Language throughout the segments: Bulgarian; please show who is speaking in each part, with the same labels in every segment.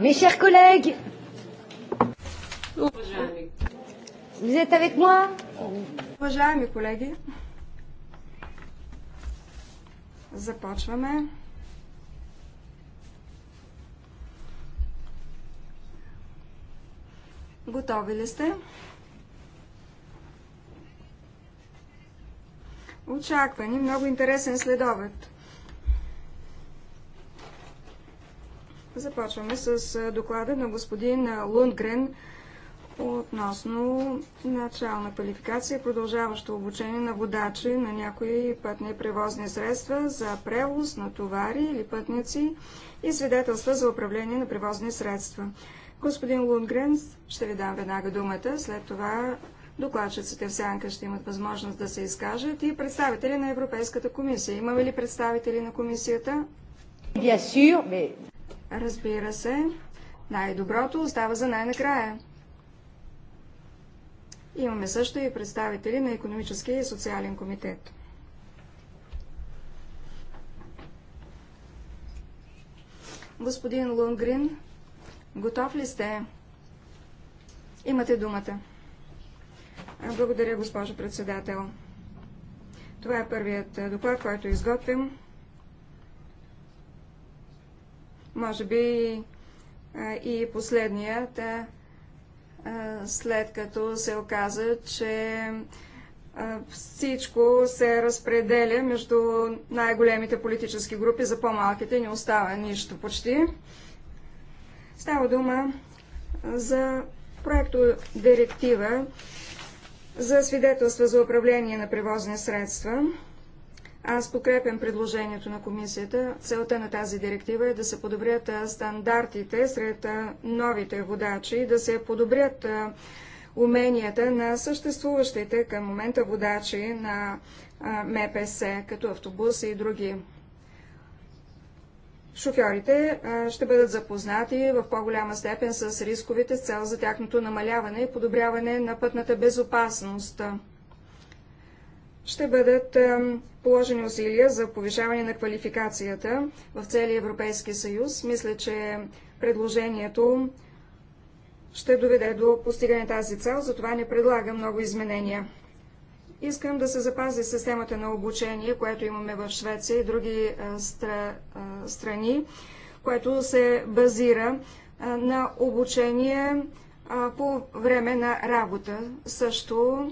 Speaker 1: Mes chers collègues,
Speaker 2: vous
Speaker 1: êtes avec moi Уважаеми колеги, започваме. Готови ли сте? Очаквани много интересен следобед. Започваме с доклада на господин Лундгрен относно начална квалификация, продължаващо обучение на водачи на някои пътни превозни средства за превоз на товари или пътници и свидетелства за управление на превозни средства. Господин Лундгрен, ще ви дам веднага думата, след това докладчиците в сянка ще имат възможност да се изкажат и представители на Европейската комисия. Имаме ли представители на комисията? Разбира се, най-доброто остава за най-накрая. Имаме също и представители на економическия и социален комитет. Господин Лунгрин, готов ли сте? Имате думата. Благодаря, госпожо председател. Това е първият доклад, който изготвим Може би и последният, след като се оказа, че всичко се разпределя между най-големите политически групи, за по-малките не остава нищо почти. Става дума за проекто директива за свидетелства за управление на превозни средства. Аз покрепям предложението на комисията. Целта на тази директива е да се подобрят стандартите сред новите водачи и да се подобрят уменията на съществуващите към момента водачи на МПС, като автобуси и други. Шофьорите ще бъдат запознати в по-голяма степен с рисковите с цел за тяхното намаляване и подобряване на пътната безопасност ще бъдат положени усилия за повишаване на квалификацията в целия Европейски съюз. Мисля, че предложението ще доведе до постигане тази цел, затова не предлага много изменения. Искам да се запази системата на обучение, което имаме в Швеция и други стра... страни, което се базира на обучение по време на работа. Също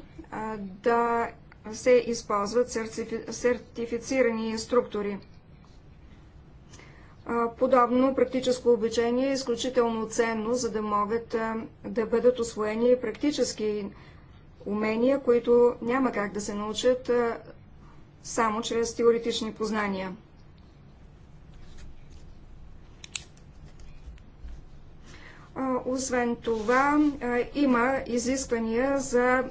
Speaker 1: да се използват сертифицирани инструктори. Подобно практическо обучение е изключително ценно, за да могат да бъдат освоени практически умения, които няма как да се научат само чрез теоретични познания. Освен това, има изисквания за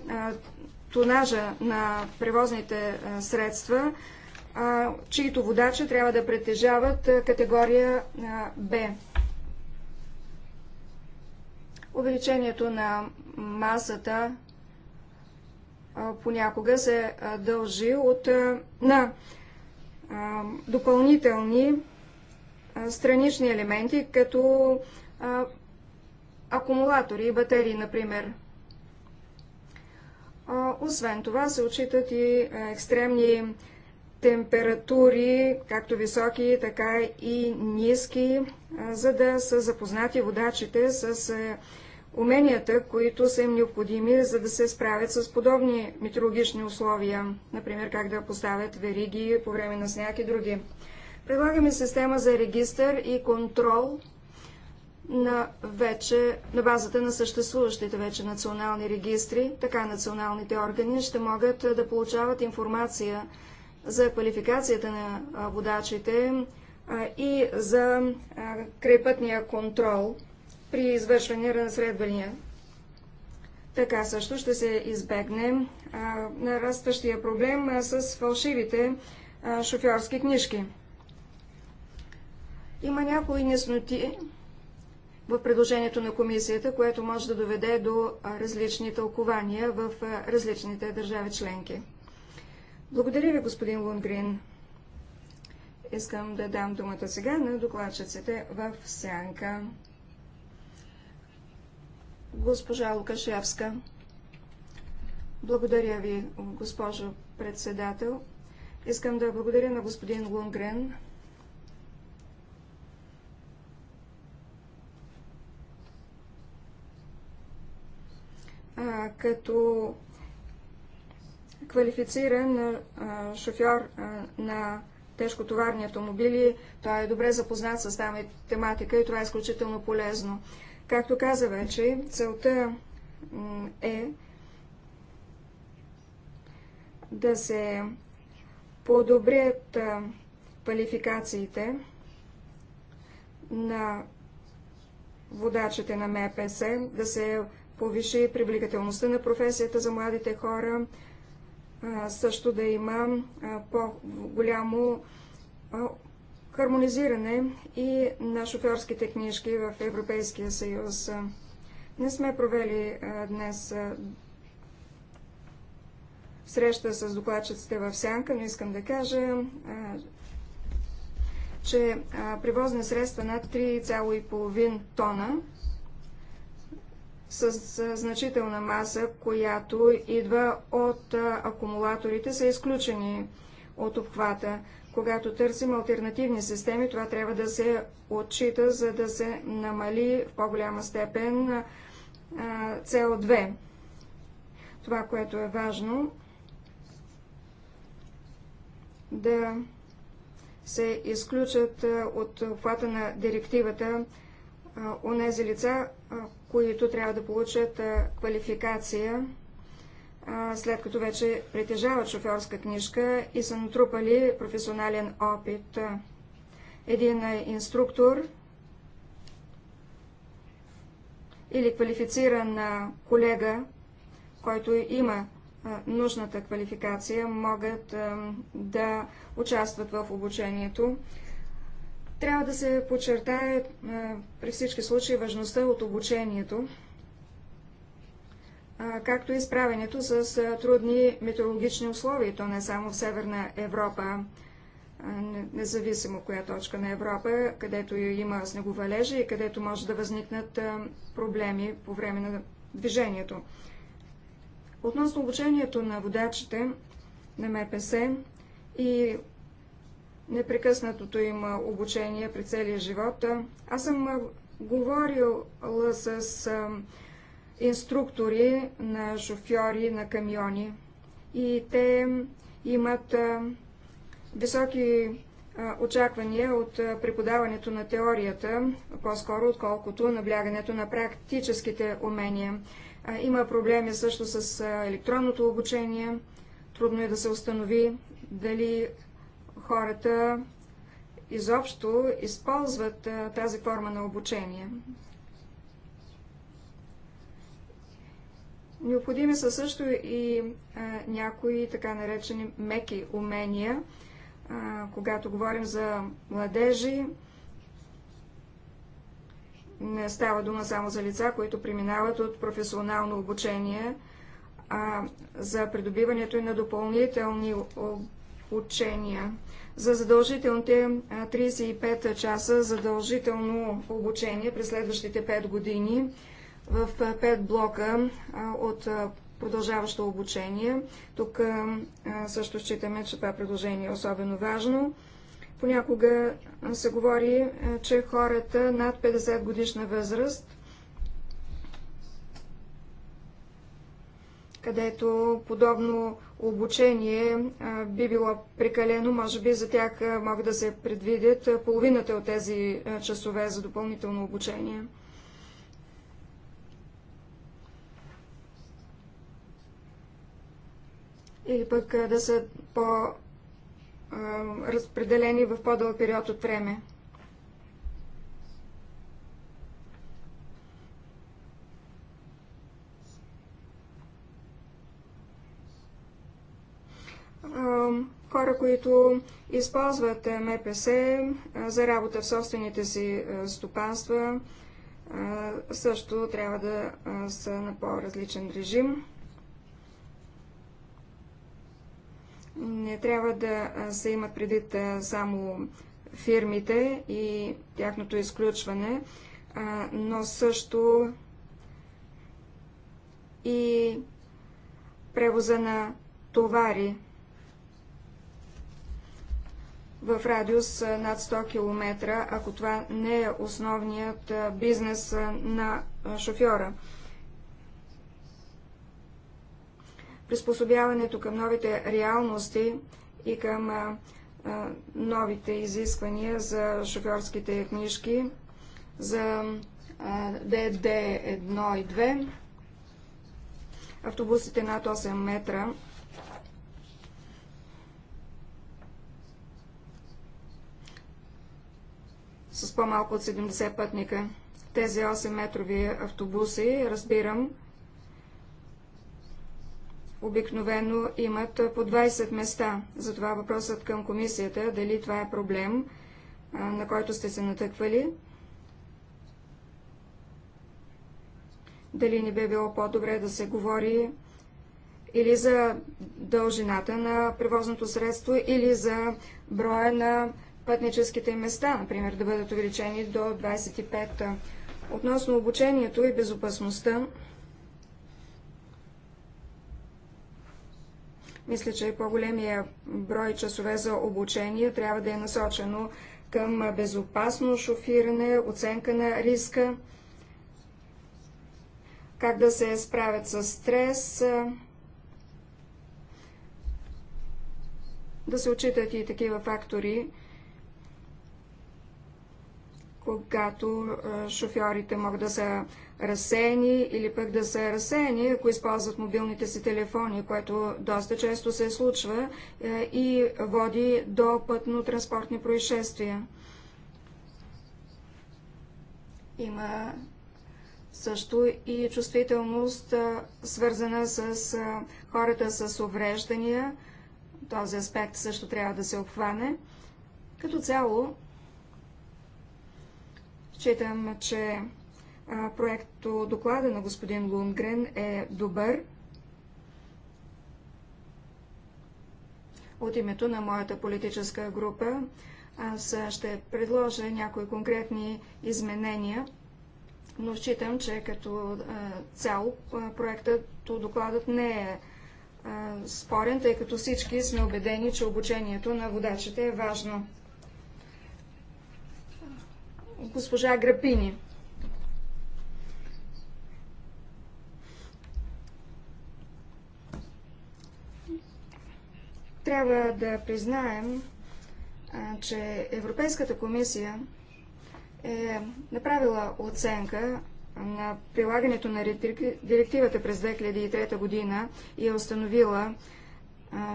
Speaker 1: тонажа на превозните е, средства, е, чието водачи трябва да притежават е, категория Б. Увеличението на масата понякога се дължи от, на допълнителни странични елементи, като акумулатори и батерии, например. Освен това се отчитат и екстремни температури, както високи, така и ниски, за да са запознати водачите с уменията, които са им необходими, за да се справят с подобни метеорологични условия, например как да поставят вериги по време на сняг и други. Предлагаме система за регистър и контрол на, вече, на базата на съществуващите вече национални регистри. Така националните органи ще могат да получават информация за квалификацията на водачите и за крепътния контрол при извършване на средвания. Така също ще се избегне нарастващия проблем с фалшивите шофьорски книжки. Има някои несноти, в предложението на комисията, което може да доведе до различни тълкования в различните държави членки. Благодаря ви, господин Лунгрин. Искам да дам думата сега на докладчиците в сянка. Госпожа Лукашевска. Благодаря ви, госпожо председател. Искам да благодаря на господин Лунгрен а, като квалифициран а, шофьор а, на тежкотоварни автомобили. Той е добре запознат с тази тематика и това е изключително полезно. Както каза вече, целта е да се подобрят квалификациите на водачите на МПС, да се повиши привлекателността на професията за младите хора, също да има по-голямо хармонизиране и на шофьорските книжки в Европейския съюз. Не сме провели днес среща с докладчиците в Сянка, но искам да кажа, че превозни средства над 3,5 тона с значителна маса, която идва от акумулаторите, са изключени от обхвата. Когато търсим альтернативни системи, това трябва да се отчита, за да се намали в по-голяма степен CO2. Това, което е важно, да се изключат от обхвата на директивата нези лица, които трябва да получат квалификация, след като вече притежават шофьорска книжка и са натрупали професионален опит. Един инструктор или квалифициран колега, който има нужната квалификация, могат да участват в обучението. Трябва да се подчертае при всички случаи важността от обучението, както и справянето с трудни метеорологични условия, то не само в Северна Европа, независимо коя точка на Европа, където има снеговалежи и където може да възникнат проблеми по време на движението. Относно обучението на водачите на МПС и непрекъснатото им обучение при целия живот. Аз съм говорила с инструктори на шофьори на камиони и те имат високи очаквания от преподаването на теорията, по-скоро отколкото наблягането на практическите умения. Има проблеми също с електронното обучение. Трудно е да се установи дали хората изобщо използват тази форма на обучение. Необходими са също и а, някои така наречени меки умения, а, когато говорим за младежи. Не става дума само за лица, които преминават от професионално обучение, а за придобиването и на допълнителни учения. За задължителните 35 часа задължително обучение през следващите 5 години в 5 блока от продължаващо обучение. Тук също считаме, че това предложение е особено важно. Понякога се говори, че хората над 50 годишна възраст, където подобно обучение би било прекалено. Може би за тях могат да се предвидят половината от тези часове за допълнително обучение. Или пък да са по-разпределени в по-дълъг период от време. хора, които използват е, МПС е, за работа в собствените си е, стопанства, също трябва да са на по-различен режим. Не трябва да се имат предвид само фирмите и тяхното изключване, но също и превоза на товари в радиус над 100 км, ако това не е основният бизнес на шофьора. Приспособяването към новите реалности и към новите изисквания за шофьорските книжки, за ДД1 и 2, автобусите над 8 метра с по-малко от 70 пътника. Тези 8-метрови автобуси, разбирам, обикновено имат по 20 места. Затова въпросът към комисията е дали това е проблем, на който сте се натъквали. Дали не би било по-добре да се говори или за дължината на превозното средство, или за броя на пътническите места, например, да бъдат увеличени до 25. Относно обучението и безопасността, мисля, че по-големия брой часове за обучение трябва да е насочено към безопасно шофиране, оценка на риска, как да се справят с стрес, да се отчитат и такива фактори, когато шофьорите могат да са разсеяни или пък да са разсеяни, ако използват мобилните си телефони, което доста често се случва и води до пътно-транспортни происшествия. Има също и чувствителност, свързана с хората с увреждания. Този аспект също трябва да се обхване. Като цяло, Считам, че проекто доклада на господин Лунгрен е добър. От името на моята политическа група аз ще предложа някои конкретни изменения, но считам, че като цяло проектът, докладът не е спорен, тъй като всички сме убедени, че обучението на водачите е важно госпожа Грапини. Трябва да признаем, че Европейската комисия е направила оценка на прилагането на директивата през 2003 година и е установила,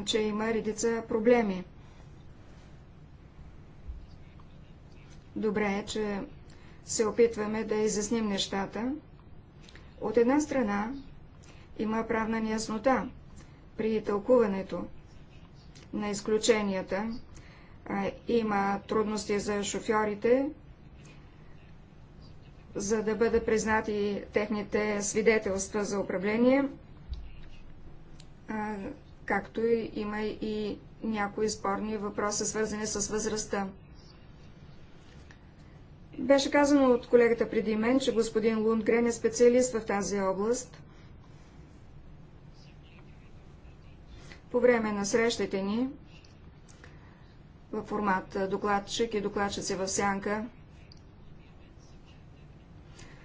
Speaker 1: че има редица проблеми. Добре е, че се опитваме да изясним нещата. От една страна има правна неяснота при тълкуването на изключенията. Има трудности за шофьорите, за да бъдат признати техните свидетелства за управление, както има и някои спорни въпроси, свързани с възрастта. Беше казано от колегата преди мен, че господин Лундгрен е специалист в тази област. По време на срещите ни в формат докладчик и докладчици в сянка,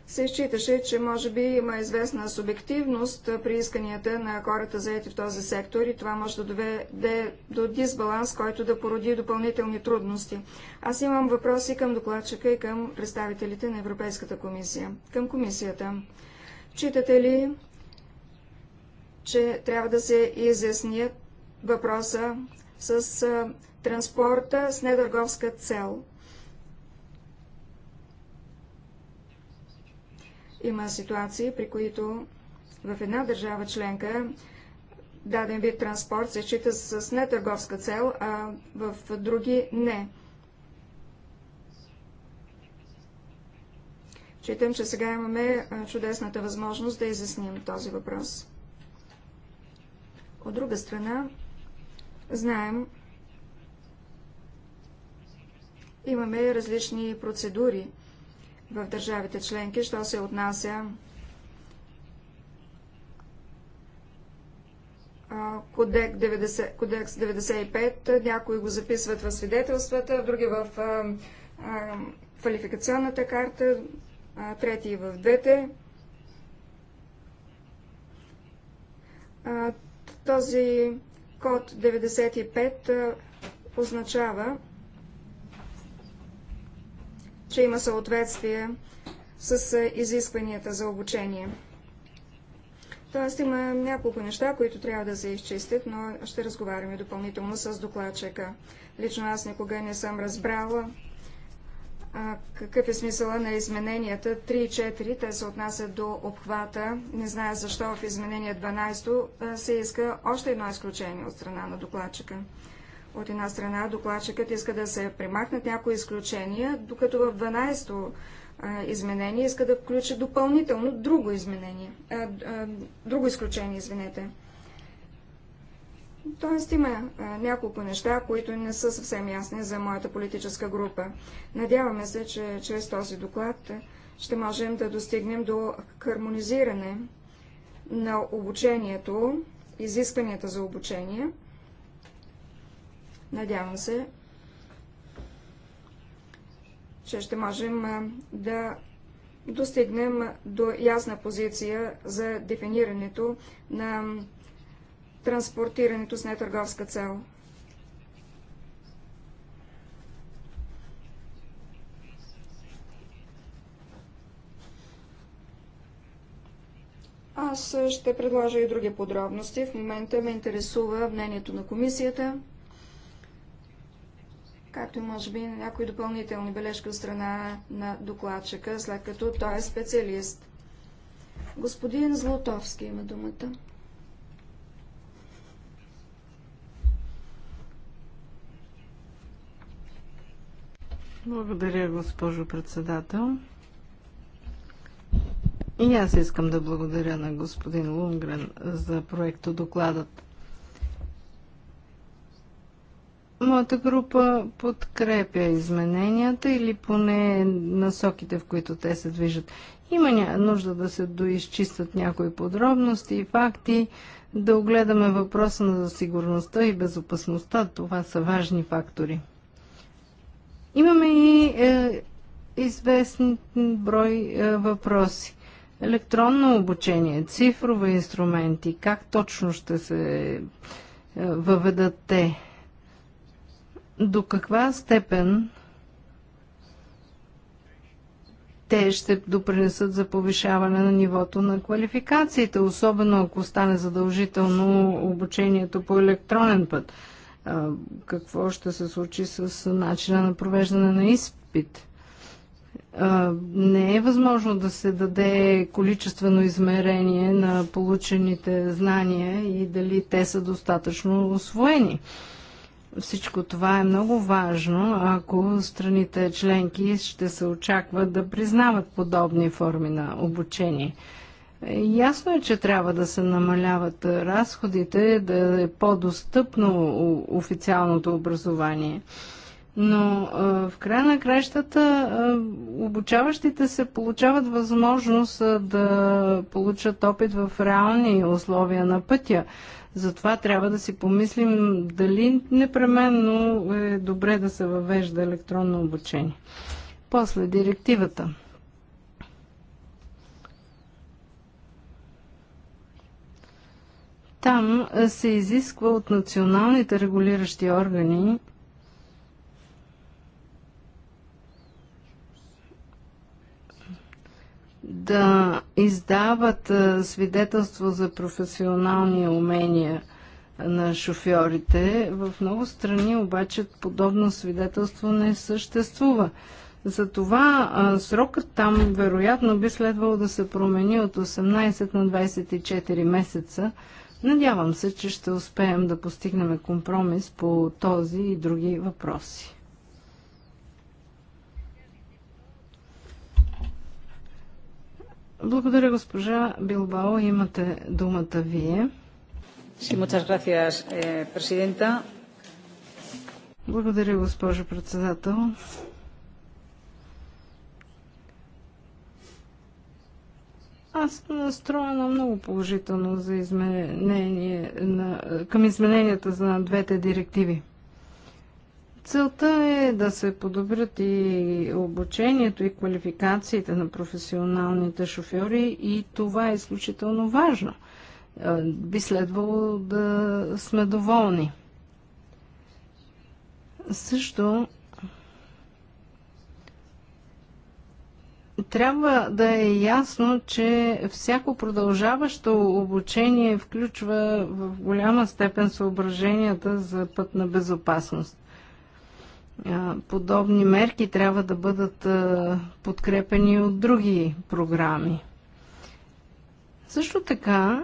Speaker 1: се считаше, че може би има известна субективност при исканията на хората заети в този сектор и това може да доведе до дисбаланс, който да породи допълнителни трудности. Аз имам въпроси към докладчика и към представителите на Европейската комисия. Към комисията. Читате ли, че трябва да се изясни въпроса с транспорта с недърговска цел? Има ситуации, при които в една държава членка даден вид транспорт се счита с нетърговска цел, а в други не. Читам, че сега имаме чудесната възможност да изясним този въпрос. От друга страна, знаем, имаме различни процедури – в държавите членки, що се отнася кодекс 95, някои го записват в свидетелствата, други в квалификационната карта, а, трети в двете. този код 95 означава, че има съответствие с изискванията за обучение. Тоест има няколко неща, които трябва да се изчистят, но ще разговаряме допълнително с докладчика. Лично аз никога не съм разбрала а, какъв е смисъла на измененията 3 и 4. Те се отнасят до обхвата. Не зная защо в изменение 12 се иска още едно изключение от страна на докладчика. От една страна докладчикът иска да се примахнат някои изключения, докато в 12-то изменение иска да включи допълнително друго изменение, друго изключение, извинете. Тоест има няколко неща, които не са съвсем ясни за моята политическа група. Надяваме се, че чрез този доклад ще можем да достигнем до хармонизиране на обучението, изискванията за обучение – Надявам се, че ще можем да достигнем до ясна позиция за дефинирането на транспортирането с нетърговска цел. Аз ще предложа и други подробности. В момента ме интересува мнението на комисията както и може би на някои допълнителни бележки от страна на докладчика, след като той е специалист. Господин Златовски има думата.
Speaker 3: Благодаря, госпожо председател. И аз искам да благодаря на господин Лунгрен за проекто докладът. Моята група подкрепя измененията или поне насоките, в които те се движат. Има нужда да се доизчистят някои подробности и факти, да огледаме въпроса на сигурността и безопасността. Това са важни фактори. Имаме и е, известен брой е, въпроси. Електронно обучение, цифрови инструменти, как точно ще се е, въведат те? до каква степен те ще допринесат за повишаване на нивото на квалификациите, особено ако стане задължително обучението по електронен път. Какво ще се случи с начина на провеждане на изпит? Не е възможно да се даде количествено измерение на получените знания и дали те са достатъчно освоени. Всичко това е много важно, ако страните членки ще се очакват да признават подобни форми на обучение. Ясно е, че трябва да се намаляват разходите, да е по-достъпно официалното образование. Но в края на кращата обучаващите се получават възможност да получат опит в реални условия на пътя. Затова трябва да си помислим дали непременно е добре да се въвежда електронно обучение. После директивата. Там се изисква от националните регулиращи органи да издават свидетелство за професионални умения на шофьорите. В много страни обаче подобно свидетелство не съществува. Затова срокът там вероятно би следвало да се промени от 18 на 24 месеца. Надявам се, че ще успеем да постигнем компромис по този и други въпроси. Благодаря, госпожа Билбао. Имате думата вие. Sí, muchas gracias, eh, presidenta. Благодаря, госпожо председател. Аз съм настроена много положително за изменение на, към измененията за двете директиви. Целта е да се подобрят и обучението и квалификациите на професионалните шофьори и това е изключително важно. Е, би следвало да сме доволни. Също трябва да е ясно, че всяко продължаващо обучение включва в голяма степен съображенията за път на безопасност подобни мерки трябва да бъдат подкрепени от други програми. Също така,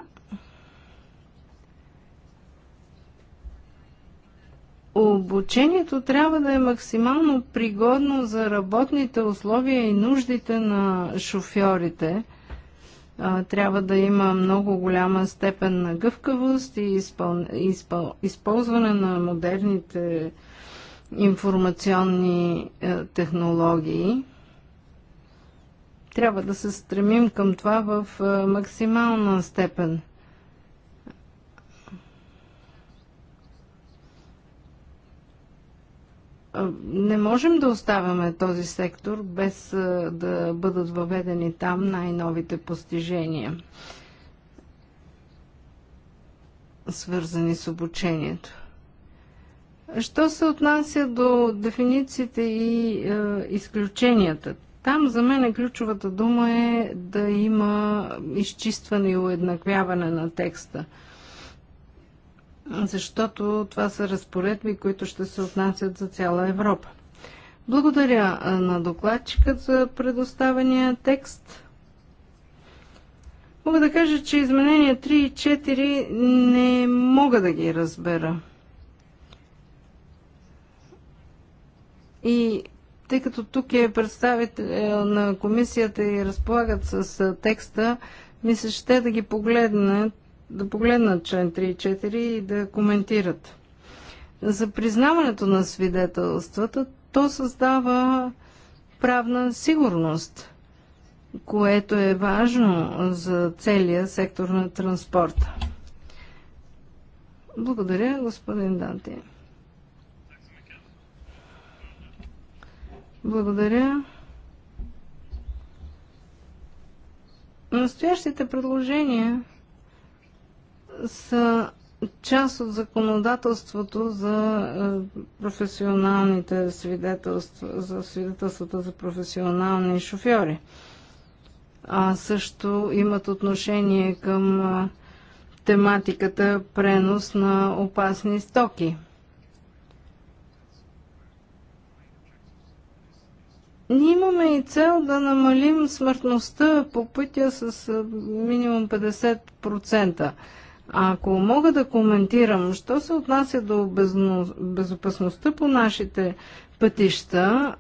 Speaker 3: обучението трябва да е максимално пригодно за работните условия и нуждите на шофьорите. Трябва да има много голяма степен на гъвкавост и изпъл... изпъл... използване на модерните информационни е, технологии. Трябва да се стремим към това в е, максимална степен. Е, не можем да оставяме този сектор без да бъдат въведени там най-новите постижения, свързани с обучението. Що се отнася до дефинициите и е, изключенията? Там за мен е ключовата дума е да има изчистване и уеднаквяване на текста. Защото това са разпоредби, които ще се отнасят за цяла Европа. Благодаря е, на докладчикът за предоставения текст. Мога да кажа, че изменения 3 и 4 не мога да ги разбера. И тъй като тук е представител на комисията и разполагат с текста, ми се ще да ги погледнат, да погледнат член 3 и 4 и да коментират. За признаването на свидетелствата, то създава правна сигурност, което е важно за целия сектор на транспорта. Благодаря, господин Данти. Благодаря. Настоящите предложения са част от законодателството за е, професионалните свидетелства, за свидетелствата за професионални шофьори. А също имат отношение към е, тематиката пренос на опасни стоки – Ние имаме и цел да намалим смъртността по пътя с минимум 50%. Ако мога да коментирам, що се отнася до безопасността по нашите пътища,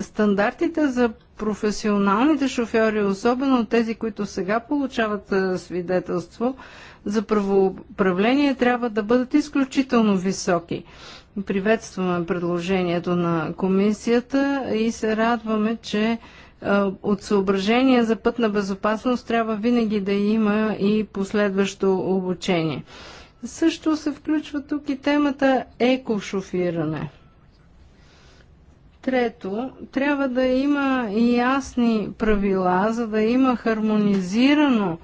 Speaker 3: стандартите за професионалните шофьори, особено тези, които сега получават свидетелство за правоуправление, трябва да бъдат изключително високи. Приветстваме предложението на комисията и се радваме, че е, от съображение за пътна безопасност трябва винаги да има и последващо обучение. Също се включва тук и темата екошофиране. Трето, трябва да има и ясни правила, за да има хармонизирано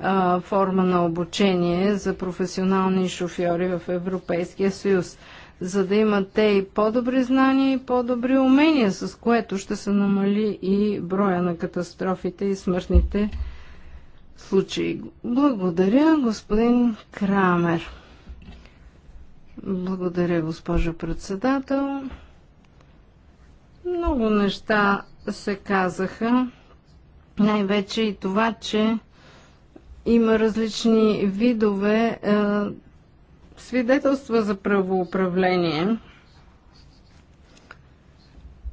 Speaker 3: а, форма на обучение за професионални шофьори в Европейския съюз за да имат те и по-добри знания и по-добри умения, с което ще се намали и броя на катастрофите и смъртните случаи. Благодаря, господин Крамер. Благодаря, госпожо председател. Много неща се казаха. Най-вече и това, че има различни видове е, свидетелства за правоуправление,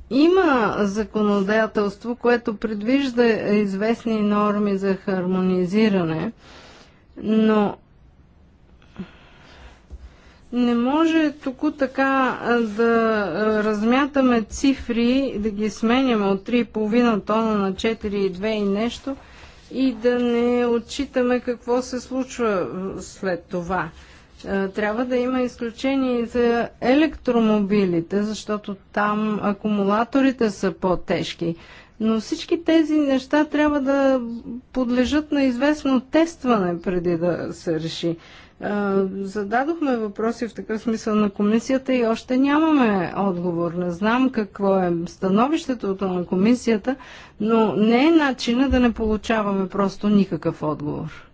Speaker 3: има законодателство, което предвижда известни норми за хармонизиране, но не може тук така да размятаме цифри, да ги сменяме от 3,5 тона на 4,2 и нещо и да не отчитаме какво се случва след това. Е, трябва да има изключение и за електромобилите, защото там акумулаторите са по-тежки. Но всички тези неща трябва да подлежат на известно тестване преди да се реши. Е, зададохме въпроси в такъв смисъл на комисията и още нямаме отговор. Не знам какво е становището на комисията, но не е начина да не получаваме просто никакъв отговор.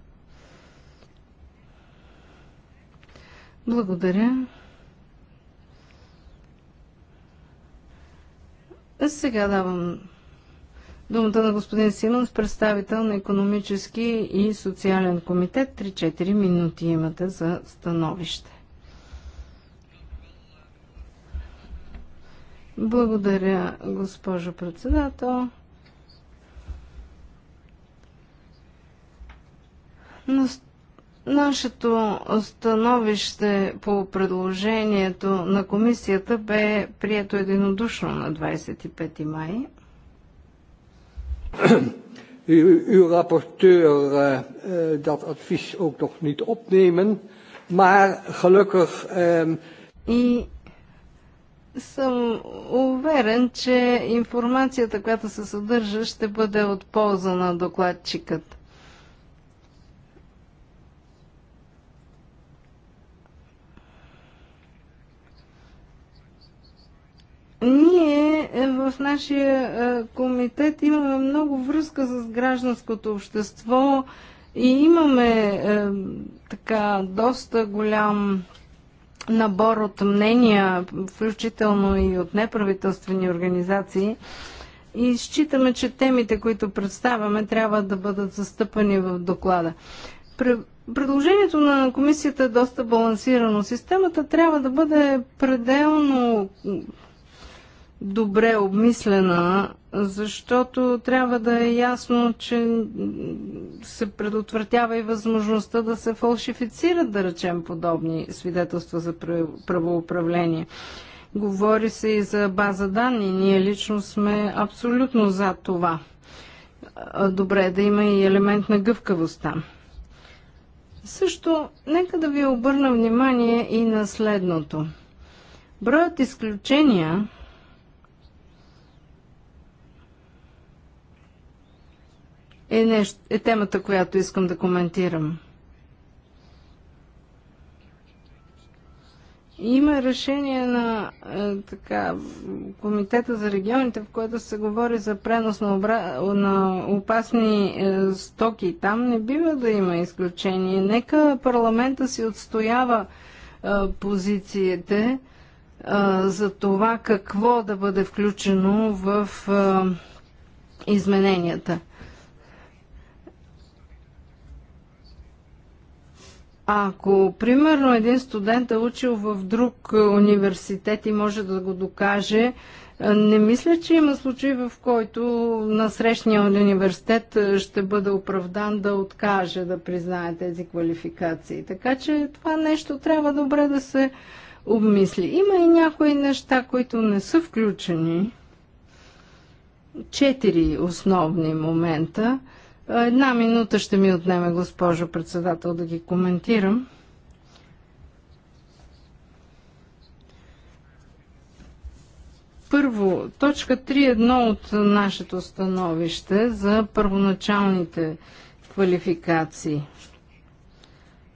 Speaker 3: Благодаря. Сега давам думата на господин Симонс, представител на економически и социален комитет. 3-4 минути имате за становище. Благодаря, госпожо председател. Настоящето Нашето становище по предложението на комисията бе прието единодушно на 25 май.
Speaker 2: U, uw rapporteur uh,
Speaker 3: dat advies ook nog niet opnemen, maar gelukkig. Ehm, и съм уверен, че информацията, която се съдържа, ще бъде от полза на докладчикът. Ние е, в нашия е, комитет имаме много връзка с гражданското общество и имаме е, така доста голям набор от мнения, включително и от неправителствени организации. И считаме, че темите, които представяме, трябва да бъдат застъпани в доклада. Предложението на комисията е доста балансирано. Системата трябва да бъде пределно добре обмислена, защото трябва да е ясно, че се предотвратява и възможността да се фалшифицират, да речем, подобни свидетелства за правоуправление. Говори се и за база данни. Ние лично сме абсолютно за това. Добре е да има и елемент на гъвкавост там. Също, нека да ви обърна внимание и на следното. Броят изключения е, нещо, е темата, която искам да коментирам. Има решение на е, така, Комитета за регионите, в което се говори за пренос на, обра... на опасни е, стоки. Там не бива да има изключение. Нека парламента си отстоява е, позициите е, за това какво да бъде включено в е, измененията. Ако, примерно, един студент е учил в друг е, университет и може да го докаже, е, не мисля, че има случай, в който на срещния университет е, ще бъде оправдан да откаже да признае тези квалификации. Така че това нещо трябва добре да се обмисли. Има и някои неща, които не са включени. Четири основни момента. Една минута ще ми отнеме, госпожо председател, да ги коментирам. Първо, точка 3.1 от нашето становище за първоначалните квалификации.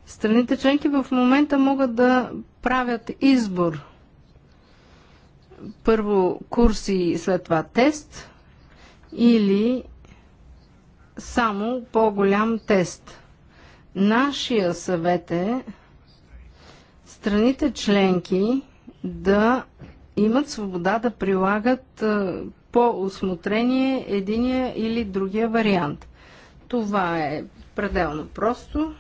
Speaker 3: Страните членки в момента могат да правят избор. Първо курси и след това тест или само по-голям тест. Нашия съвет е страните членки да имат свобода да прилагат по осмотрение единия или другия вариант. Това е пределно просто.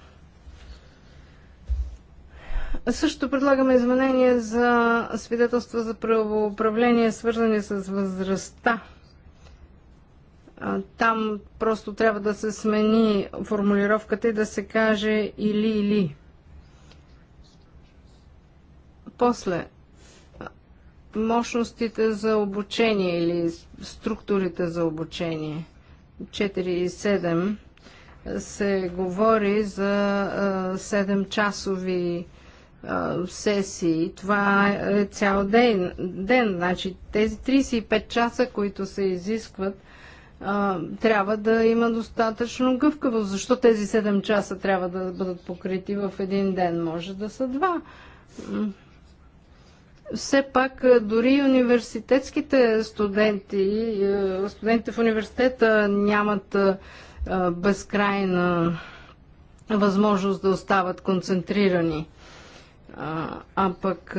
Speaker 3: Също предлагаме изменения за свидетелства за правоуправление, свързани с възрастта там просто трябва да се смени формулировката и да се каже или-или. После, мощностите за обучение или структурите за обучение. 4 и 7 се говори за 7-часови сесии. Това е цял ден. ден. Значи тези 35 часа, които се изискват, а, трябва да има достатъчно гъвкавост. Защо тези 7 часа трябва да бъдат покрити в един ден? Може да са два. Все пак дори университетските студенти, студентите в университета нямат безкрайна възможност да остават концентрирани. А пък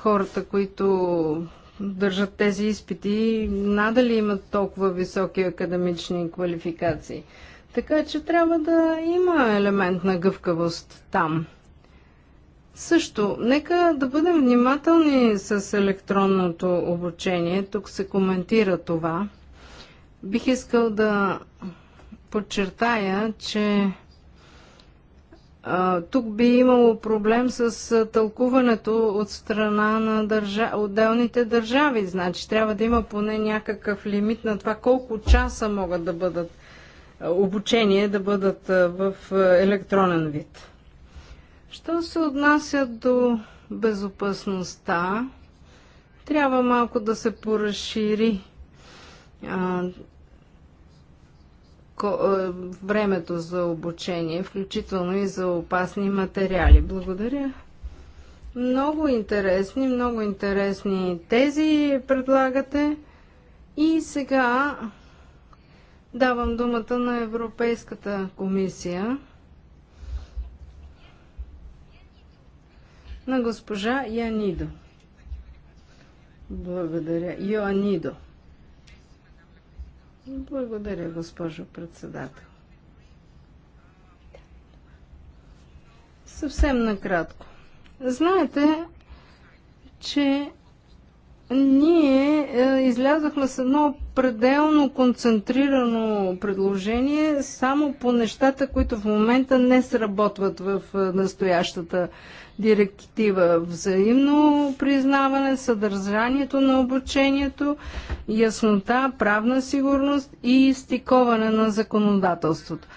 Speaker 3: хората, които държат тези изпити, надали имат толкова високи академични квалификации. Така че трябва да има елемент на гъвкавост там. Също, нека да бъдем внимателни с електронното обучение. Тук се коментира това. Бих искал да подчертая, че тук би имало проблем с тълкуването от страна на държа... отделните държави. Значи трябва да има поне някакъв лимит на това колко часа могат да бъдат обучение да бъдат в електронен вид. Що се отнася до безопасността, трябва малко да се поразшири е, времето за обучение, включително и за опасни материали. Благодаря. Много интересни, много интересни тези предлагате. И сега давам думата на Европейската комисия. На госпожа Янидо. Благодаря. Йоанидо. Благодаря, госпожо председател. Съвсем накратко. Знаете, че ние е, излязахме с едно пределно концентрирано предложение само по нещата, които в момента не сработват в е, настоящата директива. Взаимно признаване, съдържанието на обучението, яснота, правна сигурност и стиковане на законодателството.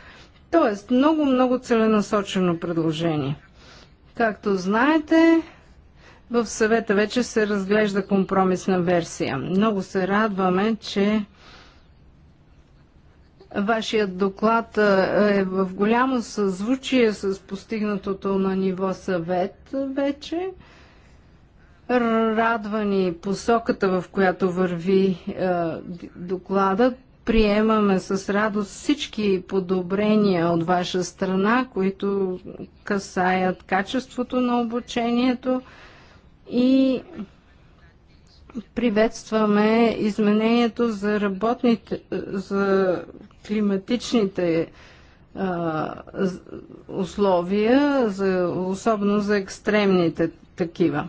Speaker 3: Тоест, много-много целенасочено предложение. Както знаете, в съвета вече се разглежда компромисна версия. Много се радваме, че Вашият доклад е в голямо съзвучие с постигнатото на ниво съвет вече. Радва ни посоката, в която върви доклада. докладът. Приемаме с радост всички подобрения от ваша страна, които касаят качеството на обучението и Приветстваме изменението за работните, за климатичните а, условия, за, особено за екстремните такива.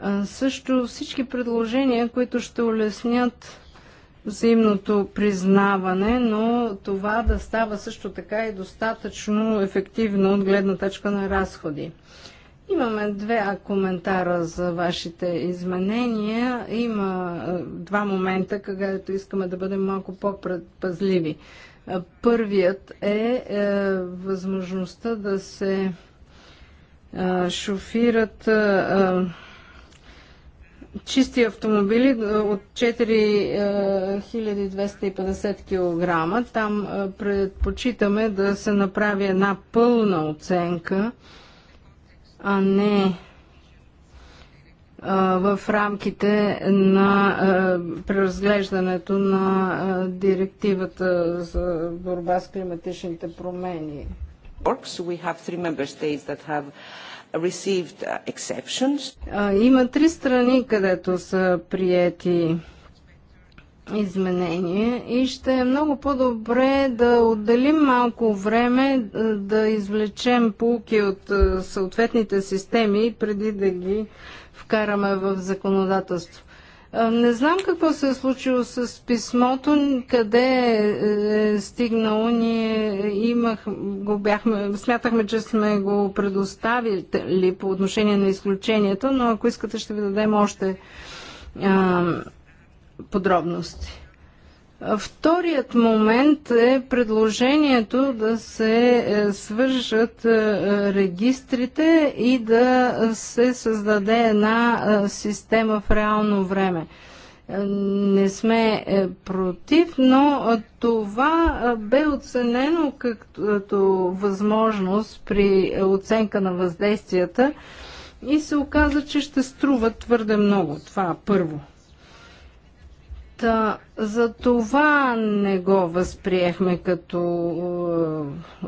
Speaker 3: А, също всички предложения, които ще улеснят взаимното признаване, но това да става също така и достатъчно ефективно от гледна точка на разходи. Имаме две коментара за вашите изменения. Има два момента, където искаме да бъдем малко по-предпазливи. Първият е, е възможността да се е, шофират е, чисти автомобили от 4250 кг. Там предпочитаме да се направи една пълна оценка а не в рамките на преразглеждането на директивата за борба с климатичните промени. Uh, има три страни, където са приети изменение и ще е много по-добре да отделим малко време е, да извлечем полки от е, съответните системи преди да ги вкараме в законодателство. Е, не знам какво се е случило с писмото, къде е стигнало. Ние имах, го бяхме, смятахме, че сме го предоставили по отношение на изключението, но ако искате ще ви дадем още а, подробности. Вторият момент е предложението да се е, свържат е, регистрите и да се създаде една е, система в реално време. Не сме против, но това бе оценено като възможност при оценка на въздействията и се оказа, че ще струва твърде много. Това първо – Та, за това не го възприехме като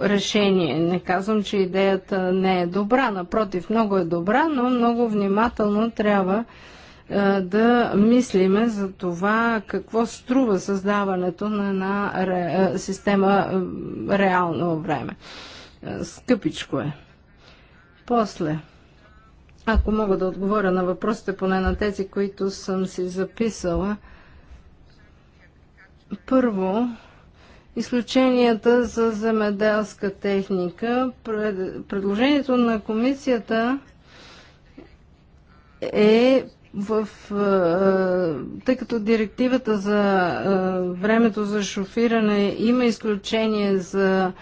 Speaker 3: е, решение. Не казвам, че идеята не е добра. Напротив, много е добра, но много внимателно трябва е, да мислиме за това какво струва създаването на една ре, е, система е, реално време. Е, скъпичко е. После. Ако мога да отговоря на въпросите, поне на тези, които съм си записала – първо, изключенията за земеделска техника. Предложението на комисията е в, тъй като директивата за времето за шофиране има изключение за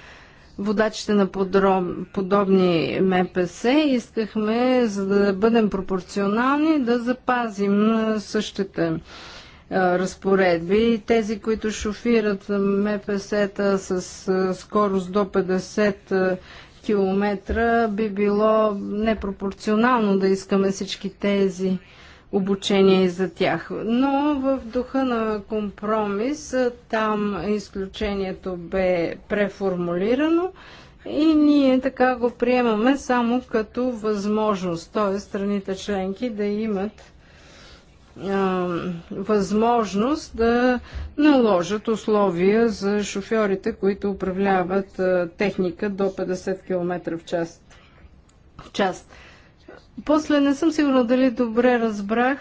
Speaker 3: водачите на подроб, подобни МПС, искахме, за да бъдем пропорционални, да запазим същите разпоредби. Тези, които шофират МПС-та с скорост до 50 км, би било непропорционално да искаме всички тези обучение за тях. Но в духа на компромис там изключението бе преформулирано и ние така го приемаме само като възможност, т.е. страните членки да имат възможност да наложат условия за шофьорите, които управляват техника до 50 км в час. В час. После не съм сигурна дали добре разбрах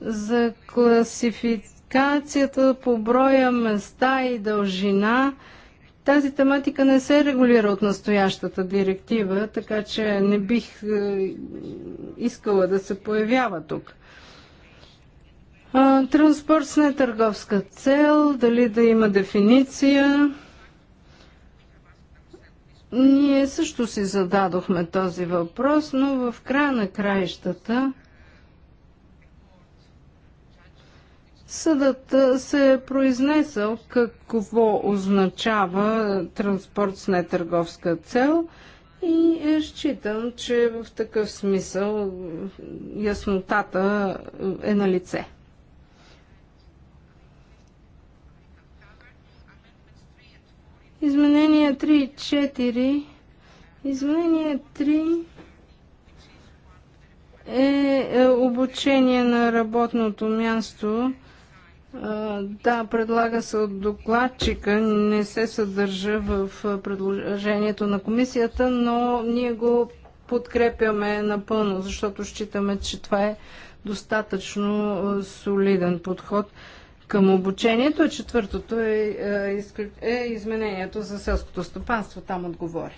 Speaker 3: за класификацията по броя места и дължина. Тази тематика не се регулира от настоящата директива, така че не бих е, искала да се появява тук. Транспорт с нетърговска цел, дали да има дефиниция. Ние също си зададохме този въпрос, но в края на краищата съдът се е произнесъл какво означава транспорт с нетърговска цел и е считам, че в такъв смисъл яснотата е на лице. Изменение 3 и 4. Изменение 3 е, е обучение на работното място. Да, предлага се от докладчика, не се съдържа в предложението на комисията, но ние го подкрепяме напълно, защото считаме, че това е достатъчно солиден подход към обучението. Е четвъртото е, е, е изменението за селското стопанство. Там отговорих.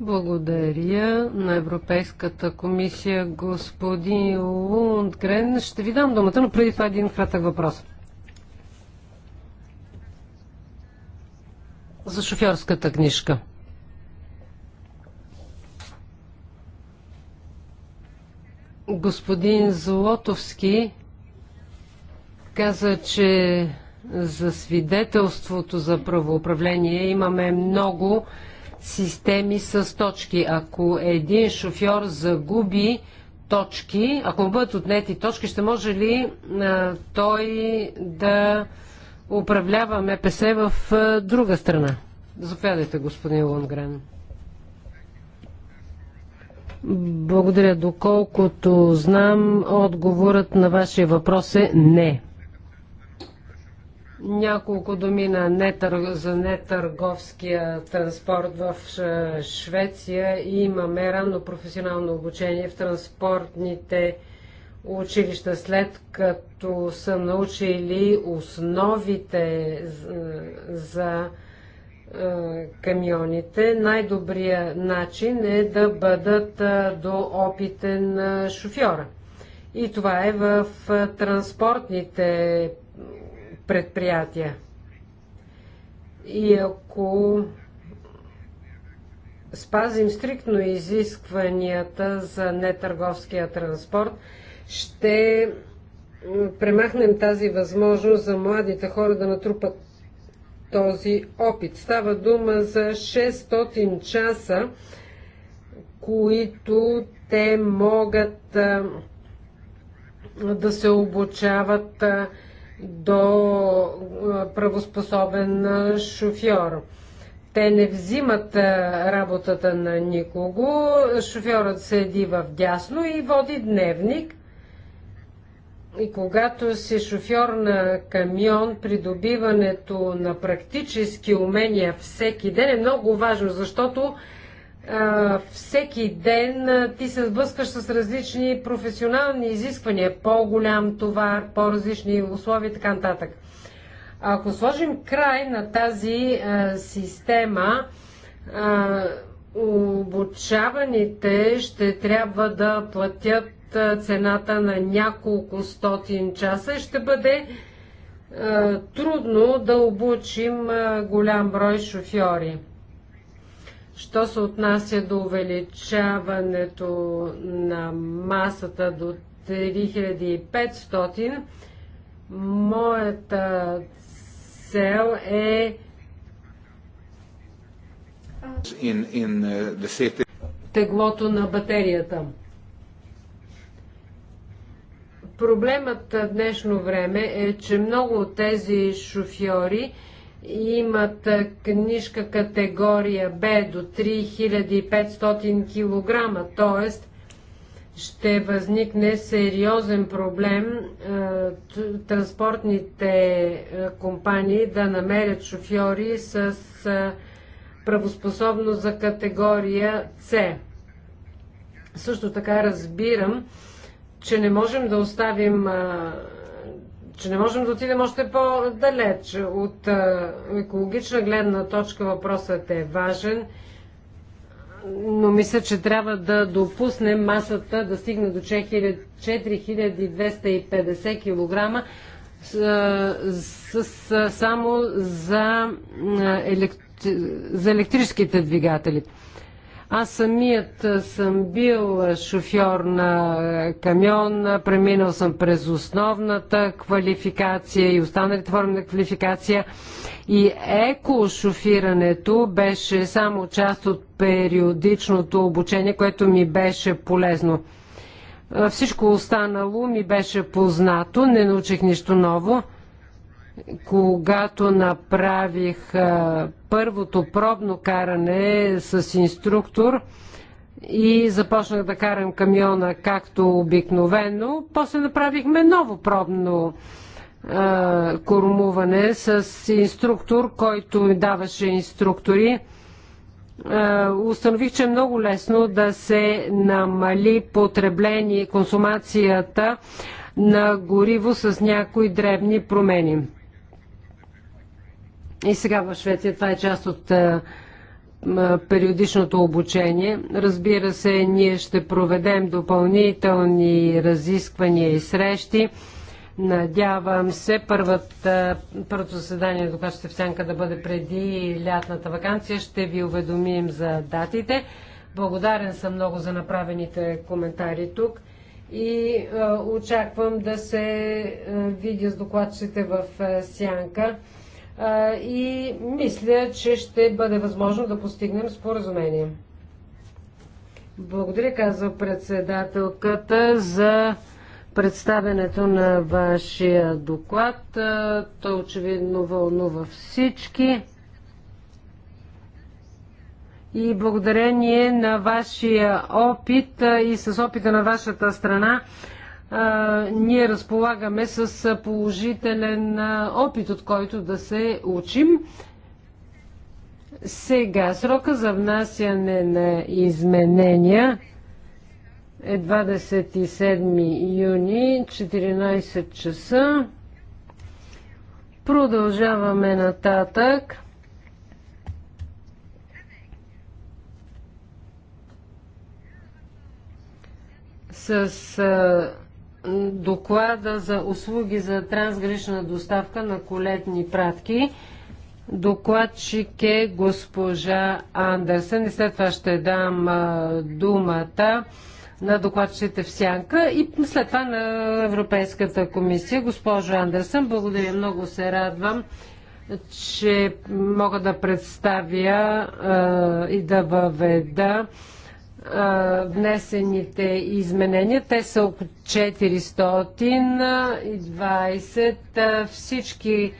Speaker 2: Благодаря на Европейската комисия, господин Лундгрен. Ще ви дам думата, но преди това един кратък въпрос. За шофьорската книжка. Господин Золотовски каза, че за свидетелството за правоуправление имаме много системи с точки. Ако един шофьор загуби точки, ако му бъдат отнети точки, ще може ли а, той да управлява МПС в а, друга страна? Заповядайте, господин Лонгрен. Благодаря. Доколкото знам, отговорът на вашия въпрос е не. Няколко думи на нетър... за нетърговския транспорт в Швеция. Имаме рано професионално обучение в транспортните училища, след като са научили основите за е, камионите, най-добрият начин е да бъдат е, до опитен е, шофьора. И това е в транспортните предприятия. И ако спазим стриктно изискванията за нетърговския транспорт, ще премахнем тази възможност за младите хора да натрупат този опит. Става дума за 600 часа, които те могат да се обучават до правоспособен шофьор. Те не взимат работата на никого. Шофьорът седи в дясно и води дневник. И когато си шофьор на камион, придобиването на практически умения всеки ден е много важно, защото а, всеки ден а, ти се сблъскваш с различни професионални изисквания, по-голям товар, по-различни условия и така нататък. Ако сложим край на тази а, система, а, обучаваните ще трябва да платят цената на няколко стотин часа и ще бъде е, трудно да обучим голям брой шофьори. Що се отнася до увеличаването на масата до 3500, моята цел е
Speaker 4: uh,
Speaker 2: теглото на батерията. Проблемът в днешно време е, че много от тези шофьори имат книжка категория Б до 3500 кг, т.е. ще възникне сериозен проблем транспортните компании да намерят шофьори с правоспособност за категория С. Също така разбирам, че не можем да оставим, че не можем да отидем още по-далеч. От екологична гледна точка въпросът е важен, но мисля, че трябва да допуснем масата да стигне до 4250 кг с, с, само за, електри, за електрическите двигатели. Аз самият съм бил шофьор на камион, преминал съм през основната квалификация и останалите форми на квалификация. И еко-шофирането беше само част от периодичното обучение, което ми беше полезно. Всичко останало ми беше познато, не научих нищо ново когато направих първото пробно каране с инструктор и започнах да карам камиона както обикновено, после направихме ново пробно кормуване с инструктор, който даваше инструктори. Установих, че е много лесно да се намали потребление и консумацията на гориво с някои дребни промени. И сега в Швеция това е част от периодичното обучение. Разбира се, ние ще проведем допълнителни разисквания и срещи. Надявам се първата, първото заседание, докато ще в сянка да бъде преди лятната вакансия. Ще ви уведомим за датите. Благодарен съм много за направените коментари тук и е, очаквам да се е, видя с докладчите в е, сянка и мисля, че ще бъде възможно да постигнем споразумение. Благодаря, казва председателката, за представенето на вашия доклад. Той очевидно вълнува всички. И благодарение на вашия опит и с опита на вашата страна, ние разполагаме с положителен опит, от който да се учим. Сега срока за внасяне на изменения е 27 юни, 14 часа. Продължаваме нататък. С доклада за услуги за трансгранична доставка на колетни пратки. Докладчик е госпожа Андерсен и след това ще дам а, думата на докладчите в Сянка и след това на Европейската комисия. Госпожо Андерсен, благодаря, много се радвам, че мога да представя а, и да въведа а, внесените изменения. Те са около 420. Всички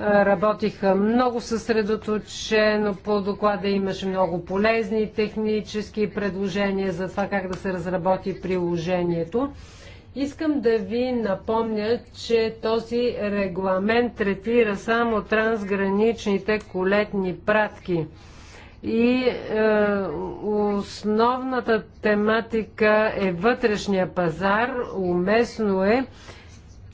Speaker 2: работиха много съсредоточено по доклада. Имаше много полезни технически предложения за това как да се разработи приложението. Искам да ви напомня, че този регламент третира само трансграничните колетни пратки – и е, основната тематика е вътрешния пазар. Уместно е,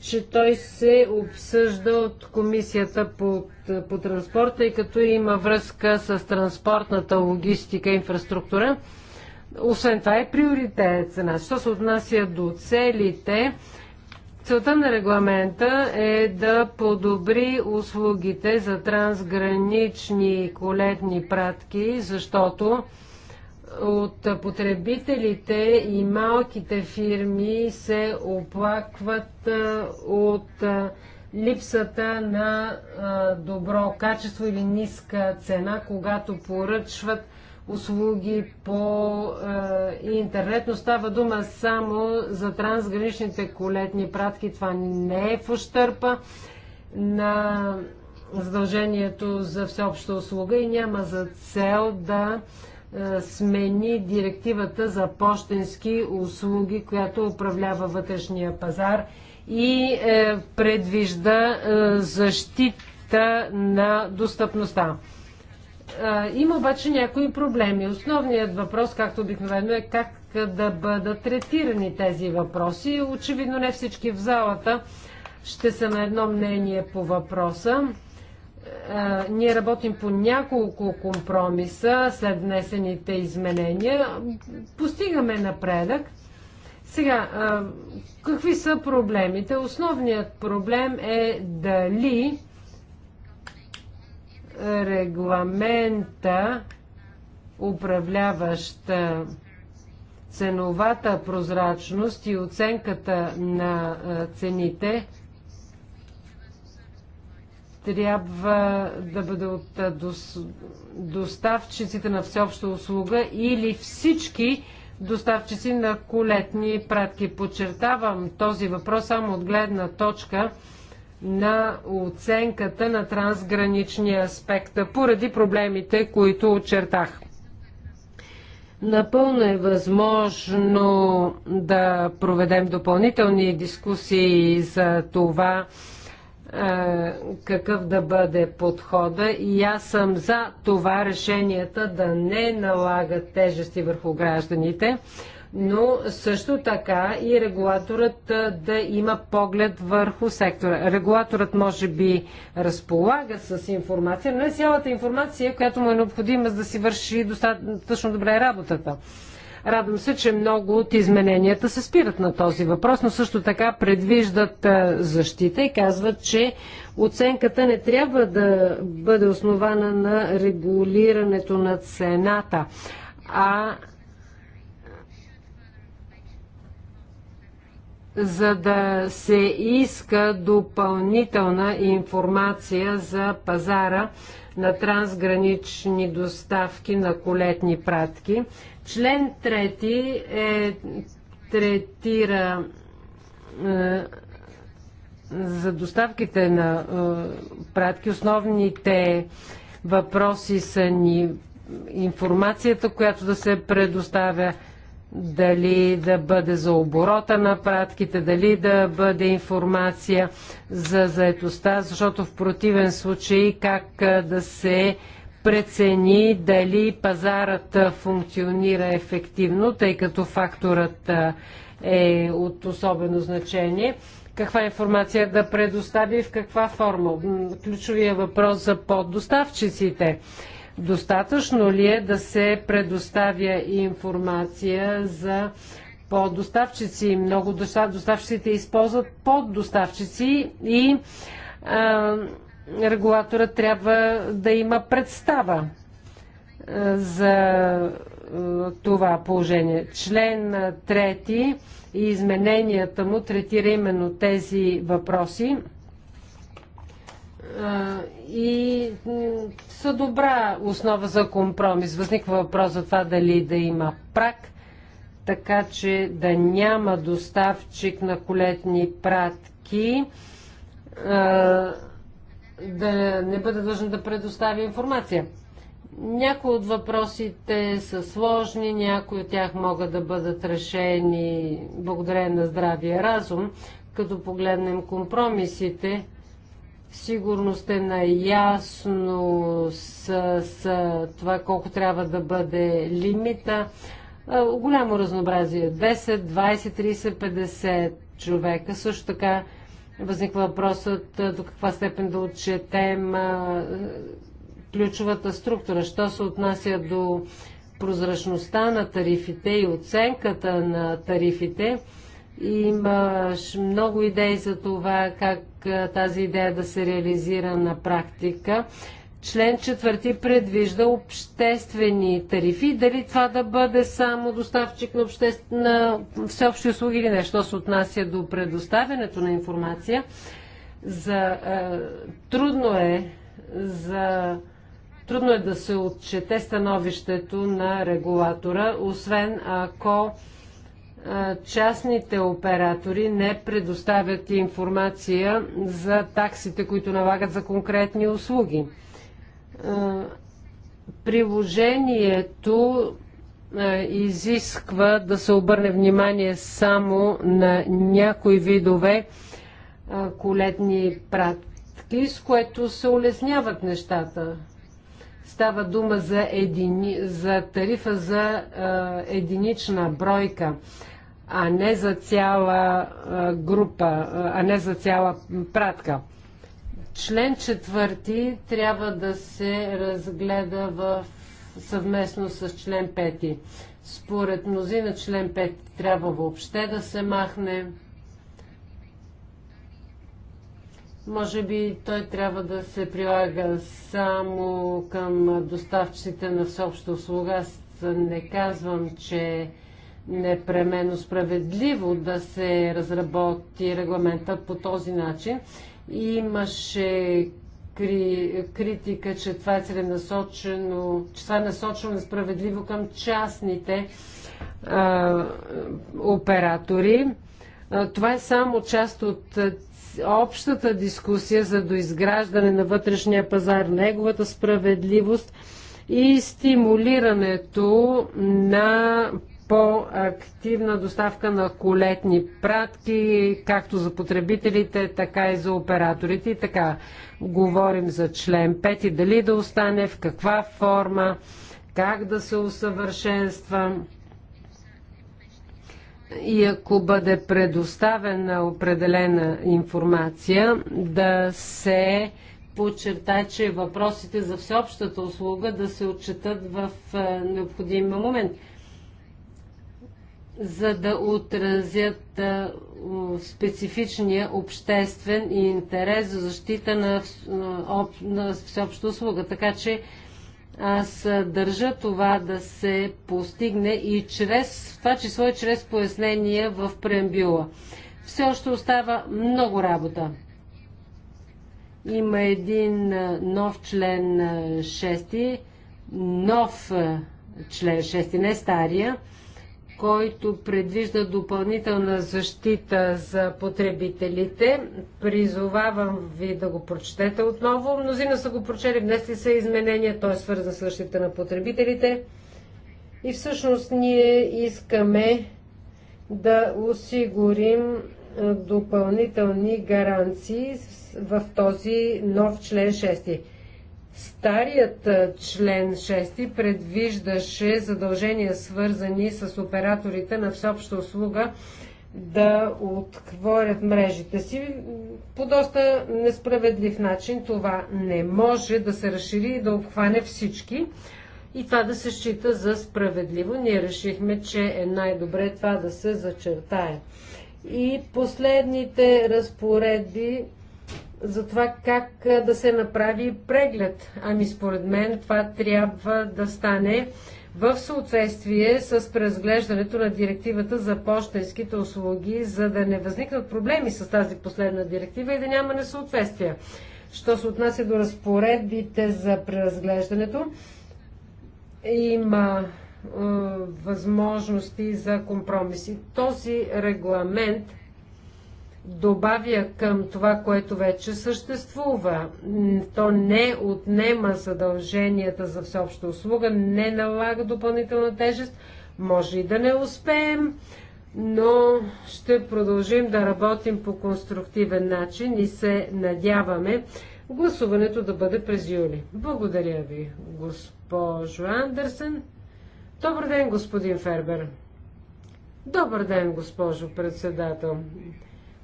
Speaker 2: че той се обсъжда от комисията по, по транспорт, тъй като има връзка с транспортната логистика и инфраструктура. Освен това е приоритет за нас. Що се отнася до целите, Целта на регламента е да подобри услугите за трансгранични колетни пратки, защото от потребителите и малките фирми се оплакват от липсата на добро качество или ниска цена, когато поръчват услуги по е, интернет, но става дума само за трансграничните колетни пратки. Това не е в ущърпа на задължението за всеобща услуга и няма за цел да е, смени директивата за почтенски услуги, която управлява вътрешния пазар и е, предвижда е, защита на достъпността. Има обаче някои проблеми. Основният въпрос, както обикновено, е как да бъдат третирани тези въпроси. Очевидно не всички в залата ще са на едно мнение по въпроса. Ние работим по няколко компромиса след внесените изменения. Постигаме напредък. Сега, какви са проблемите? Основният проблем е дали регламента, управляваща ценовата прозрачност и оценката на цените, трябва да бъде от доставчиците на всеобща услуга или всички доставчици на колетни пратки. Подчертавам този въпрос само от гледна точка на оценката на трансграничния аспект, поради проблемите, които очертах. Напълно е възможно да проведем допълнителни дискусии за това е, какъв да бъде подхода и аз съм за това решенията да не налагат тежести върху гражданите но също така и регулаторът да има поглед върху сектора. Регулаторът може би разполага с информация, но не цялата информация, която му е необходима за да си върши достатъчно добре работата. Радвам се, че много от измененията се спират на този въпрос, но също така предвиждат защита и казват, че оценката не трябва да бъде основана на регулирането на цената, а за да се иска допълнителна информация за пазара на трансгранични доставки на колетни пратки. Член 3 е, третира е, за доставките на е, пратки. Основните въпроси са ни информацията, която да се предоставя дали да бъде за оборота на пратките, дали да бъде информация за заетостта, защото в противен случай как да се прецени дали пазарът функционира ефективно, тъй като факторът е от особено значение. Каква информация да предостави и в каква форма? Ключовия въпрос за поддоставчиците. Достатъчно ли е да се предоставя информация за поддоставчици? Много доставчиците използват поддоставчици и а, регулатора трябва да има представа за това положение. Член 3 и измененията му третира именно тези въпроси и са добра основа за компромис. Възниква въпрос за това дали да има прак, така че да няма доставчик на колетни пратки, да не бъде дължен да предоставя информация. Някои от въпросите са сложни, някои от тях могат да бъдат решени благодарение на здравия разум. Като погледнем компромисите, Сигурно сте наясно с, с това колко трябва да бъде лимита. Голямо разнообразие 10, 20, 30, 50 човека. Също така възниква въпросът до каква степен да отчетем ключовата структура. Що се отнася до прозрачността на тарифите и оценката на тарифите, Имаш много идеи за това как тази идея да се реализира на практика. Член четвърти предвижда обществени тарифи. Дали това да бъде само доставчик на, обществ... на всеобщи услуги или нещо се отнася до предоставянето на информация? За, е, трудно, е, за, трудно е да се отчете становището на регулатора, освен ако частните оператори не предоставят информация за таксите, които налагат за конкретни услуги. Приложението изисква да се обърне внимание само на някои видове колетни пратки, с което се улесняват нещата. Става дума за, едини, за тарифа за единична бройка а не за цяла група, а не за цяла пратка. Член четвърти трябва да се разгледа в съвместно с член 5. Според мнозина член 5 трябва въобще да се махне. Може би той трябва да се прилага само към доставчиците на всеобща услуга. Аз не казвам, че непременно справедливо да се разработи регламента по този начин. Имаше кри, критика, че това е целенасочено, че това е насочено несправедливо към частните а, оператори. А, това е само част от общата дискусия за доизграждане на вътрешния пазар, неговата справедливост и стимулирането на по-активна доставка на колетни пратки, както за потребителите, така и за операторите. И така, говорим за член 5 и дали да остане, в каква форма, как да се усъвършенства. И ако бъде предоставена определена информация, да се подчерта, че въпросите за всеобщата услуга да се отчетат в е, необходимия момент – за да отразят специфичния обществен интерес за защита на, на всеобща услуга. Така че аз държа това да се постигне и чрез, това число и чрез пояснения в преамбюла. Все още остава много работа. Има един нов член 6, нов член 6, не стария, който предвижда допълнителна защита за потребителите. Призовавам ви да го прочетете отново. Мнозина са го прочели, внесли са изменения, той е свързан с защита на потребителите. И всъщност ние искаме да осигурим допълнителни гаранции в този нов член 6. Старият член 6 предвиждаше задължения свързани с операторите на всеобща услуга да отворят мрежите си. По доста несправедлив начин това не може да се разшири и да обхване всички и това да се счита за справедливо. Ние решихме, че е най-добре това да се зачертае. И последните разпоредби за това как да се направи преглед. Ами според мен това трябва да стане в съответствие с преразглеждането на директивата за почтенските услуги, за да не възникнат проблеми с тази последна директива и да няма несъответствия. Що се отнася до разпоредбите за преразглеждането, има възможности за компромиси. Този регламент – добавя към това, което вече съществува. То не отнема задълженията за всеобща услуга, не налага допълнителна тежест. Може и да не успеем, но ще продължим да работим по конструктивен начин и се надяваме гласуването да бъде през юли. Благодаря ви, госпожо Андерсен. Добър ден, господин Фербер. Добър ден, госпожо председател.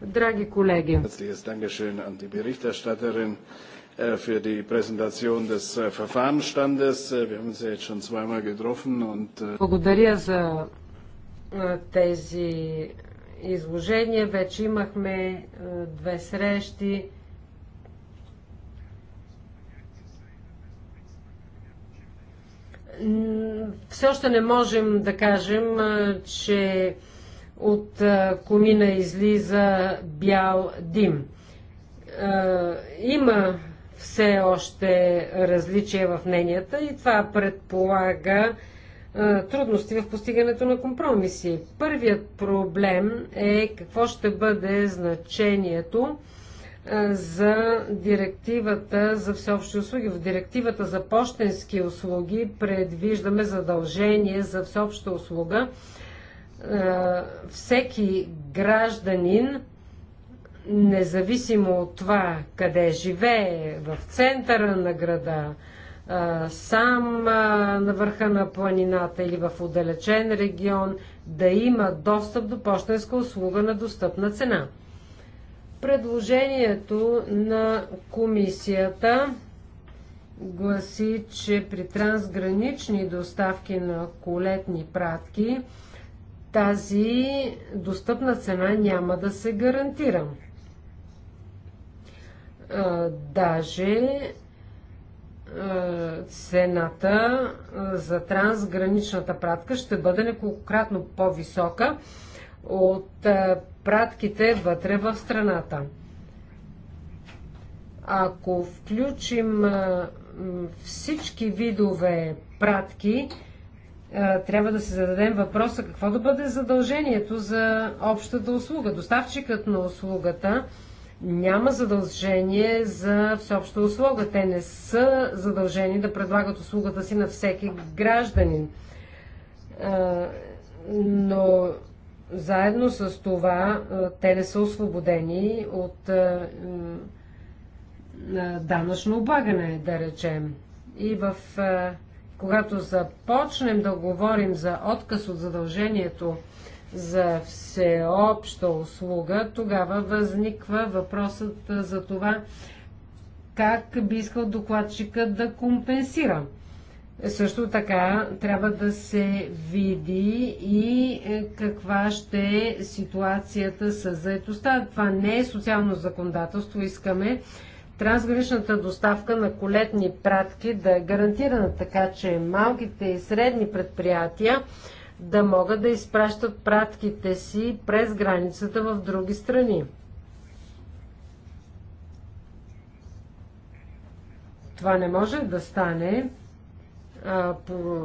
Speaker 2: Драги колеги,
Speaker 4: für die Präsentation des Verfahrensstandes. Wir haben sie jetzt schon zweimal getroffen und Благодаря
Speaker 2: за тези изложения. Вече имахме две срещи. Все още не можем да кажем, че от комина излиза бял дим. Има все още различия в мненията и това предполага трудности в постигането на компромиси. Първият проблем е какво ще бъде значението за директивата за всеобщи услуги. В директивата за почтенски услуги предвиждаме задължение за всеобща услуга е, всеки гражданин, независимо от това къде живее, в центъра на града, е, сам е, на върха на планината или в отдалечен регион, да има достъп до почтенска услуга на достъпна цена. Предложението на комисията гласи, че при трансгранични доставки на колетни пратки, тази достъпна цена няма да се гарантира. Даже цената за трансграничната пратка ще бъде неколкократно по-висока от пратките вътре в страната. Ако включим всички видове пратки, е, трябва да се зададем въпроса какво да бъде задължението за общата услуга. Доставчикът на услугата няма задължение за всеобща услуга. Те не са задължени да предлагат услугата си на всеки гражданин. Е, но заедно с това е, те не са освободени от данъчно облагане, да речем. И в когато започнем да говорим за отказ от задължението за всеобща услуга, тогава възниква въпросът за това как би искал докладчика да компенсира. Също така трябва да се види и е, каква ще е ситуацията с заедостта. Това не е социално законодателство. Искаме трансграничната доставка на колетни пратки да е гарантирана така, че малките и средни предприятия да могат да изпращат пратките си през границата в други страни. Това не може да стане а, по...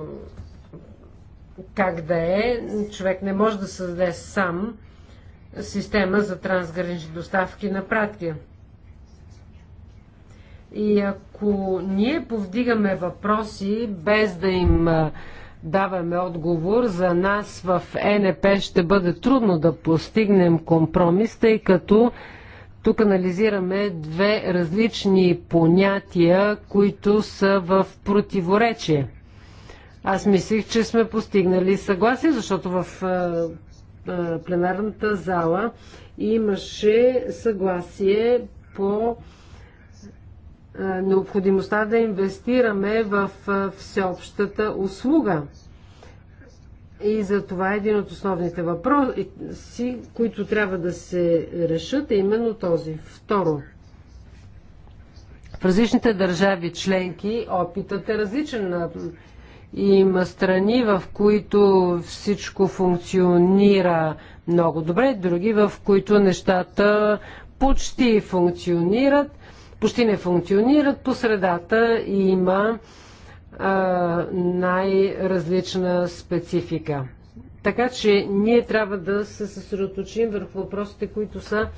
Speaker 2: как да е. Човек не може да създаде сам система за трансгранични доставки на пратки. И ако ние повдигаме въпроси, без да им даваме отговор, за нас в е НП ще бъде трудно да постигнем компромис, тъй като тук анализираме две различни понятия, които са в противоречие. Аз мислих, че сме постигнали съгласие, защото в пленарната зала имаше съгласие по е, необходимостта да инвестираме в е, всеобщата услуга. И за това е един от основните въпроси, които трябва да се решат, е именно този. Второ, в различните държави членки опитът е различен. Има страни, в които всичко функционира много добре, други, в които нещата почти функционират – почти не функционират. По средата има най-различна специфика. Така че ние трябва да се съсредоточим върху въпросите, които са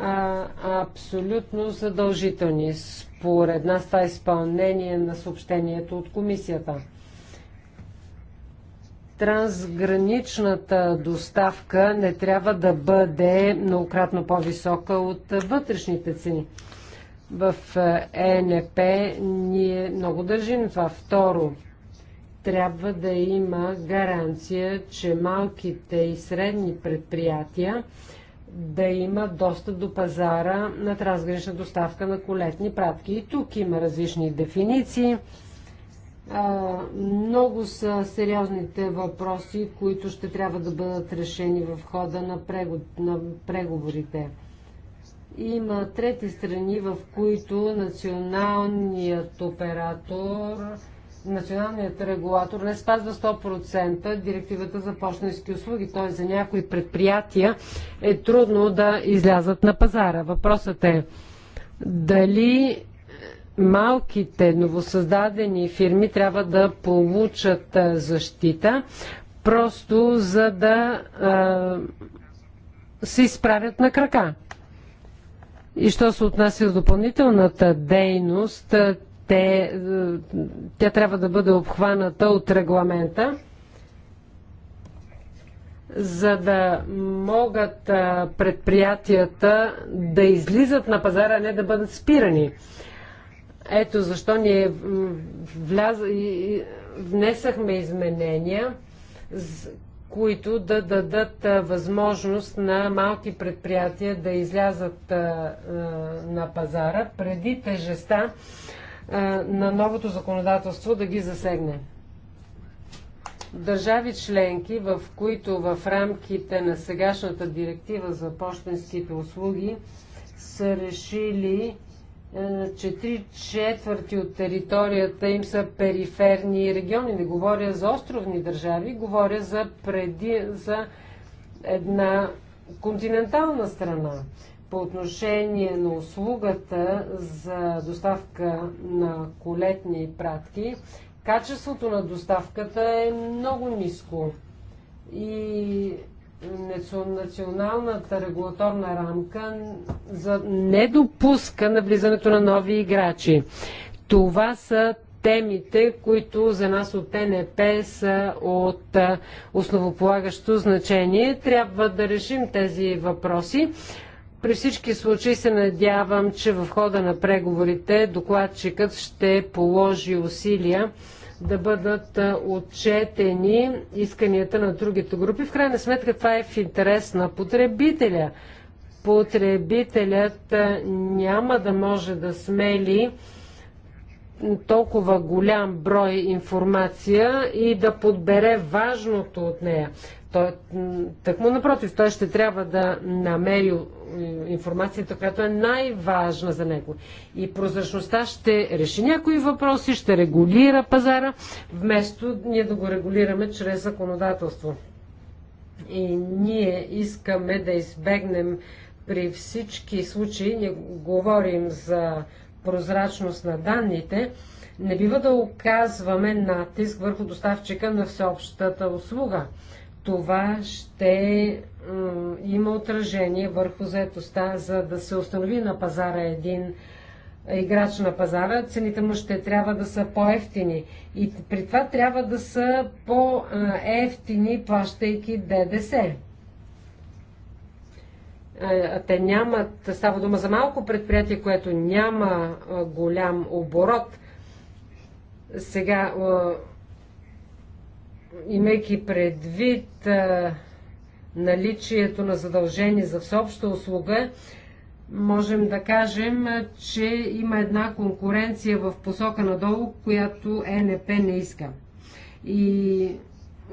Speaker 2: а, абсолютно задължителни. Според нас това е изпълнение на съобщението от комисията. Трансграничната доставка не трябва да бъде многократно по-висока от вътрешните цени. В ЕНП ние много държим това. Второ, трябва да има гаранция, че малките и средни предприятия да има достъп до пазара на трансгранична доставка на колетни пратки. И тук има различни дефиниции. много са сериозните въпроси, които ще трябва да бъдат решени в хода на преговорите. Има трети страни, в които националният оператор, националният регулатор не спазва 100% директивата за почтенски услуги, т.е. за някои предприятия е трудно да излязат на пазара. Въпросът е дали малките новосъздадени фирми трябва да получат защита, просто за да а, се изправят на крака. И що се отнася до допълнителната дейност, те, е, тя трябва да бъде обхваната от регламента, за да могат предприятията да излизат на пазара, а не да бъдат спирани. Ето защо ние вляз... внесахме изменения които да дадат възможност на малки предприятия да излязат на пазара преди тежеста на новото законодателство да ги засегне. Държави членки, в които в рамките на сегашната директива за почтенските услуги са решили 4 четвърти от територията им са периферни региони. Не говоря за островни държави, говоря за, преди, за една континентална страна. По отношение на услугата за доставка на колетни пратки, качеството на доставката е много ниско. И националната регулаторна рамка за недопуска на влизането на нови играчи. Това са темите, които за нас от ТНП са от основополагащо значение. Трябва да решим тези въпроси. При всички случаи се надявам, че в хода на преговорите докладчикът ще положи усилия да бъдат отчетени исканията на другите групи. В крайна сметка това е в интерес на потребителя. Потребителят няма да може да смели толкова голям брой информация и да подбере важното от нея. Той, му напротив, той ще трябва да намери информацията, която е най-важна за него. И прозрачността ще реши някои въпроси, ще регулира пазара, вместо ние да го регулираме чрез законодателство. И ние искаме да избегнем при всички случаи, ние говорим за прозрачност на данните, не бива да оказваме натиск върху доставчика на всеобщата услуга това ще има отражение върху заетостта, за да се установи на пазара един играч на пазара, цените му ще трябва да са по-ефтини. И при това трябва да са по-ефтини, плащайки ДДС. те нямат, става дума за малко предприятие, което няма голям оборот. Сега имайки предвид а, наличието на задължение за всеобща услуга, можем да кажем, че има една конкуренция в посока надолу, която ЕНП не иска. И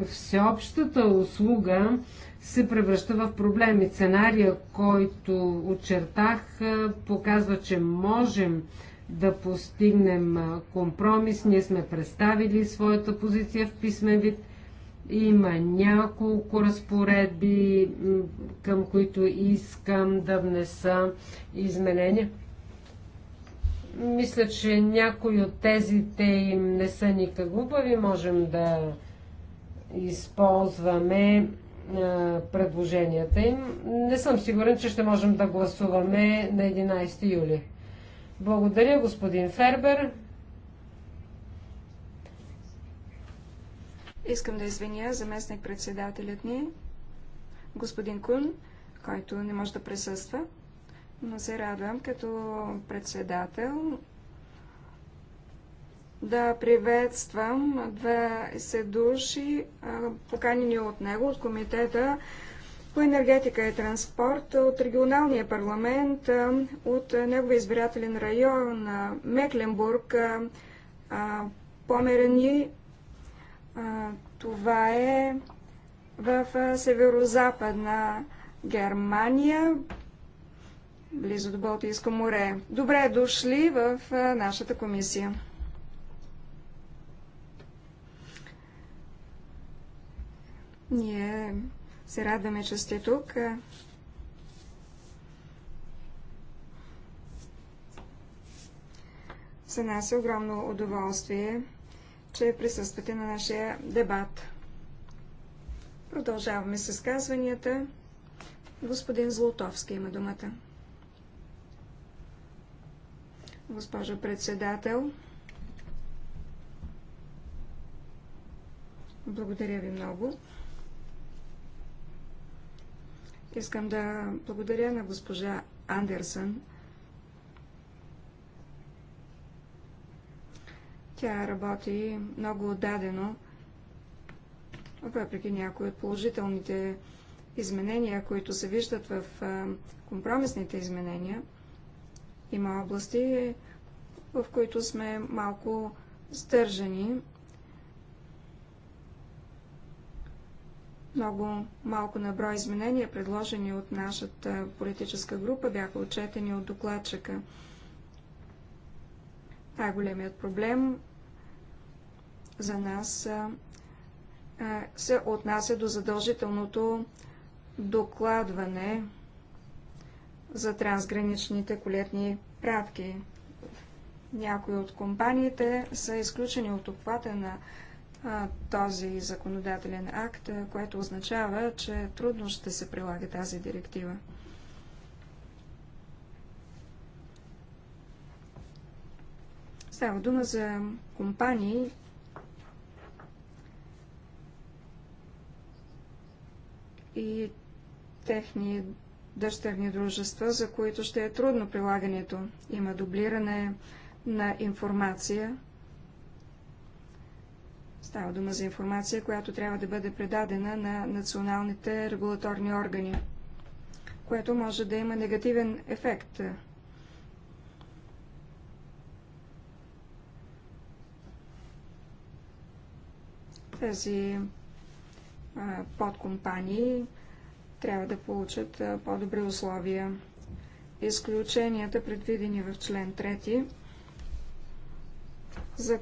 Speaker 2: всеобщата услуга се превръща в проблем. И сценария, който очертах, показва, че можем да постигнем компромис. Ние сме представили своята позиция в писмен вид – има няколко разпоредби, към които искам да внеса изменения. Мисля, че някои от те им не са никак глупави. Можем да използваме предложенията им. Не съм сигурен, че ще можем да гласуваме на 11 юли. Благодаря, господин Фербер.
Speaker 1: Искам да извиня заместник-председателят ни, господин Кун, който не може да присъства, но се радвам като председател да приветствам 20 души, поканени от него, от комитета по енергетика и транспорт, от регионалния парламент, от неговия избирателен район Мекленбург, Померени, това е в северо-западна Германия, близо до Балтийско море. Добре дошли в нашата комисия. Ние се радваме, че сте тук. За нас е огромно удоволствие че присъствате на нашия дебат. Продължаваме с изказванията. Господин Злотовски има думата. Госпожо председател, благодаря ви много. Искам да благодаря на госпожа Андерсън Тя работи много отдадено, въпреки някои от положителните изменения, които се виждат в компромисните изменения. Има области, в които сме малко стържени. Много малко на брой изменения, предложени от нашата политическа група, бяха отчетени от докладчика. Най-големият проблем за нас се отнася до задължителното докладване за трансграничните колетни пратки. Някои от компаниите са изключени от обхвата на този законодателен акт, което означава, че трудно ще се прилага тази директива. Става дума за компании, и техни дъщерни дружества, за които ще е трудно прилагането. Има дублиране на информация. Става дума за информация, която трябва да бъде предадена на националните регулаторни органи, което може да има негативен ефект. Тези подкомпании трябва да получат по-добри условия. Изключенията, предвидени в член 3 за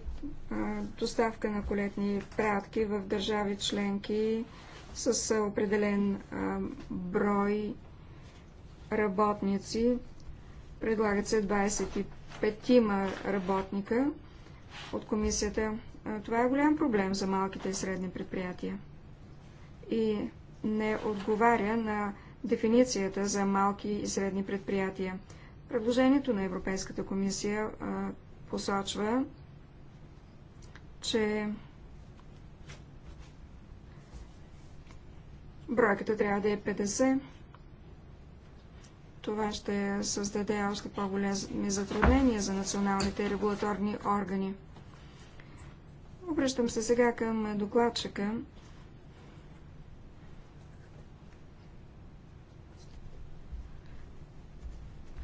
Speaker 1: доставка на колетни пратки в държави членки с определен брой работници, предлагат се 25 работника от комисията. Това е голям проблем за малките и средни предприятия и не отговаря на дефиницията за малки и средни предприятия. Предложението на Европейската комисия а, посочва, че бройката трябва да е 50. Това ще създаде още по-големи затруднения за националните регулаторни органи. Обръщам се сега към докладчика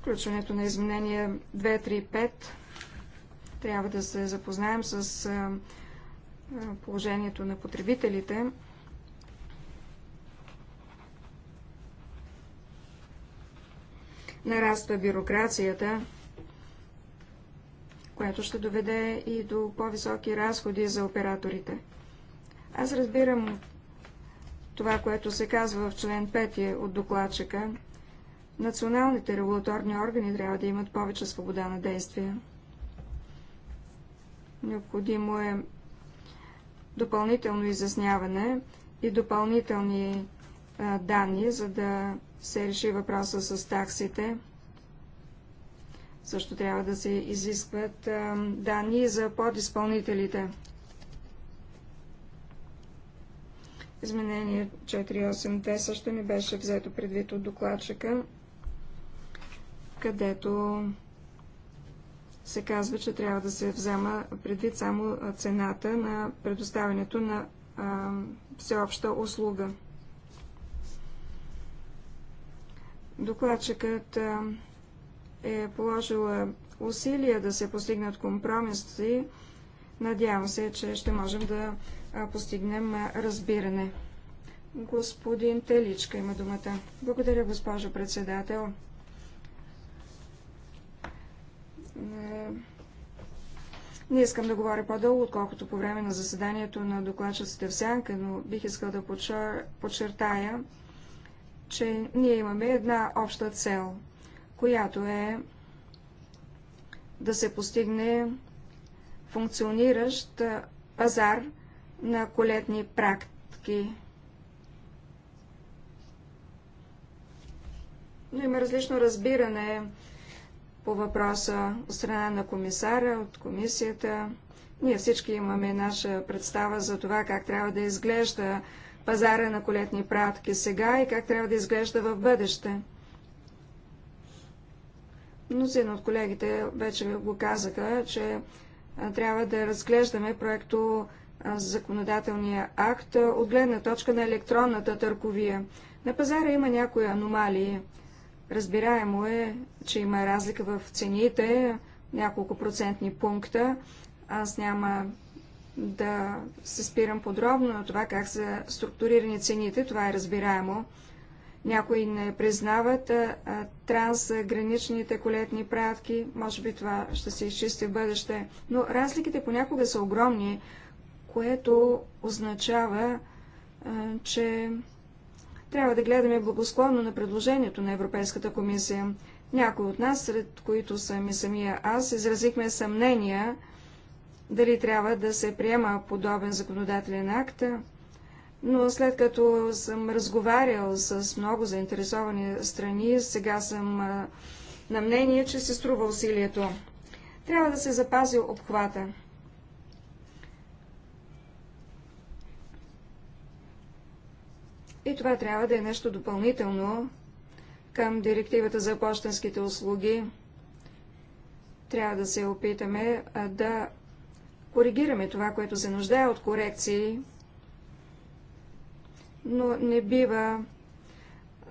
Speaker 1: Включването на изменения 235 трябва да се запознаем с положението на потребителите. Нараства бюрокрацията, което ще доведе и до по-високи разходи за операторите. Аз разбирам това, което се казва в член 5 от докладчика – Националните регулаторни органи трябва да имат повече свобода на действие. Необходимо е допълнително изясняване и допълнителни данни, за да се реши въпроса с таксите. Също трябва да се изискват данни за подизпълнителите. Изменение 4.8.2 също не беше взето предвид от докладчика където се казва, че трябва да се взема предвид само цената на предоставянето на всеобща услуга. Докладчикът е положила усилия да се постигнат компромиси. Надявам се, че ще можем да постигнем разбиране. Господин Теличка има думата. Благодаря, госпожо председател. Е, не искам да говоря по-дълго, отколкото по време на заседанието на докладчиците в Сянка, но бих искал да подчертая, че ние имаме една обща цел, която е да се постигне функциониращ пазар на колетни практики. Но има различно разбиране по въпроса от страна на комисара, от комисията. Ние всички имаме наша представа за това как трябва да изглежда пазара на колетни пратки сега и как трябва да изглежда в бъдеще. Мнозина от колегите вече го казаха, че трябва да разглеждаме проекто законодателния акт от гледна точка на електронната търговия. На пазара има някои аномалии. Разбираемо е, че има разлика в цените, няколко процентни пункта. Аз няма да се спирам подробно на това как са структурирани цените, това е разбираемо. Някои не признават а, а, трансграничните колетни пратки, може би това ще се изчисти в бъдеще, но разликите понякога са огромни, което означава, а, че трябва да гледаме благосклонно на предложението на Европейската комисия. Някои от нас, сред които съм и самия аз, изразихме съмнения дали трябва да се приема подобен законодателен акт, но след като съм разговарял с много заинтересовани страни, сега съм на мнение, че се струва усилието. Трябва да се запази обхвата. И това трябва да е нещо допълнително към директивата за почтенските услуги. Трябва да се опитаме да коригираме това, което се нуждае от корекции, но не бива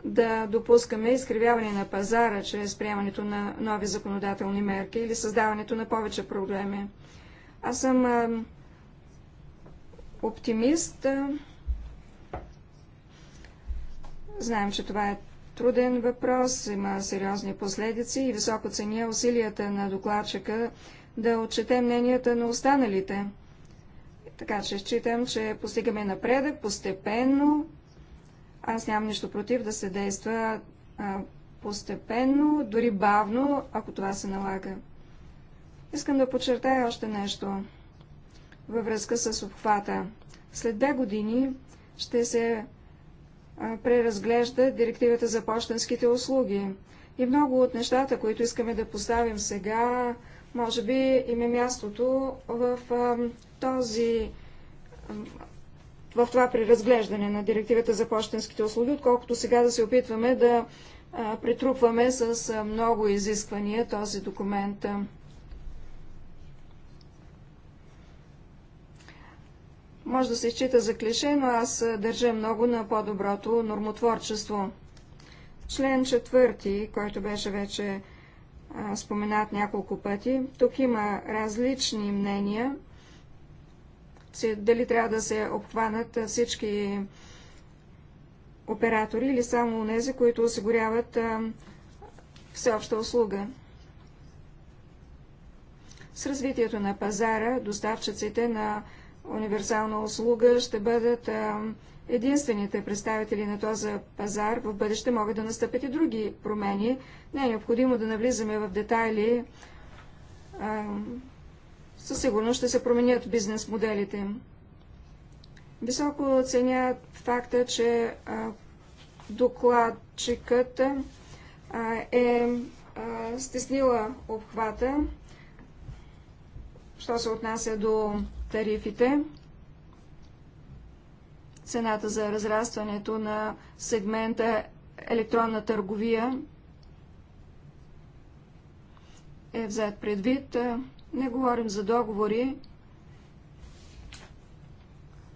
Speaker 1: да допускаме изкривяване на пазара чрез приемането на нови законодателни мерки или създаването на повече проблеми. Аз съм оптимист Знаем, че това е труден въпрос, има сериозни последици и високо ценя усилията на докладчика да отчете мненията на останалите. Така че считам, че постигаме напредък постепенно. Аз нямам нищо против да се действа а, постепенно, дори бавно, ако това се налага. Искам да подчертая още нещо във връзка с обхвата. След две години ще се преразглежда директивата за почтенските услуги. И много от нещата, които искаме да поставим сега, може би им е мястото в този в това преразглеждане на директивата за почтенските услуги, отколкото сега да се опитваме да притрупваме с много изисквания този документ. Може да се счита за клише, но аз държа много на по-доброто нормотворчество. Член четвърти, който беше вече а, споменат няколко пъти, тук има различни мнения, дали трябва да се обхванат всички оператори или само нези, които осигуряват а, всеобща услуга. С развитието на пазара, доставчиците на универсална услуга ще бъдат единствените представители на този пазар. В бъдеще могат да настъпят и други промени. Не е необходимо да навлизаме в детайли. Със сигурност ще се променят бизнес моделите Високо оценя факта, че докладчикът е стеснила обхвата, що се отнася до тарифите, цената за разрастването на сегмента електронна търговия е взет предвид. Не говорим за договори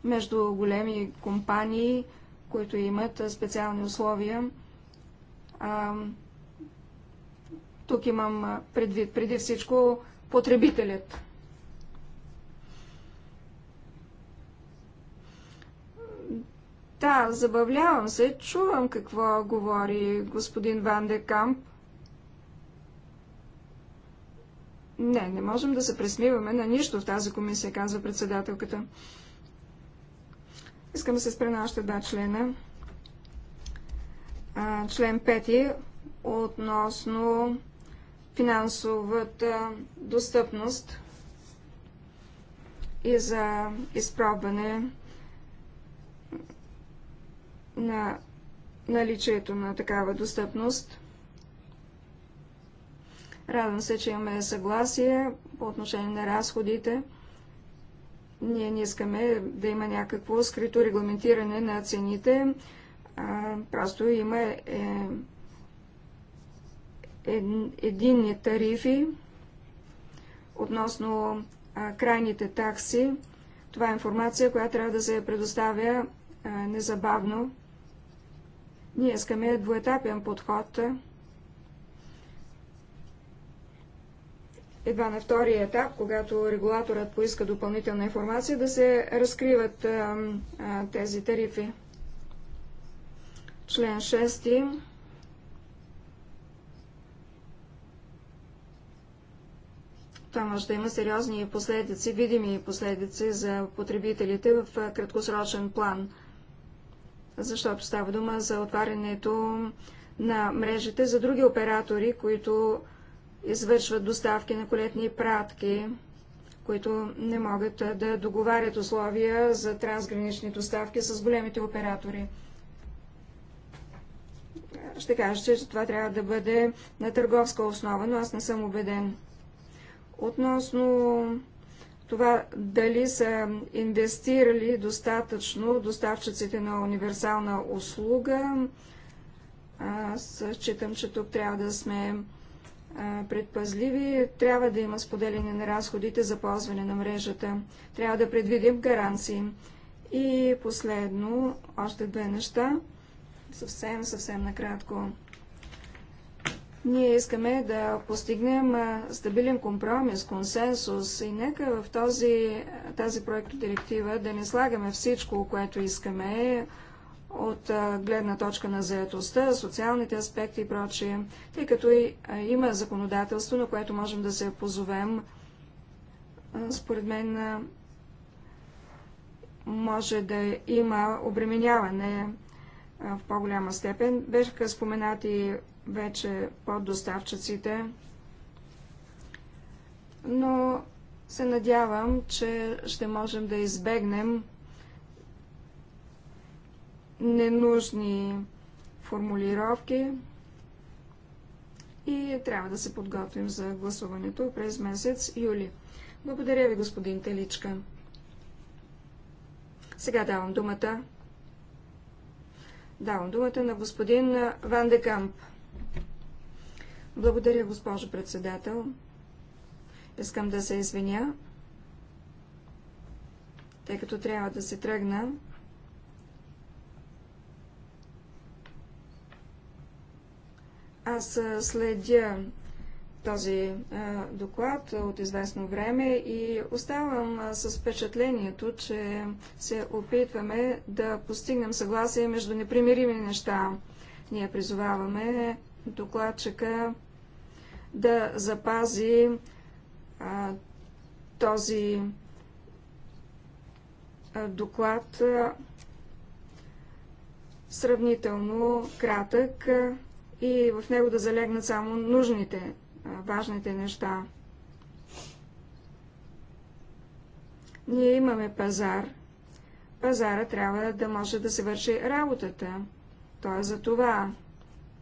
Speaker 1: между големи компании, които имат специални условия. А, тук имам предвид преди всичко потребителят. Да, забавлявам се, чувам какво говори господин Ван де Камп. Не, не можем да се пресмиваме на нищо в тази комисия, казва председателката. Искам да се спре на още два члена. А, член 5 относно финансовата достъпност и за изпробване на наличието на такава достъпност. Радвам се, че имаме съгласие по отношение на разходите. Ние не искаме да има някакво скрито регламентиране на цените. А, просто има е, е, единни тарифи относно а, крайните такси. Това е информация, която трябва да се предоставя а, незабавно ние искаме двуетапен подход. Едва на втория етап, когато регулаторът поиска допълнителна информация, да се разкриват а, а, тези тарифи. Член 6. Това може да има сериозни последици, видими последици за потребителите в краткосрочен план – защото става дума за отварянето на мрежите за други оператори, които извършват доставки на колетни пратки, които не могат да договарят условия за трансгранични доставки с големите оператори. Ще кажа, че това трябва да бъде на търговска основа, но аз не съм убеден. Относно това дали са инвестирали достатъчно доставчиците на универсална услуга. Аз считам, че тук трябва да сме предпазливи. Трябва да има споделяне на разходите за ползване на мрежата. Трябва да предвидим гаранции. И последно, още две неща. Съвсем, съвсем накратко. Ние искаме да постигнем стабилен компромис, консенсус и нека в този, тази директива да не слагаме всичко, което искаме от гледна точка на заетостта, социалните аспекти и прочие, тъй като и, има законодателство, на което можем да се позовем. Според мен може да има обременяване в по-голяма степен. Беха споменати вече поддоставчиците, но се надявам, че ще можем да избегнем ненужни формулировки и трябва да се подготвим за гласуването през месец юли. Благодаря ви, господин Теличка. Сега давам думата. Давам думата на господин Ван де Камп. Благодаря, госпожо председател. Искам да се извиня, тъй като трябва да се тръгна. Аз следя този доклад от известно време и оставам с впечатлението, че се опитваме да постигнем съгласие между непримирими неща. Ние призоваваме докладчика да запази а, този а, доклад а, сравнително кратък а, и в него да залегнат само нужните, а, важните неща. Ние имаме пазар. Пазара трябва да може да се върши работата. Той е за това.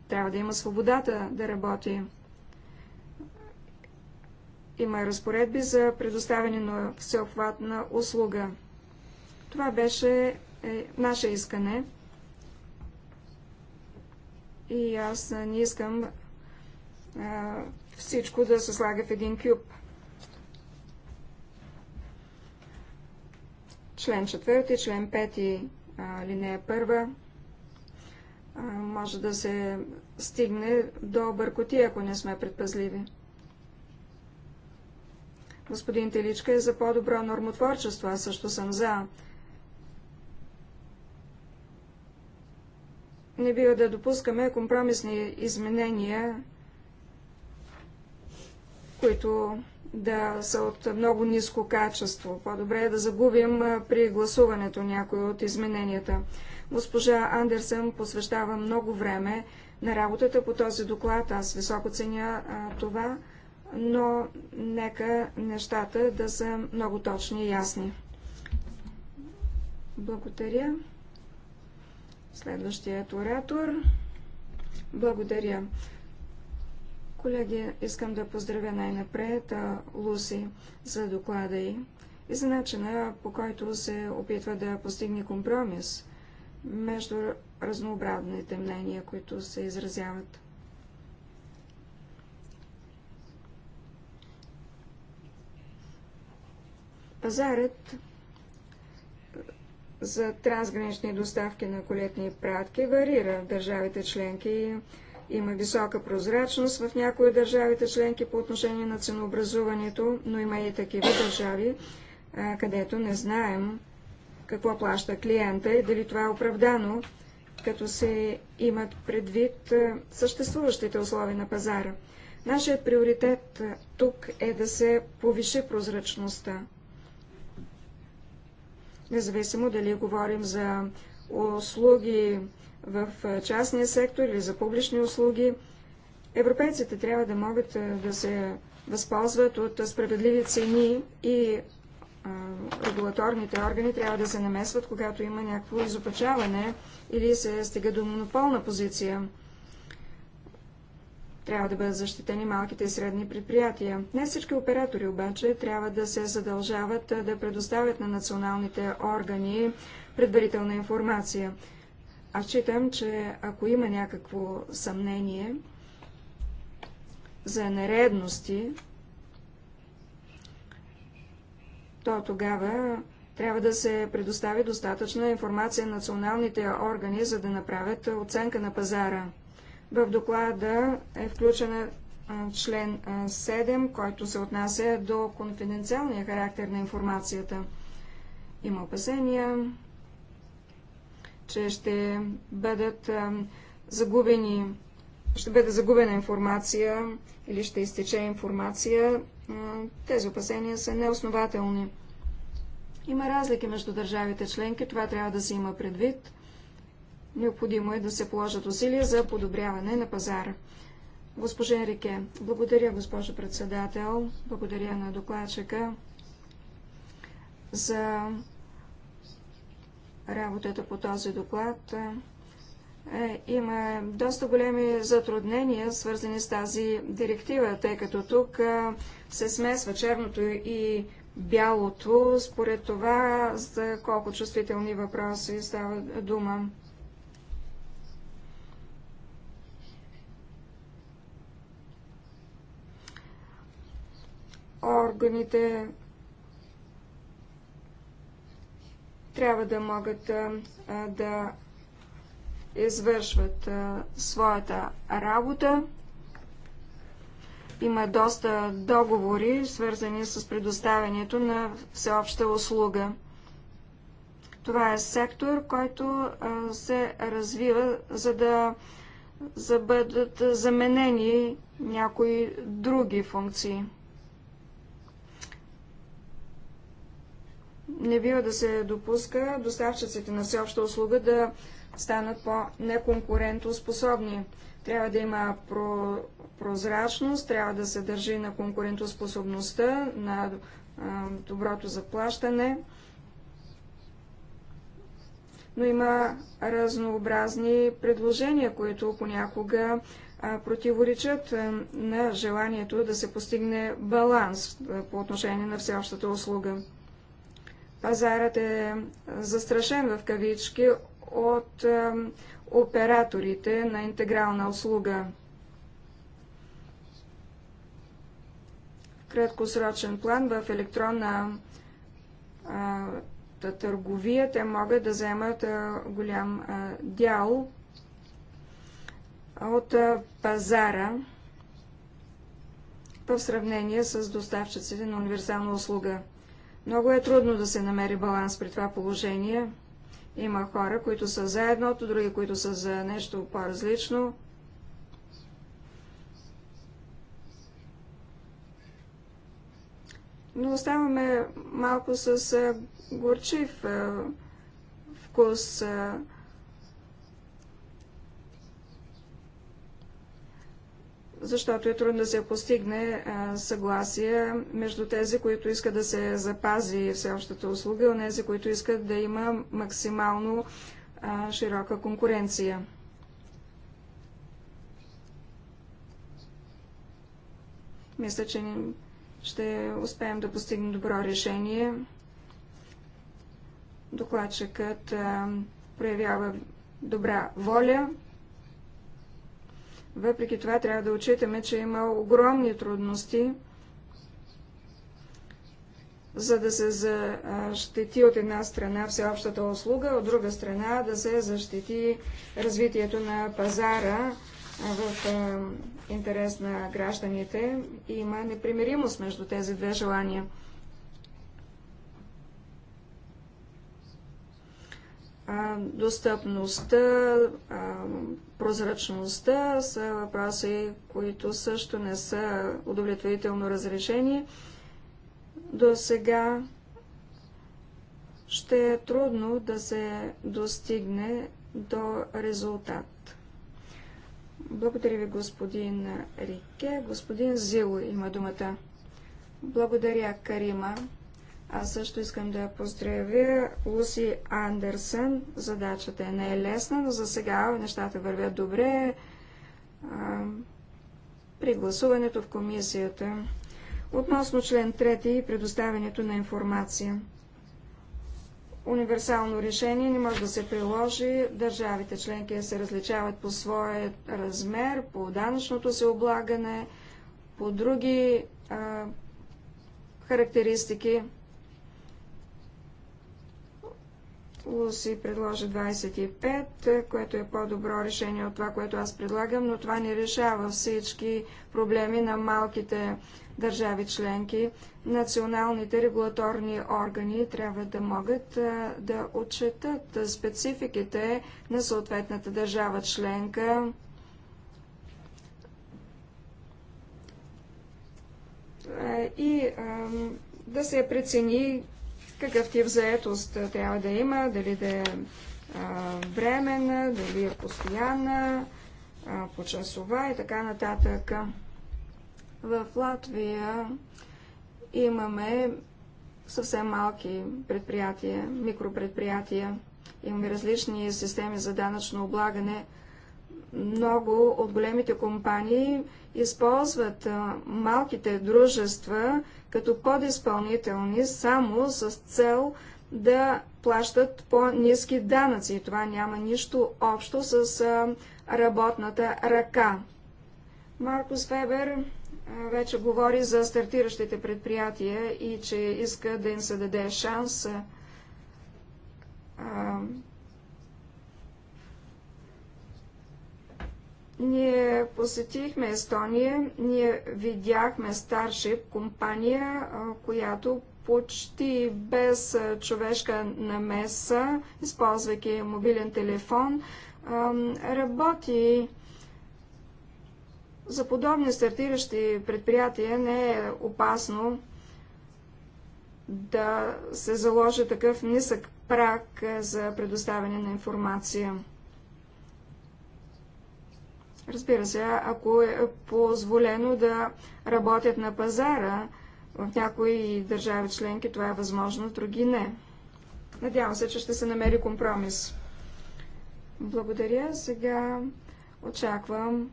Speaker 1: Трябва да има свободата да работи има разпоредби за предоставяне на всеобхватна услуга. Това беше е, наше искане. И аз не искам а, всичко да се слага в един кюб. Член 4, член 5, линия 1 а, може да се стигне до бъркотия, ако не сме предпазливи господин Теличка е за по-добро нормотворчество. Аз също съм за. Не бива да допускаме компромисни изменения, които да са от много ниско качество. По-добре е да загубим при гласуването някои от измененията. Госпожа Андерсън посвещава много време на работата по този доклад. Аз високо ценя а, това но нека нещата да са много точни и ясни. Благодаря. Следващият оратор. Благодаря. Колеги, искам да поздравя най-напред Луси за доклада й и за начина по който се опитва да постигне компромис между разнообразните мнения, които се изразяват. Пазарът за трансгранични доставки на колетни пратки варира в държавите членки. Има висока прозрачност в някои от държавите членки по отношение на ценообразуването, но има и такива държави, където не знаем какво плаща клиента и дали това е оправдано, като се имат предвид съществуващите условия на пазара. Нашият приоритет тук е да се повиши прозрачността независимо дали говорим за услуги в частния сектор или за публични услуги. Европейците трябва да могат да се възползват от справедливи цени и регулаторните органи трябва да се намесват, когато има някакво изопачаване или се стига до монополна позиция. Трябва да бъдат защитени малките и средни предприятия. Не всички оператори обаче трябва да се задължават да предоставят на националните органи предварителна информация. Аз считам, че ако има някакво съмнение за нередности, то тогава трябва да се предостави достатъчна информация на националните органи, за да направят оценка на пазара. В доклада е включен член 7, който се отнася до конфиденциалния характер на информацията. Има опасения, че ще бъдат загубени, ще бъде загубена информация или ще изтече информация. Тези опасения са неоснователни. Има разлики между държавите членки, това трябва да се има предвид. Необходимо е да се положат усилия за подобряване на пазара. Госпожа Рике, благодаря, госпожо председател, благодаря на докладчика за работата по този доклад. Е, има доста големи затруднения, свързани с тази директива, тъй като тук е, се смесва черното и бялото, според това за колко чувствителни въпроси става дума. органите трябва да могат да извършват своята работа. Има доста договори, свързани с предоставянето на всеобща услуга. Това е сектор, който се развива, за да за бъдат заменени някои други функции. Не бива да се допуска доставчиците на всеобща услуга да станат по-неконкурентоспособни. Трябва да има про... прозрачност, трябва да се държи на конкурентоспособността, на а, доброто заплащане. Но има разнообразни предложения, които понякога а, противоречат а, на желанието да се постигне баланс по отношение на всеобщата услуга пазарът е, е застрашен в кавички от е, операторите на интегрална услуга. В краткосрочен план в електронна е, а, търговия те могат да вземат а, голям а, дял от пазара в сравнение с доставчиците на универсална услуга. Много е трудно да се намери баланс при това положение. Има хора, които са за едното, други, които са за нещо по-различно. Но оставаме малко с горчив вкус защото е трудно да се постигне съгласие между тези, които искат да се запази всеобщата услуга, и тези, които искат да има максимално широка конкуренция. Мисля, че ще успеем да постигнем добро решение. Докладчикът проявява добра воля въпреки това трябва да отчитаме, че има огромни трудности, за да се защити от една страна всеобщата услуга, от друга страна да се защити развитието на пазара в интерес на гражданите. Има непримиримост между тези две желания. достъпността, прозрачността са въпроси, които също не са удовлетворително разрешени. До сега ще е трудно да се достигне до резултат. Благодаря ви, господин Рике. Господин Зило има думата. Благодаря, Карима. Аз също искам да поздравя Луси Андерсен. Задачата е не е лесна, но за сега нещата вървят добре. при гласуването в комисията. Относно член 3 и предоставянето на информация. Универсално решение не може да се приложи. Държавите членки се различават по своя размер, по данъчното се облагане, по други а, характеристики. Луси предложи 25, което е по-добро решение от това, което аз предлагам, но това не решава всички проблеми на малките държави членки. Националните регулаторни органи трябва да могат да отчетат спецификите на съответната държава членка. И да се прецени какъв тип заетост трябва да има, дали да е временна, дали е постоянна, по часова и така нататък. В Латвия имаме съвсем малки предприятия, микропредприятия. Имаме различни системи за данъчно облагане. Много от големите компании използват малките дружества като подизпълнителни само с цел да плащат по-низки данъци. И това няма нищо общо с работната ръка. Маркус Фебер вече говори за стартиращите предприятия и че иска да им се даде шанс. Ние посетихме Естония, ние видяхме старшип компания, която почти без човешка намеса, използвайки мобилен телефон, работи за подобни стартиращи предприятия не е опасно да се заложи такъв нисък прак за предоставяне на информация. Разбира се, ако е позволено да работят на пазара, в някои държави членки това е възможно, в други не. Надявам се, че ще се намери компромис. Благодаря. Сега очаквам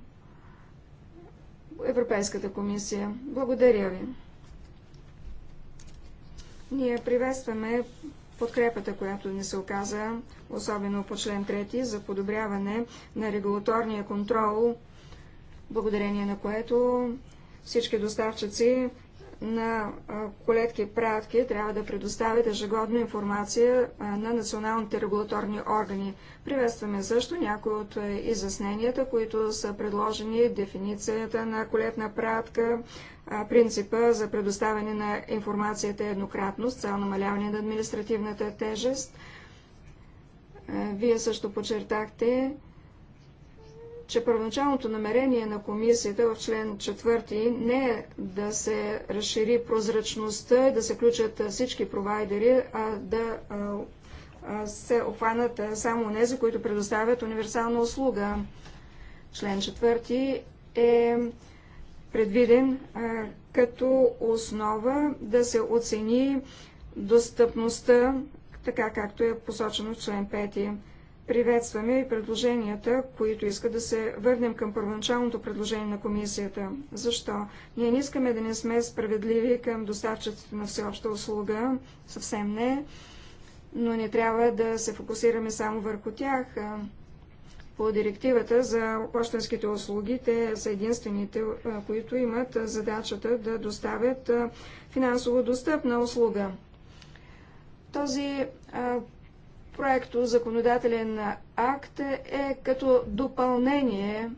Speaker 1: Европейската комисия. Благодаря ви. Ние приветстваме подкрепата, която ни се оказа, особено по член 3, за подобряване на регулаторния контрол, благодарение на което всички доставчици на колетки пратки трябва да предоставят ежегодно информация на националните регулаторни органи. Приветстваме също някои от изясненията, които са предложени, дефиницията на колетна пратка, принципа за предоставяне на информацията е еднократно с цел намаляване на административната тежест. Вие също подчертахте, че първоначалното намерение на комисията в член 4 не е да се разшири прозрачността и да се включат всички провайдери, а да се обхванат само тези, които предоставят универсална услуга. Член 4 е предвиден а, като основа да се оцени достъпността, така както е посочено в член 5. Приветстваме и предложенията, които искат да се върнем към първоначалното предложение на комисията. Защо? Ние не искаме да не сме справедливи към доставчиците на всеобща услуга, съвсем не, но не трябва да се фокусираме само върху тях по директивата за почтенските услуги. Те са единствените, които имат задачата да доставят финансово достъпна услуга. Този проекто законодателен акт е като допълнение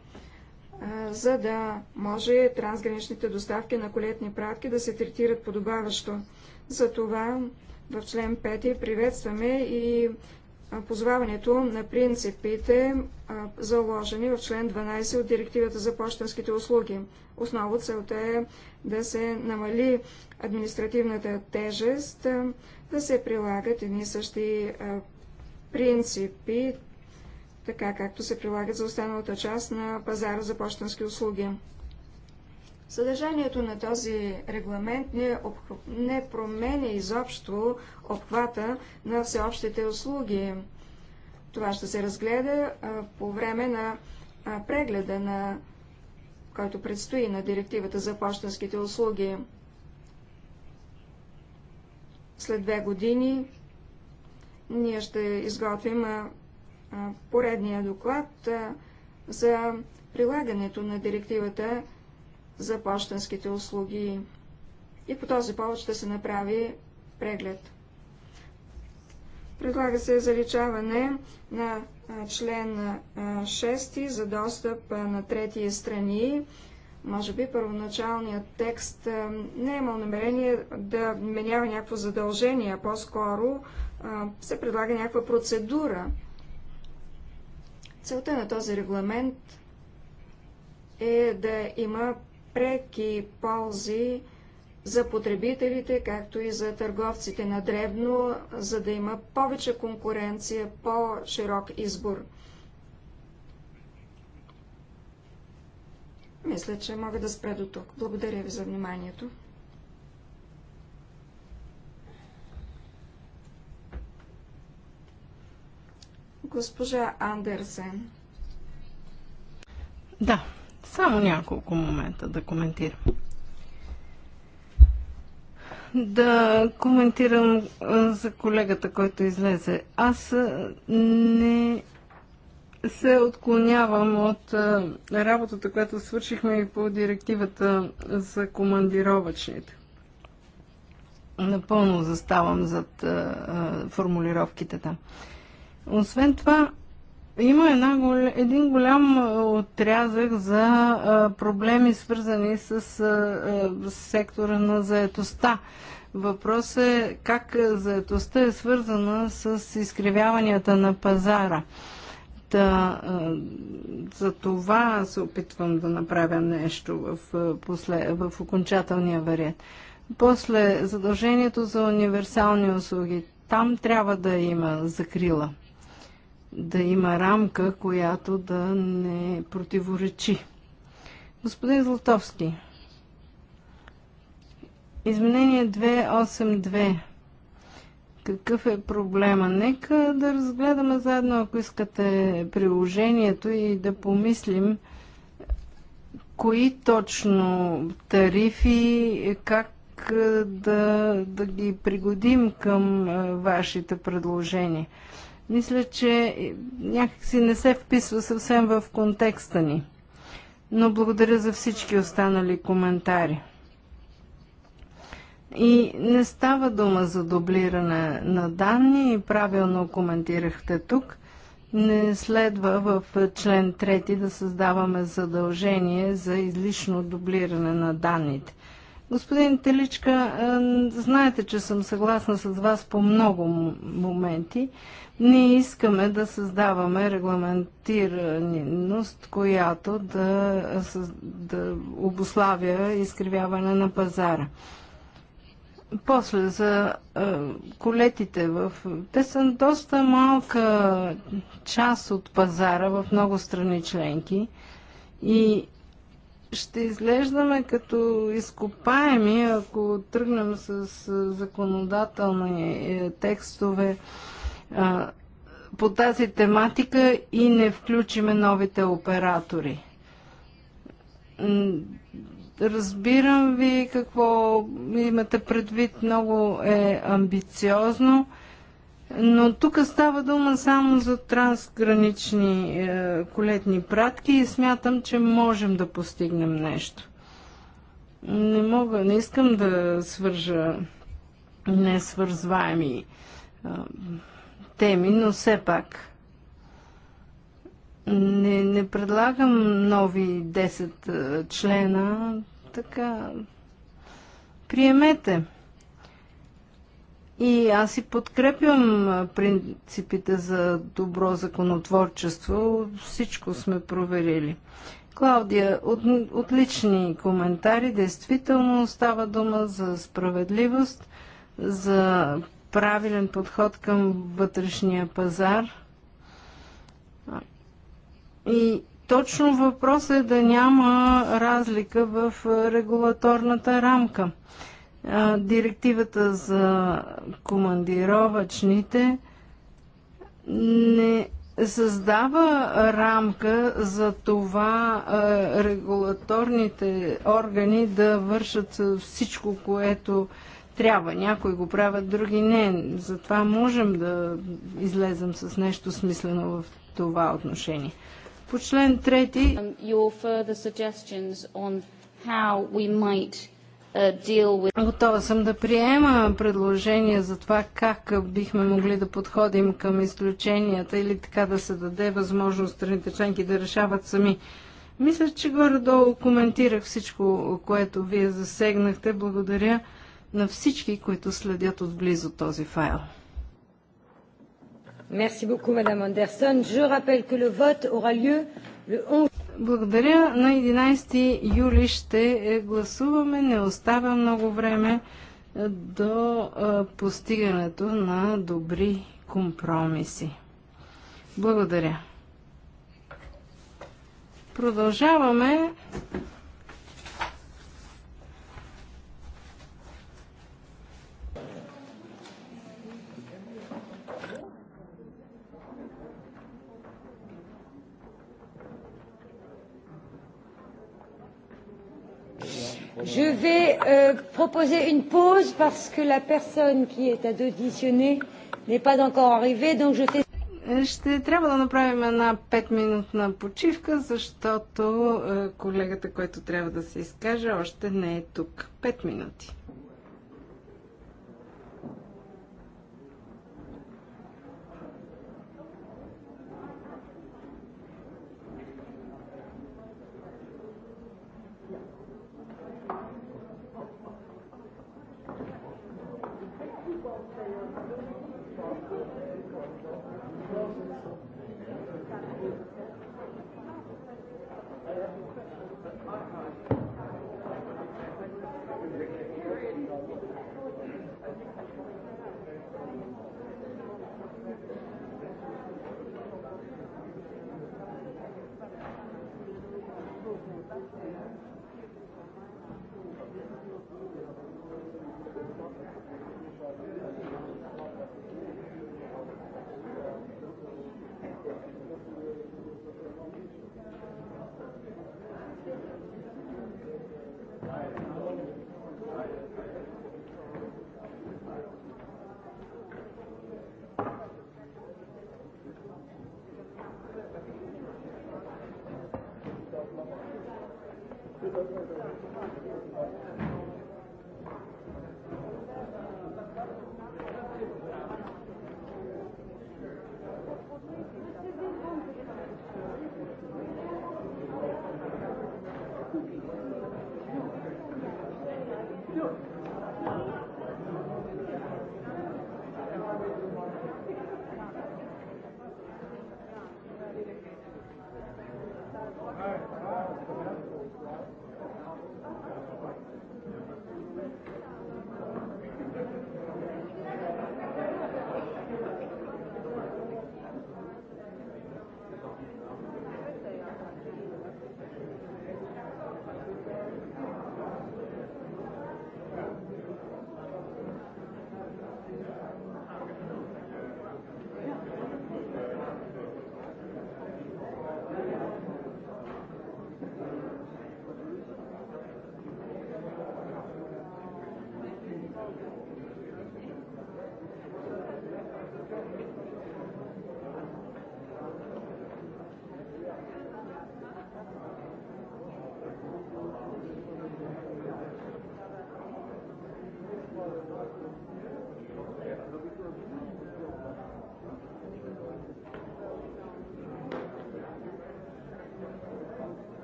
Speaker 1: за да може трансграничните доставки на колетни пратки да се третират подобаващо. Затова в член 5 приветстваме и позоваването на принципите, заложени в член 12 от Директивата за почтенските услуги. Основа целта е да се намали административната тежест, да се прилагат едни същи принципи, така както се прилагат за останалата част на пазара за почтенски услуги. Съдържанието на този регламент не, обх... не променя изобщо обхвата на всеобщите услуги. Това ще се разгледа а, по време на а, прегледа, на, който предстои на директивата за почтенските услуги. След две години ние ще изготвим а, поредния доклад за прилагането на директивата за почтенските услуги и по този повод ще се направи преглед. Предлага се заличаване на член 6 за достъп на трети страни. Може би първоначалният текст не е имал намерение да менява някакво задължение, а по-скоро се предлага някаква процедура. Целта на този регламент е да има преки ползи за потребителите, както и за търговците на дребно, за да има повече конкуренция, по-широк избор. Мисля, че мога да спре до тук. Благодаря ви за вниманието. Госпожа Андерсен.
Speaker 3: Да, само няколко момента да коментирам. Да коментирам за колегата, който излезе. Аз не се отклонявам от работата, която свършихме и по директивата за командировачните. Напълно заставам зад формулировките там. Освен това, има една, един голям отрязък за проблеми, свързани с сектора на заетостта. Въпрос е как заетостта е свързана с изкривяванията на пазара. Та, за това се опитвам да направя нещо в, после, в окончателния вариант. После задължението за универсални услуги. Там трябва да има закрила да има рамка, която да не противоречи. Господин Златовски, изменение 282. Какъв е проблема? Нека да разгледаме заедно, ако искате, приложението и да помислим кои точно тарифи, как да, да ги пригодим към е, вашите предложения мисля, че някакси не се вписва съвсем в контекста ни. Но благодаря за всички останали коментари. И не става дума за дублиране на данни, и правилно коментирахте тук. Не следва в член 3 да създаваме задължение за излишно дублиране на данните. Господин Теличка, е, знаете, че съм съгласна с вас по много моменти. Ние искаме да създаваме регламентираност, която да, да обославя изкривяване на пазара. После за е, колетите в... Те са доста малка част от пазара в много страни членки и ще изглеждаме като изкопаеми, ако тръгнем с законодателни е, текстове по тази тематика и не включиме новите оператори. Разбирам ви какво имате предвид, много е амбициозно но тук става дума само за трансгранични е, колетни пратки и смятам, че можем да постигнем нещо. Не мога, не искам да свържа несвързваеми е, теми, но все пак не, не предлагам нови 10 е, члена, така приемете. И аз и подкрепям принципите за добро законотворчество. Всичко сме проверили. Клаудия, от, отлични коментари. Действително става дума за справедливост, за правилен подход към вътрешния пазар. И точно въпросът е да няма разлика в регулаторната рамка. Директивата за командировачните не създава рамка за това регулаторните органи да вършат всичко, което трябва. Някои го правят, други не. Затова можем да излезем с нещо смислено в това отношение. По член 3... Um, Готова съм да приема предложение за това как бихме могли да подходим към изключенията или така да се даде възможност страните членки да решават сами. Мисля, че горе-долу коментирах всичко, което вие засегнахте. Благодаря на всички, които следят отблизо този файл.
Speaker 2: Merci beaucoup, Madame Anderson. Je rappelle que le vote aura lieu
Speaker 3: благодаря. На 11 юли ще гласуваме. Не остава много време е, до е, постигането на добри компромиси. Благодаря. Продължаваме
Speaker 2: Je vais euh, proposer une pause parce que la personne qui est à additionnée n'est pas
Speaker 3: encore arrivée, donc je fais... Ще трябва да направим една 5-минутна почивка, защото колегата, който трябва да се изкаже, още не е тук. 5 минути.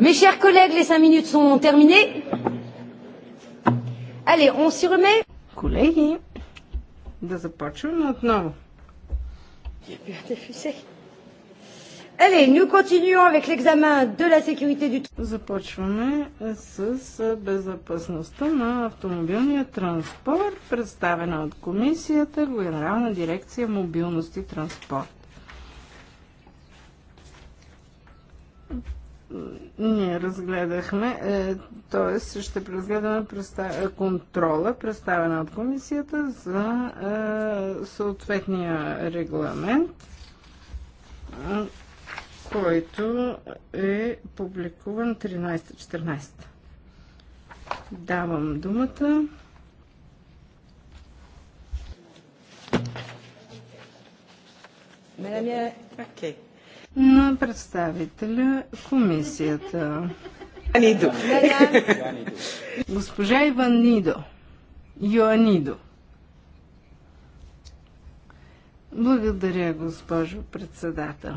Speaker 2: Mes chers collègues, les cinq minutes sont terminées. Allez, on s'y remet. Колеги,
Speaker 3: да започваме отново. Allez, nous continuons avec l'examen de la sécurité du Започваме с безопасността на автомобилния транспорт, представена от комисията, Генерална дирекция мобилност и транспорт. ние разгледахме, т.е. ще преразгледаме е, контрола, представена от комисията за е, съответния регламент, е, който е публикуван 13-14. Давам думата. Окей. okay на представителя комисията. Нидо. Госпожа Иван Нидо. Йоанидо. Благодаря, госпожо председател.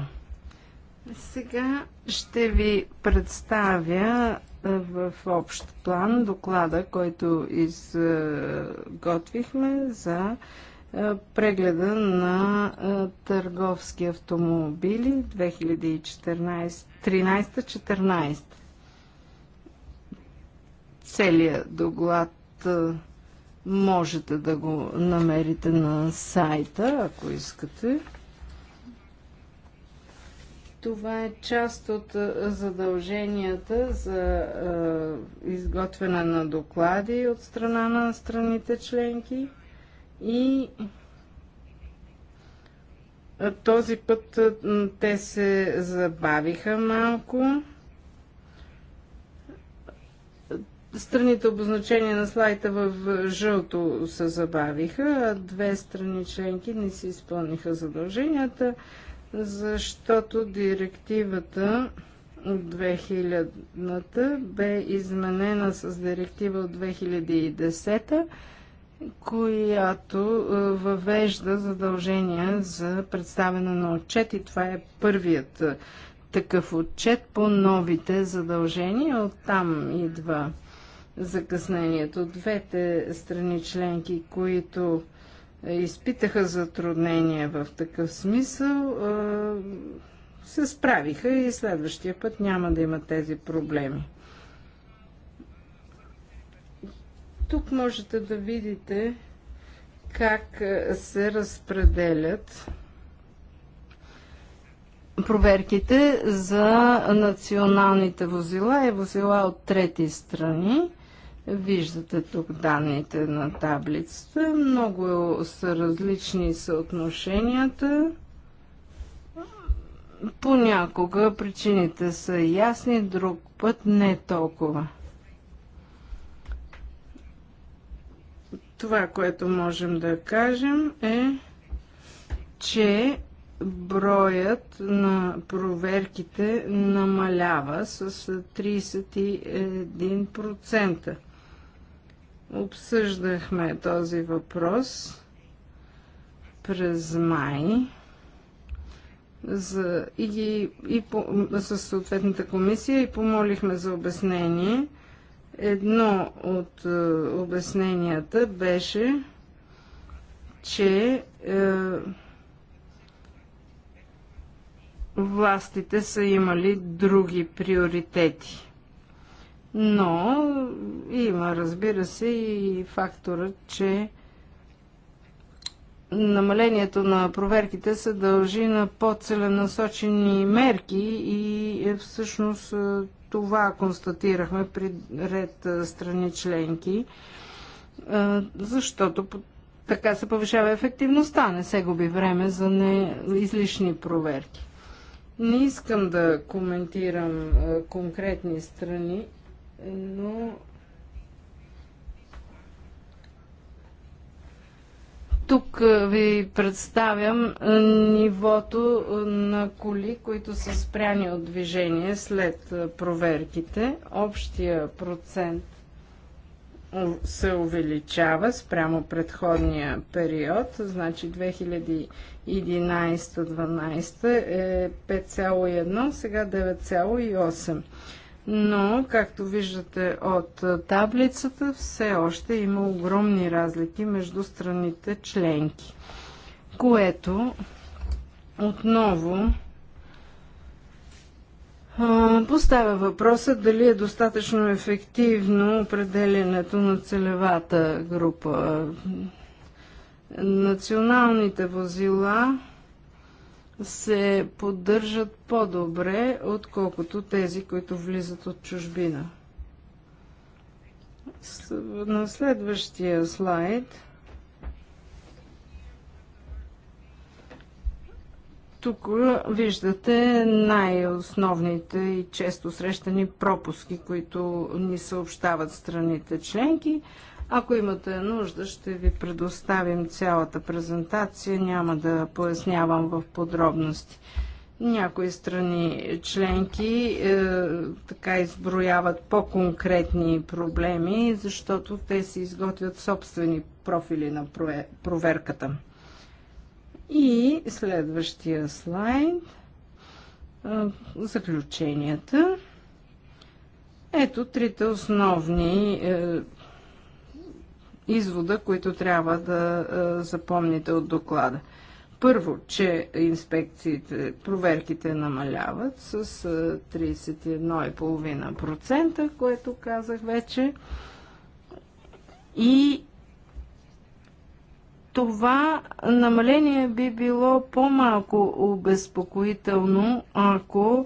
Speaker 3: Сега ще ви представя в общ план доклада, който изготвихме за е, прегледа на е, търговски автомобили 2013-14. Целият доклад е, можете да го намерите на сайта, ако искате. Това е част от задълженията за изготвяне на доклади от страна на страните членки и този път те се забавиха малко. Страните обозначения на слайда в жълто се забавиха, а две страни членки не си изпълниха задълженията, защото директивата от 2000-та бе изменена с директива от 2010-та която е, въвежда задължения за представяне на отчет и това е първият е, такъв отчет по новите задължения. Оттам идва закъснението. Двете страни членки, които изпитаха затруднения в такъв смисъл, е, се справиха и следващия път няма да има тези проблеми. Тук можете да видите как е, се разпределят проверките за националните возила и возила от трети страни. Виждате тук данните на таблицата. Много са различни съотношенията. Понякога причините са ясни, друг път не толкова. Това, което можем да кажем е, че броят на проверките намалява с 31%. Обсъждахме този въпрос през май за, и, и по, със съответната комисия и помолихме за обяснение – Едно от е, обясненията беше, че е, властите са имали други приоритети. Но има, разбира се, и фактора, че намалението на проверките се дължи на по-целенасочени мерки и е всъщност това констатирахме при ред страни членки, защото така се повишава ефективността, не се губи време за не излишни проверки. Не искам да коментирам конкретни страни, но Тук ви представям нивото на коли, които са спряни от движение след проверките. Общия процент се увеличава спрямо предходния период, значи 2011-2012 е 5,1, сега 9,8 но, както виждате от таблицата, все още има огромни разлики между страните членки, което отново Поставя въпроса дали е достатъчно ефективно определенето на целевата група. Националните возила се поддържат по-добре, отколкото тези, които влизат от чужбина. На следващия слайд тук виждате най-основните и често срещани пропуски, които ни съобщават страните членки. Ако имате нужда, ще ви предоставим цялата презентация. Няма да пояснявам в подробности. Някои страни членки е, така изброяват по-конкретни проблеми, защото те си изготвят собствени профили на проверката. И следващия слайд. Е, заключенията. Ето трите основни е, извода, които трябва да е, запомните от доклада. Първо, че инспекциите, проверките намаляват с 31,5%, е, което казах вече. И това намаление би било по-малко обезпокоително, ако е,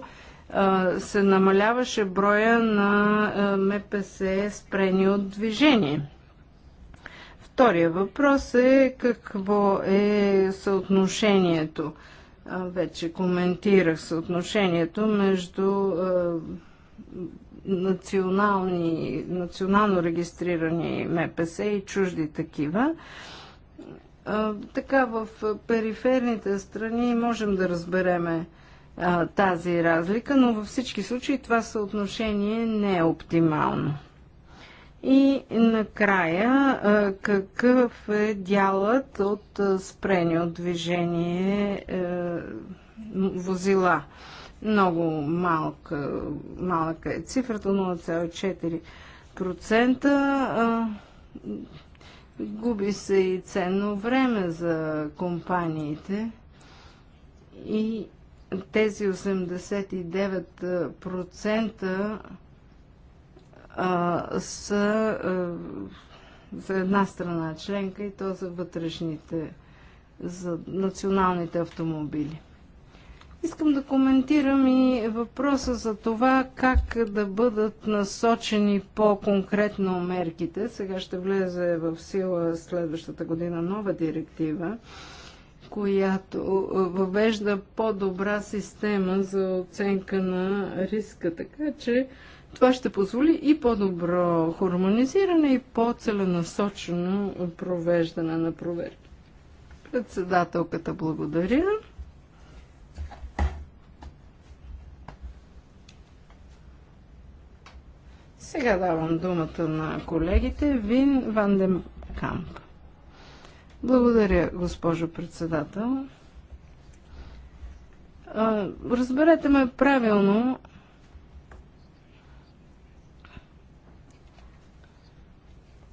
Speaker 3: се намаляваше броя на МПС спрени от движение. Втория въпрос е какво е съотношението. Вече коментирах съотношението между национални, национално регистрирани МПС и чужди такива. Така в периферните страни можем да разбереме тази разлика, но във всички случаи това съотношение не е оптимално. И накрая, какъв е дялът от спрени от движение е, возила? Много малка, малка е цифрата 0,4%. Губи се и ценно време за компаниите. И тези 89% са за една страна членка и то за вътрешните, за националните автомобили. Искам да коментирам и въпроса за това как да бъдат насочени по-конкретно мерките. Сега ще влезе в сила следващата година нова директива, която въвежда по-добра система за оценка на риска. Така че това ще позволи и по-добро хармонизиране и по-целенасочено провеждане на проверки. Председателката благодаря. Сега давам думата на колегите Вин Вандем Камп. Благодаря, госпожо председател. Разберете ме правилно,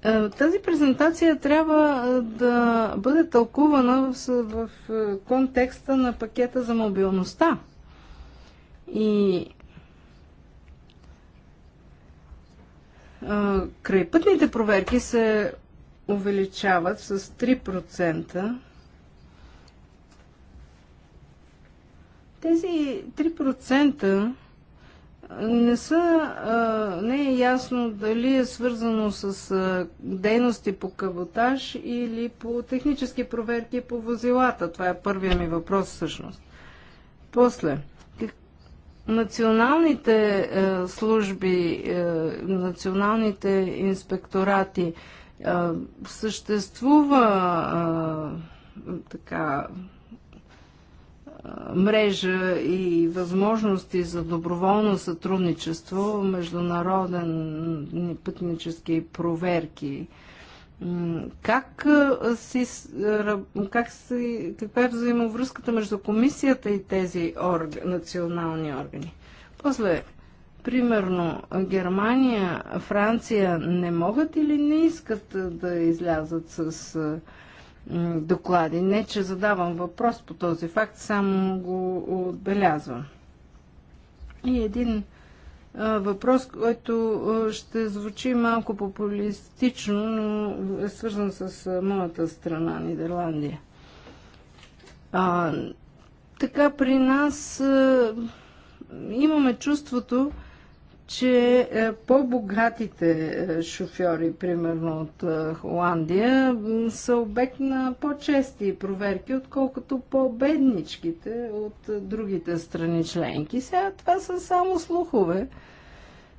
Speaker 3: Е, тази презентация трябва е, да бъде тълкувана в, е, контекста на пакета за мобилността. И крайпътните проверки се увеличават с 3%. Тези 3% не, са, не е ясно дали е свързано с дейности по каботаж или по технически проверки по возилата. Това е първия ми въпрос всъщност. После, националните служби, националните инспекторати, съществува така мрежа и възможности за доброволно сътрудничество, международен пътнически проверки. Как си, как си, каква е взаимовръзката между комисията и тези орг, национални органи? После, примерно, Германия, Франция не могат или не искат да излязат с доклади. Не, че задавам въпрос по този факт, само го отбелязвам. И един въпрос, който ще звучи малко популистично, но е свързан с моята страна, Нидерландия. А, така при нас а, имаме чувството, че е, по-богатите е, шофьори, примерно от е, Холандия, са обект на по-чести проверки, отколкото по-бедничките от другите страни членки. Сега това са само слухове.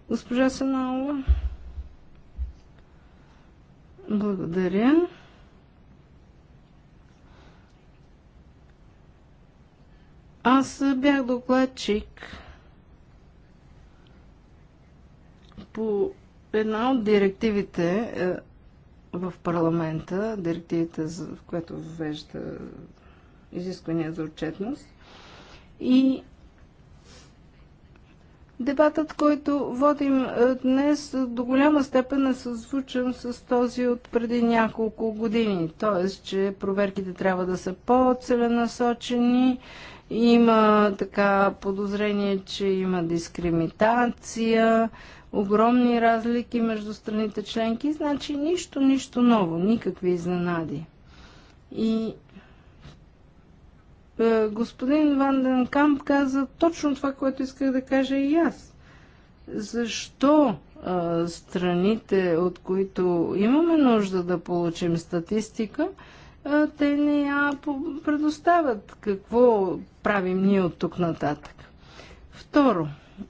Speaker 3: Госпожа Сеналова. Благодаря. Аз бях докладчик По една от директивите е, в парламента, директивите, в която ввежда изисквания за отчетност, и Дебатът, който водим е, днес, е, до голяма степен е съзвучен с този от преди няколко години. Тоест, че проверките трябва да са по-целенасочени, има така подозрение, че има дискриминация, огромни разлики между страните членки, значи нищо, нищо ново, никакви изненади. И е, господин Ванден Камп каза точно това, което исках да кажа и аз. Защо е, страните, от които имаме нужда да получим статистика, е, те не я предоставят? Какво правим ние от тук нататък? Второ,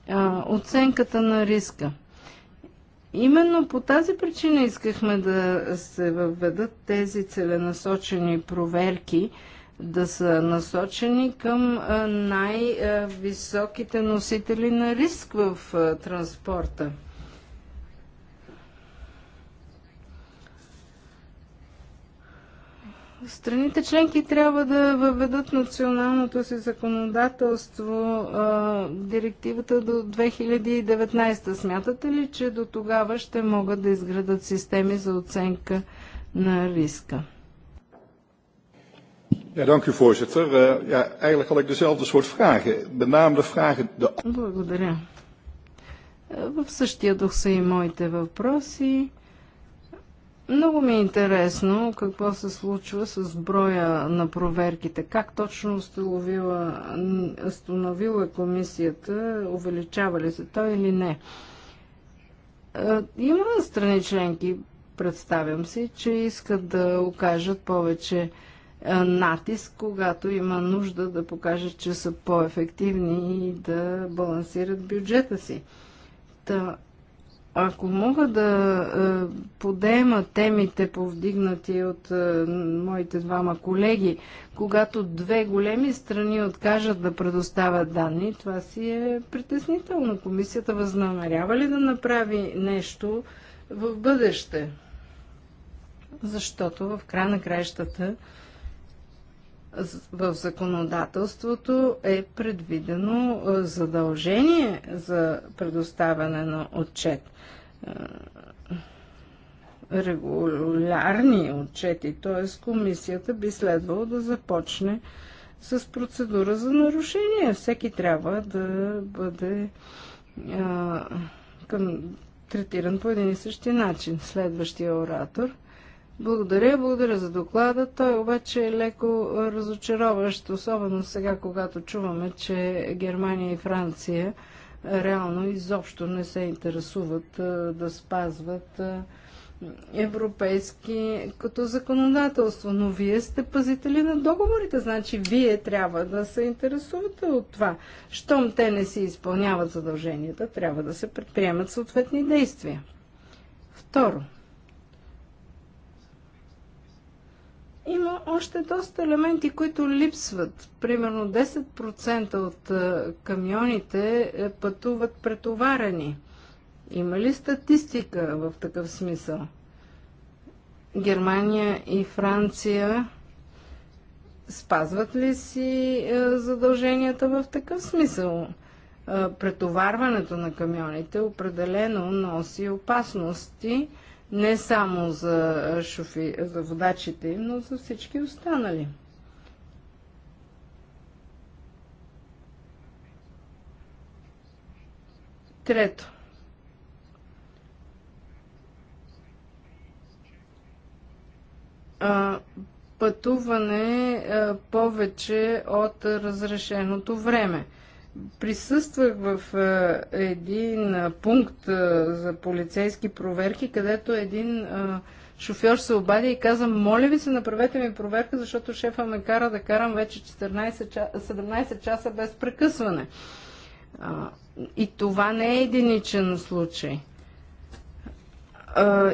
Speaker 3: а, оценката на риска. Именно по тази причина искахме да се въведат тези целенасочени проверки, да са насочени към най-високите носители на риск в транспорта. Страните членки трябва да въведат националното си законодателство, директивата до 2019. Смятате ли, че до тогава ще могат да изградат системи за оценка на риска?
Speaker 4: Ja, dank u voorzitter. Uh, ja, eigenlijk had ik dezelfde soort vragen. Met name de vragen... De...
Speaker 3: Благодаря. Е, в същия дух са и моите въпроси. Много ми е интересно какво се случва с броя на проверките. Как точно установила, установила комисията, увеличава ли се той или не? Е, има страни членки, представям си, че искат да окажат повече е, натиск, когато има нужда да покажат, че са по-ефективни и да балансират бюджета си. Та, ако мога да е, подема темите, повдигнати от е, моите двама колеги, когато две големи страни откажат да предоставят данни, това си е притеснително. Комисията възнамерява ли да направи нещо в бъдеще? Защото в края на краищата в законодателството е предвидено е, задължение за предоставяне на отчет. Е, регулярни отчети, т.е. комисията би следвало да започне с процедура за нарушение. Всеки трябва да бъде а, към, третиран по един и същи начин. Следващия оратор. Благодаря, благодаря за доклада. Той обаче е леко разочароващ, особено сега, когато чуваме, че Германия и Франция реално изобщо не се интересуват да спазват европейски като законодателство. Но вие сте пазители на договорите, значи вие трябва да се интересувате от това. Щом те не си изпълняват задълженията, трябва да се предприемат съответни действия. Второ – има още доста елементи, които липсват. Примерно 10% от е, камионите е, пътуват претоварени. Има ли статистика в такъв смисъл? Германия и Франция спазват ли си е, задълженията в такъв смисъл? Претоварването на камионите определено носи опасности не само за, шофи, за водачите им, но за всички останали. Трето. А, пътуване а, повече от разрешеното време присъствах в един пункт за полицейски проверки, където един шофьор се обади и каза, моля ви се, направете ми проверка, защото шефа ме кара да карам вече 14 17 часа без прекъсване. и това не е единичен случай.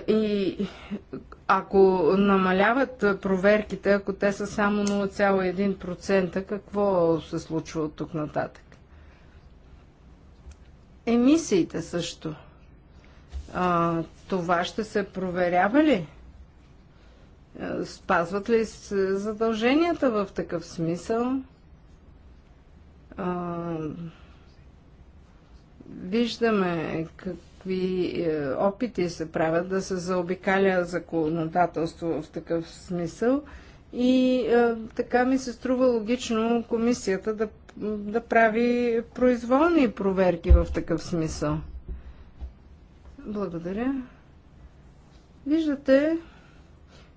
Speaker 3: и ако намаляват проверките, ако те са само 0,1%, какво се случва от тук нататък? емисиите също. А, това ще се проверява ли? Спазват ли задълженията в такъв смисъл? А, виждаме какви е, опити се правят да се заобикаля законодателство в такъв смисъл. И а, е, така ми се струва логично комисията да да прави произволни проверки в такъв смисъл. Благодаря. Виждате,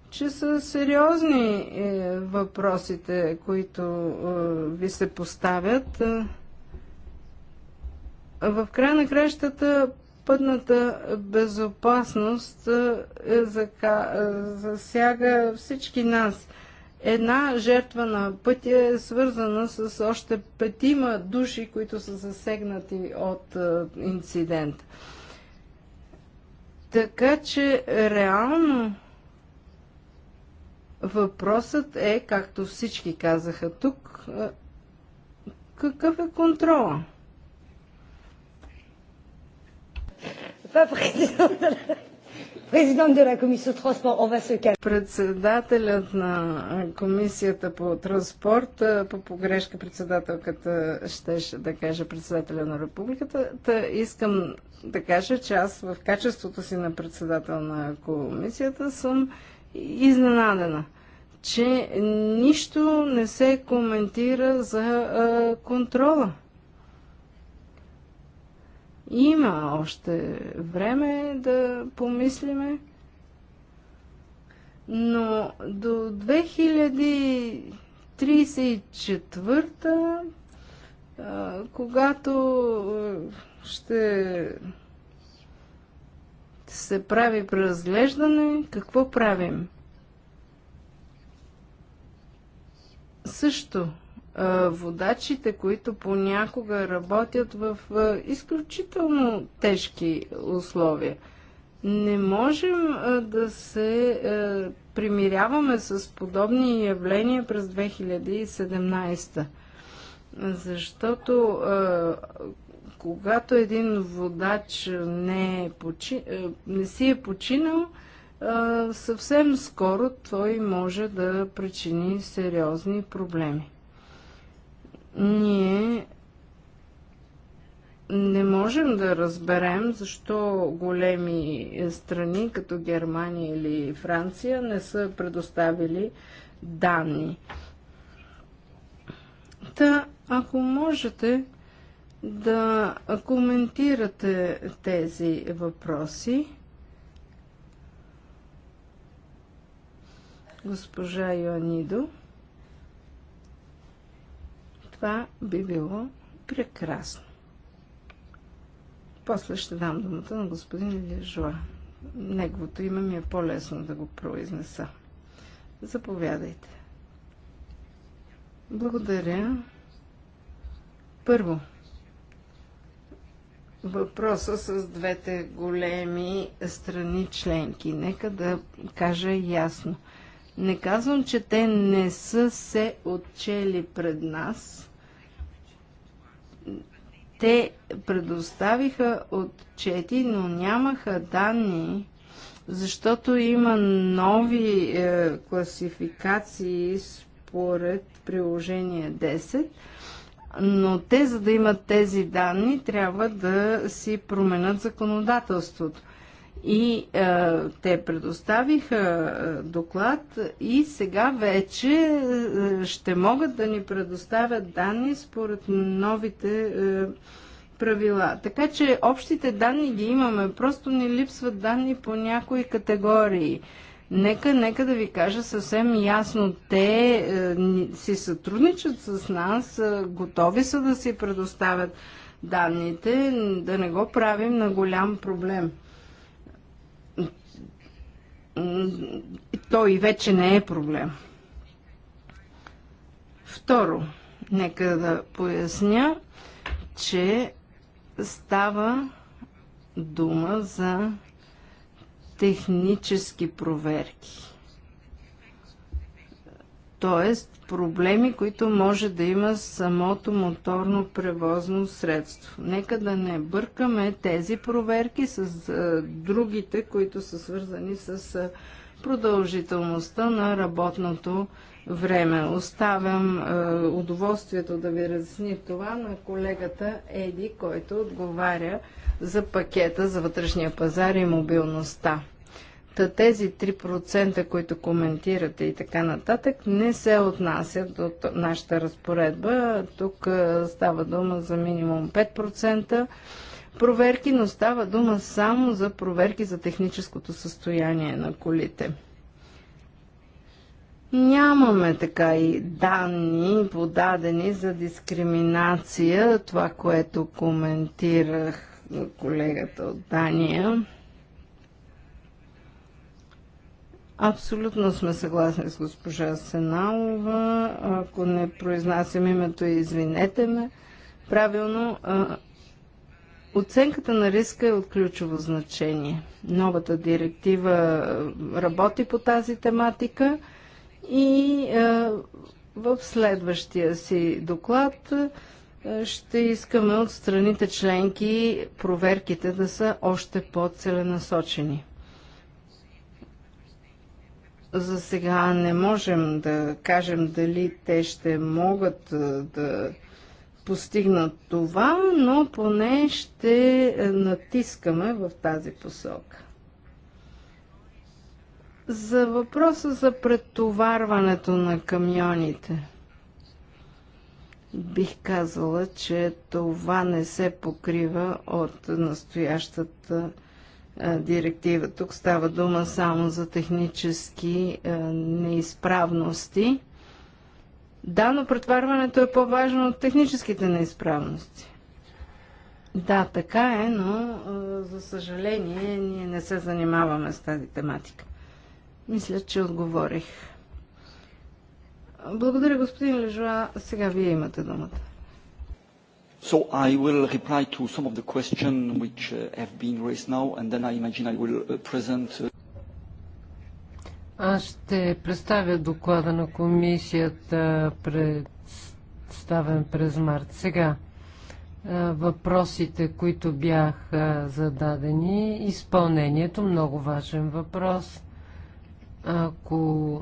Speaker 3: че са сериозни е, въпросите, които е, ви се поставят. Е, в края на кращата пътната безопасност засяга всички нас – Една жертва на пътя е свързана с още петима души, които са засегнати от е, инцидент. Така че реално въпросът е, както всички казаха тук, е, какъв е контрола? Това président на комисията транспорт, Председателят на комисията по транспорт, по погрешка председателката щеше да каже председателя на републиката, та искам да кажа, че аз в качеството си на председател на комисията съм изненадена че нищо не се коментира за а, контрола. Има още време да помислиме, но до 2034 когато ще се прави преразглеждане, какво правим? Също водачите, които понякога работят в изключително тежки условия. Не можем да се примиряваме с подобни явления през 2017. Защото когато един водач не, е почи... не си е починал, съвсем скоро той може да причини сериозни проблеми. Ние не можем да разберем защо големи страни като Германия или Франция не са предоставили данни. Та, ако можете да коментирате тези въпроси, госпожа Йоанидо. Това би било прекрасно. После ще дам думата на господин Лежуа. Неговото име ми е по-лесно да го произнеса. Заповядайте. Благодаря. Първо, въпроса с двете големи страни членки. Нека да кажа ясно. Не казвам, че те не са се отчели пред нас. Те предоставиха отчети, но нямаха данни, защото има нови е, класификации според приложение 10 но те, за да имат тези данни, трябва да си променят законодателството. И е, те предоставиха е, доклад и сега вече е, ще могат да ни предоставят данни според новите е, правила. Така че общите данни ги имаме, просто ни липсват данни по някои категории. Нека, нека да ви кажа съвсем ясно, те е, си сътрудничат с нас, е, готови са да си предоставят данните, да не го правим на голям проблем той вече не е проблем. Второ, нека да поясня, че става дума за технически проверки. Тоест, проблеми, които може да има самото моторно превозно средство. Нека да не бъркаме тези проверки с а, другите, които са свързани с а, продължителността на работното време. Оставям а, удоволствието да ви разясни това на колегата Еди, който отговаря за пакета за вътрешния пазар и мобилността. Та тези 3%, които коментирате и така нататък, не се отнасят от нашата разпоредба. Тук става дума за минимум 5% проверки, но става дума само за проверки за техническото състояние на колите. Нямаме така и данни подадени за дискриминация, това, което коментирах колегата от Дания. Абсолютно сме съгласни с госпожа Сеналова. Ако не произнасям името, извинете ме. Правилно, Оценката на риска е от ключово значение. Новата директива работи по тази тематика и в следващия си доклад ще искаме от страните членки проверките да са още по-целенасочени. За сега не можем да кажем дали те ще могат да постигнат това, но поне ще е, натискаме в тази посока. За въпроса за претоварването на камионите. Бих казала, че това не се покрива от настоящата директива. Тук става дума само за технически неизправности. Да, но претварването е по-важно от техническите неизправности. Да, така е, но за съжаление ние не се занимаваме с тази тематика. Мисля, че отговорих. Благодаря, господин Лежуа. Сега вие имате думата.
Speaker 4: I will reply to some of the question which uh, have been raised now, and then I imagine I will uh, present. Uh,
Speaker 2: Аз ще представя доклада на комисията, представен през март. Сега, въпросите, които бяха зададени, изпълнението, много важен въпрос. Ако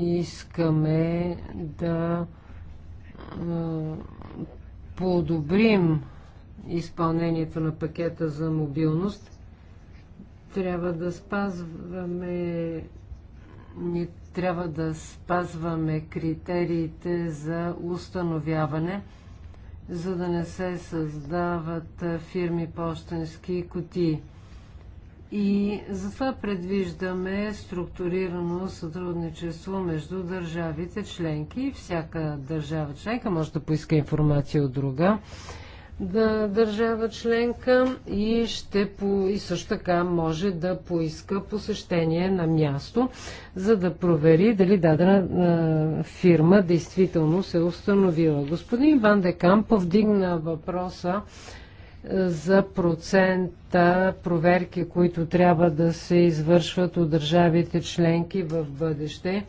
Speaker 2: искаме да подобрим изпълнението на пакета за мобилност, трябва да спазваме ни трябва да спазваме критериите за установяване, за да не се създават фирми по-щенски кутии. И затова предвиждаме структурирано сътрудничество между държавите членки. Всяка държава членка може да поиска информация от друга да държава членка и, ще по, и също така може да поиска посещение на място, за да провери дали дадена фирма действително се е установила. Господин Ван Декам повдигна въпроса за процента проверки, които трябва да се извършват от държавите членки в бъдеще.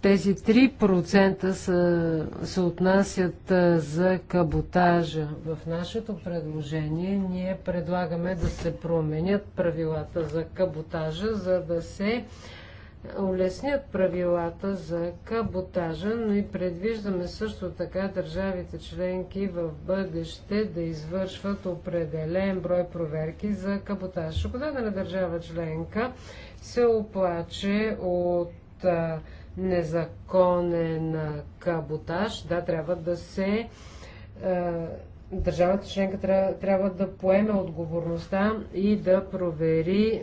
Speaker 2: Тези 3% са, се отнасят за каботажа. В нашето предложение ние предлагаме да се променят правилата за каботажа, за да се улеснят правилата за каботажа, но и предвиждаме също така държавите членки в бъдеще да извършват определен брой проверки за каботаж. Ако на държава членка се оплаче от незаконен каботаж, да, трябва да се а, държавата членка трябва, трябва да поеме отговорността и да провери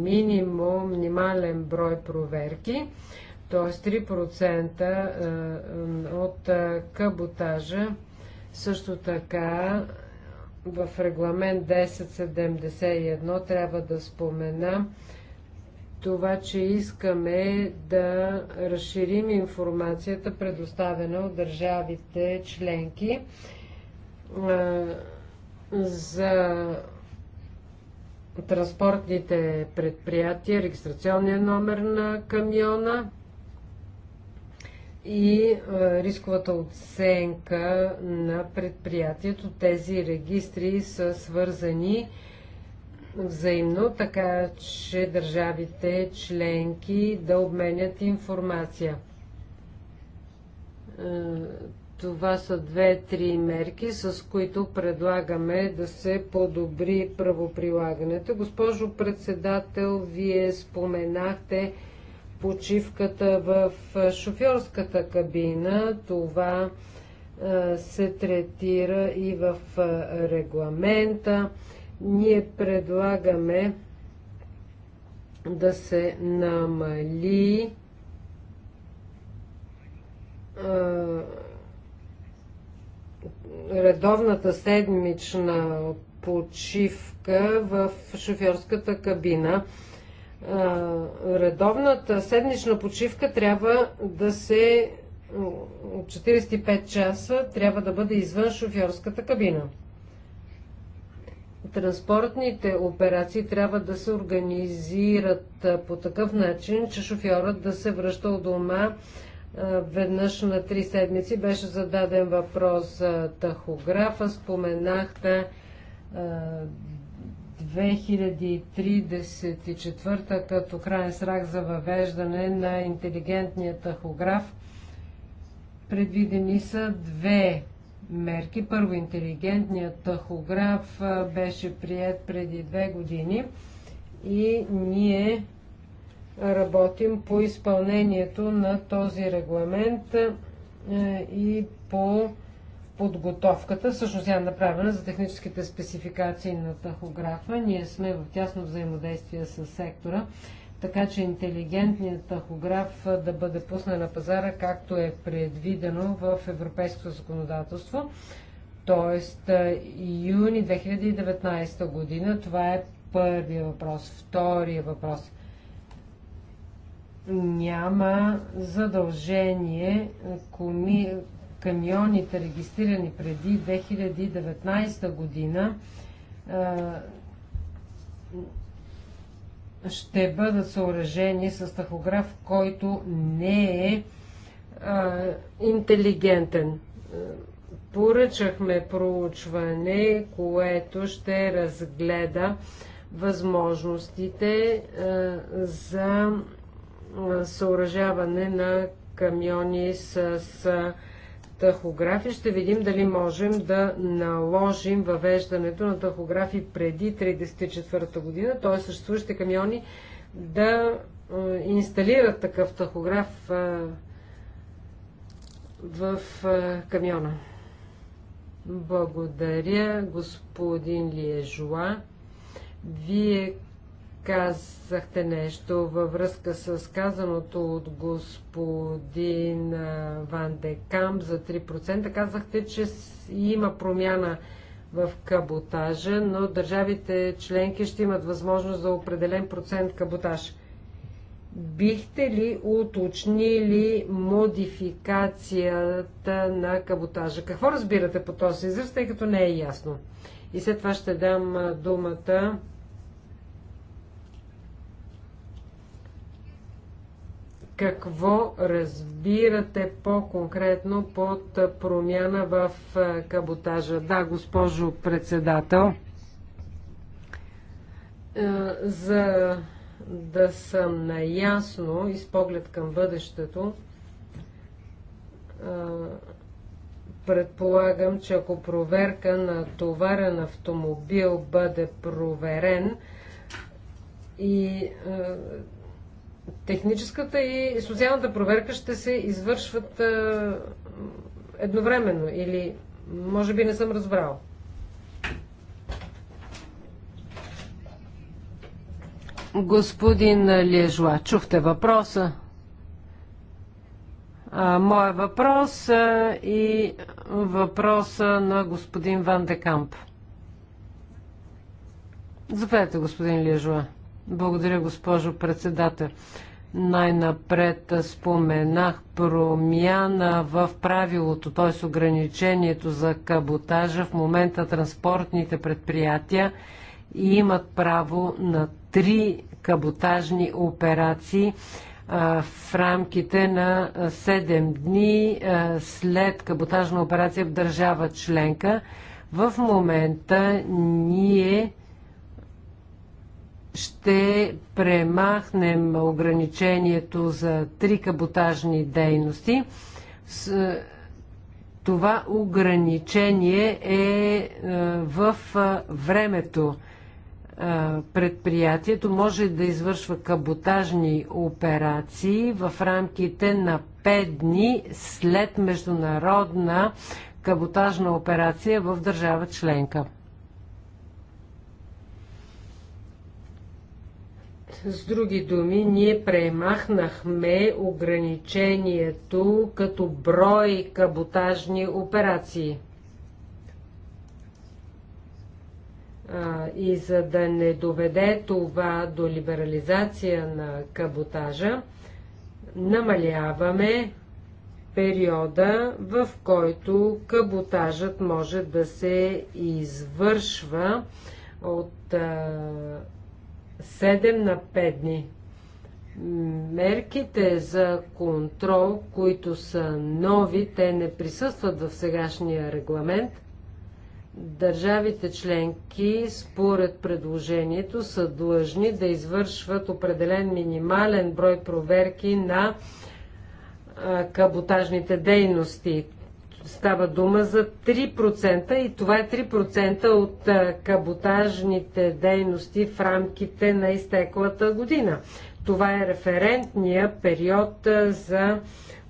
Speaker 2: минимум, минимален брой проверки, т.е. 3% от каботажа. Също така в регламент 1071 трябва да спомена това, че искаме да разширим информацията, предоставена от държавите членки е, за транспортните предприятия, регистрационния номер на камиона и е, рисковата оценка на предприятието. Тези регистри са свързани взаимно, така че държавите членки да обменят информация е, това са две-три мерки, с които предлагаме да се подобри правоприлагането. Госпожо председател, вие споменахте почивката в шофьорската кабина. Това се третира и в регламента. Ние предлагаме да се намали редовната седмична почивка в шофьорската кабина. Редовната седмична почивка трябва да се 45 часа трябва да бъде извън шофьорската кабина. Транспортните операции трябва да се организират по такъв начин, че шофьорът да се връща от дома Веднъж на три седмици беше зададен въпрос за тахографа. Споменахте 2034 като крайен срак за въвеждане на интелигентния тахограф. Предвидени са две мерки. Първо, интелигентният тахограф беше прият преди две години и ние работим по изпълнението на този регламент е, и по подготовката. Всъщност тя е направена за техническите спецификации на тахографа. Ние сме в тясно взаимодействие с сектора, така че интелигентният тахограф е, да бъде пусне на пазара, както е предвидено в европейското законодателство. Тоест, е, юни 2019 година. Това е първия въпрос. Втория въпрос – няма задължение коми, камионите, регистрирани преди 2019 година, ще бъдат съоръжени с тахограф, който не е интелигентен. Поръчахме проучване, което ще разгледа възможностите а, за съоръжаване на камиони с, тахографи. Ще видим дали можем да наложим въвеждането на тахографи преди 1934 година, т.е. съществуващите камиони да инсталират такъв тахограф в камиона. Благодаря, господин Лиежуа. Вие казахте нещо във връзка с казаното от господин Ван Декам за 3%. Казахте, че има промяна в каботажа, но държавите членки ще имат възможност за определен процент каботаж. Бихте ли уточнили модификацията на каботажа? Какво разбирате по този израз, тъй като не е ясно? И след това ще дам думата Какво разбирате по-конкретно под промяна в каботажа? Да, госпожо председател, за да съм наясно и с поглед към бъдещето, предполагам, че ако проверка на товарен автомобил бъде проверен и Техническата и социалната проверка ще се извършват а, едновременно или може би не съм разбрал. Господин Лежуа, чухте въпроса. А, моя въпрос а, и въпроса на господин Ван Декамп. Заповядайте, господин Лежуа. Благодаря, госпожо председател. Най-напред споменах промяна в правилото, т.е. ограничението за каботажа. В момента транспортните предприятия имат право на три каботажни операции в рамките на 7 дни след каботажна операция в държава членка. В момента ние ще премахнем ограничението за три каботажни дейности. Е, това ограничение е, е в е, времето. Предприятието може да извършва каботажни операции в рамките на 5 дни след международна каботажна операция в държава членка. С други думи, ние премахнахме ограничението като брой каботажни операции. и за да не доведе това до либерализация на каботажа, намаляваме периода, в който каботажът може да се извършва от а, 7 на 5 дни. Мерките за контрол, които са нови, те не присъстват в сегашния регламент. Държавите членки, според предложението, са длъжни да извършват определен минимален брой проверки на каботажните дейности. Става дума за 3% и това е 3% от каботажните дейности в рамките на изтеклата година. Това е референтния период за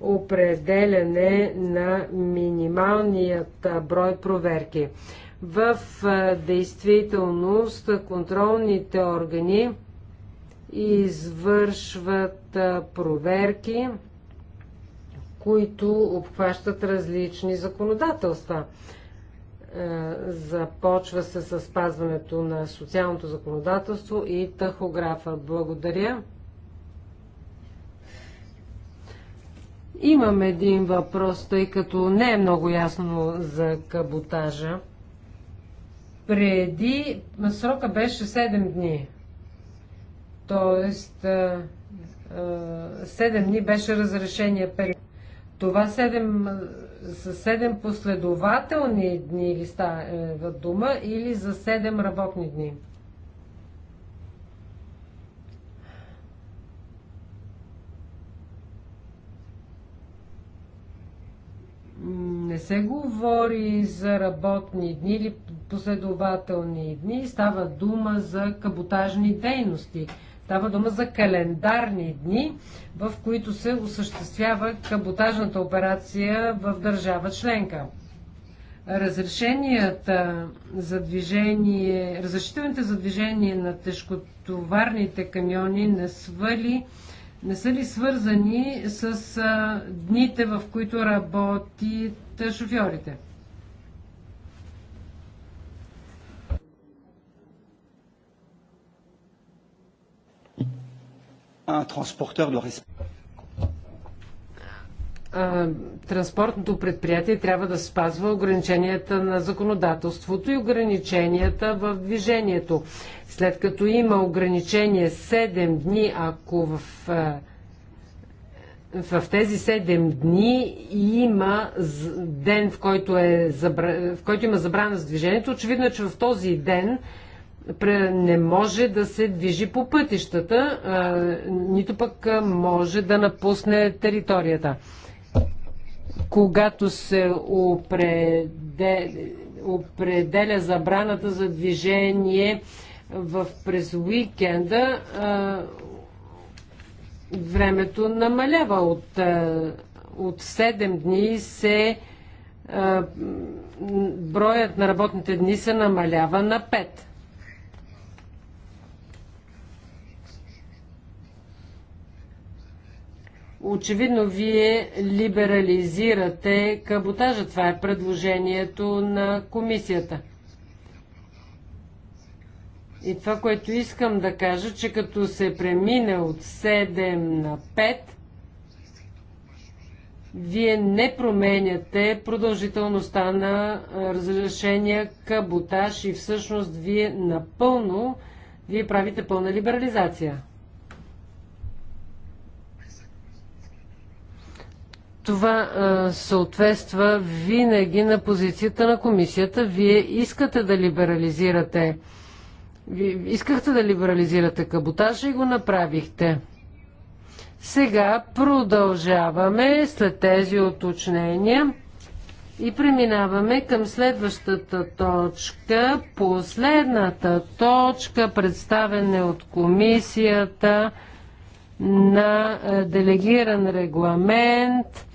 Speaker 2: определяне на минималният брой проверки. В действителност контролните органи извършват проверки които обхващат различни законодателства. Е, започва се с спазването на социалното законодателство и тахографа. Благодаря. Имам един въпрос, тъй като не е много ясно за каботажа. Преди срока беше 7 дни. Тоест, 7 е, е, дни беше разрешение период. Това седем, са седем последователни дни или става е, дума или за седем работни дни? не се говори за работни дни или последователни дни, става дума за каботажни дейности. Става дума за календарни дни, в които се осъществява каботажната операция в държава членка. Разрешенията за движение, разрешителните за движение на тежкотоварните камиони не, свали, не са ли свързани с дните, в които работят шофьорите? un transporteur транспортното предприятие трябва да спазва ограниченията на законодателството и ограниченията в движението. След като има ограничение 7 дни, ако в, в тези 7 дни има ден, в който, е, в който има забрана за движението, очевидно, е, че в този ден не може да се движи по пътищата, нито пък може да напусне територията. Когато се определя, забраната за движение в, през уикенда, времето намалява. От, от 7 дни се броят на работните дни се намалява на 5. Очевидно вие либерализирате каботажа. Това е предложението на комисията. И това, което искам да кажа, че като се премине от 7 на 5, вие не променяте продължителността на разрешения каботаж и всъщност вие напълно, вие правите пълна либерализация. Това а, съответства винаги на позицията на комисията. Вие искате да либерализирате. Искахте да либерализирате каботажа и го направихте. Сега продължаваме след тези уточнения и преминаваме към следващата точка. Последната точка, представене от комисията на делегиран регламент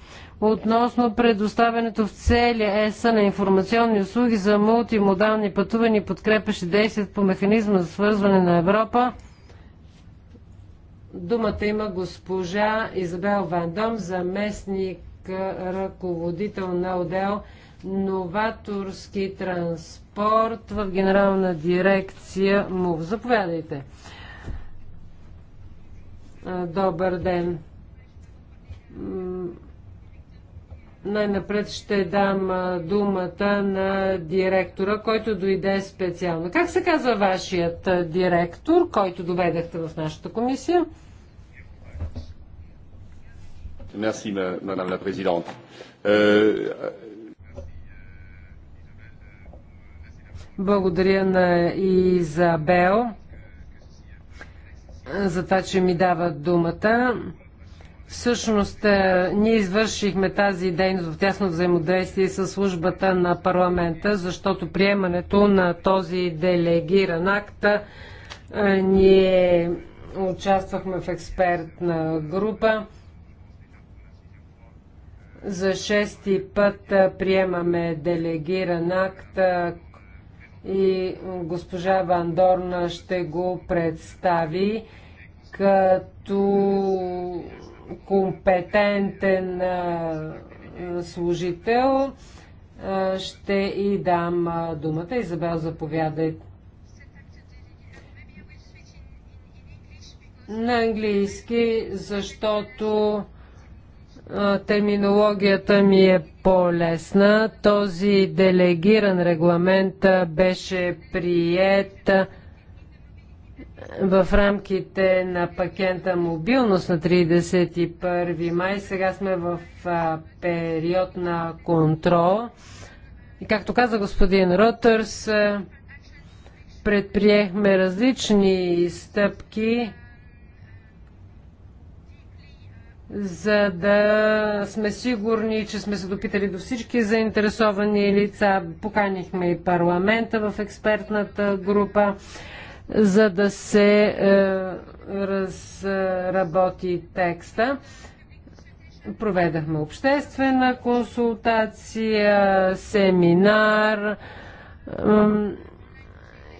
Speaker 2: относно предоставянето в целия ЕС на информационни услуги за мултимодални пътувания и подкрепяше действият по механизма за свързване на Европа. Думата има госпожа Изабел Вандом, заместник ръководител на отдел новаторски транспорт в генерална дирекция МУВ. Заповядайте. Добър ден. Най-напред ще дам думата на директора, който дойде специално. Как се казва вашият директор, който доведахте в нашата комисия?
Speaker 4: Merci, madame la présidente.
Speaker 2: Благодаря на Изабел за това, че ми дава думата. Всъщност, е, ние извършихме тази дейност в тясно взаимодействие с службата на парламента, защото приемането на този делегиран акт е, ние участвахме в експертна група. За шести път е, приемаме делегиран акт и госпожа Вандорна ще го представи като компетентен служител. Ще и дам думата. Изабел, заповядай. На английски, защото терминологията ми е по-лесна. Този делегиран регламент беше прият в рамките на пакета мобилност на 31 май. Сега сме в период на контрол. И както каза господин Ротърс, предприехме различни стъпки, за да сме сигурни, че сме се допитали до всички заинтересовани лица. Поканихме и парламента в експертната група за да се е, разработи текста. Проведахме обществена консултация, семинар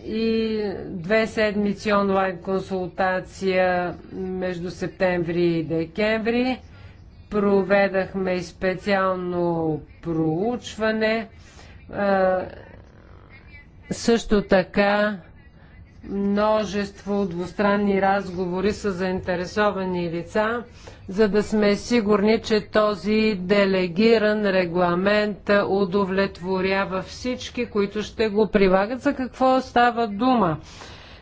Speaker 2: и две седмици онлайн консултация между септември и декември. Проведахме и специално проучване. Също така множество двустранни разговори с заинтересовани лица, за да сме сигурни, че този делегиран регламент удовлетворява всички, които ще го прилагат. За какво става дума?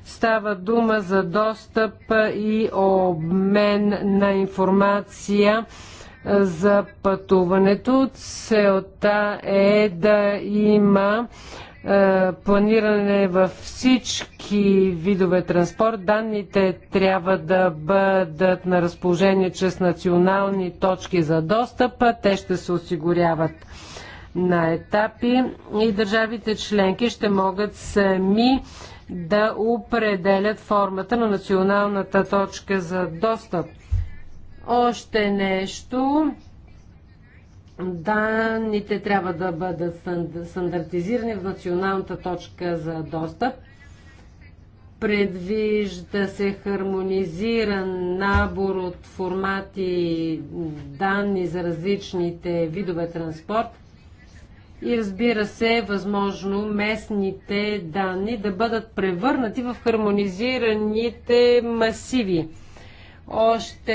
Speaker 2: Става дума за достъп и обмен на информация за пътуването. Целта е да има е, планиране във всички видове транспорт. Данните трябва да бъдат на разположение чрез национални точки за достъп. Те ще се осигуряват на етапи и държавите членки ще могат сами да определят формата на националната точка за достъп. Още нещо Данните трябва да бъдат стандартизирани в националната точка за достъп. Предвижда се хармонизиран набор от формати данни за различните видове транспорт и разбира се, възможно местните данни да бъдат превърнати в хармонизираните масиви. Още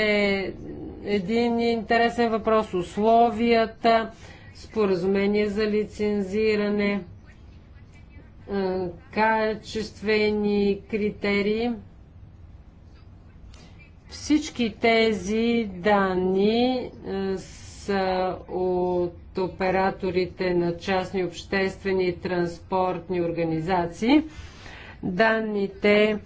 Speaker 2: един интересен въпрос. Условията, споразумение за лицензиране, качествени критерии. Всички тези данни са от операторите на частни обществени и транспортни организации. Данните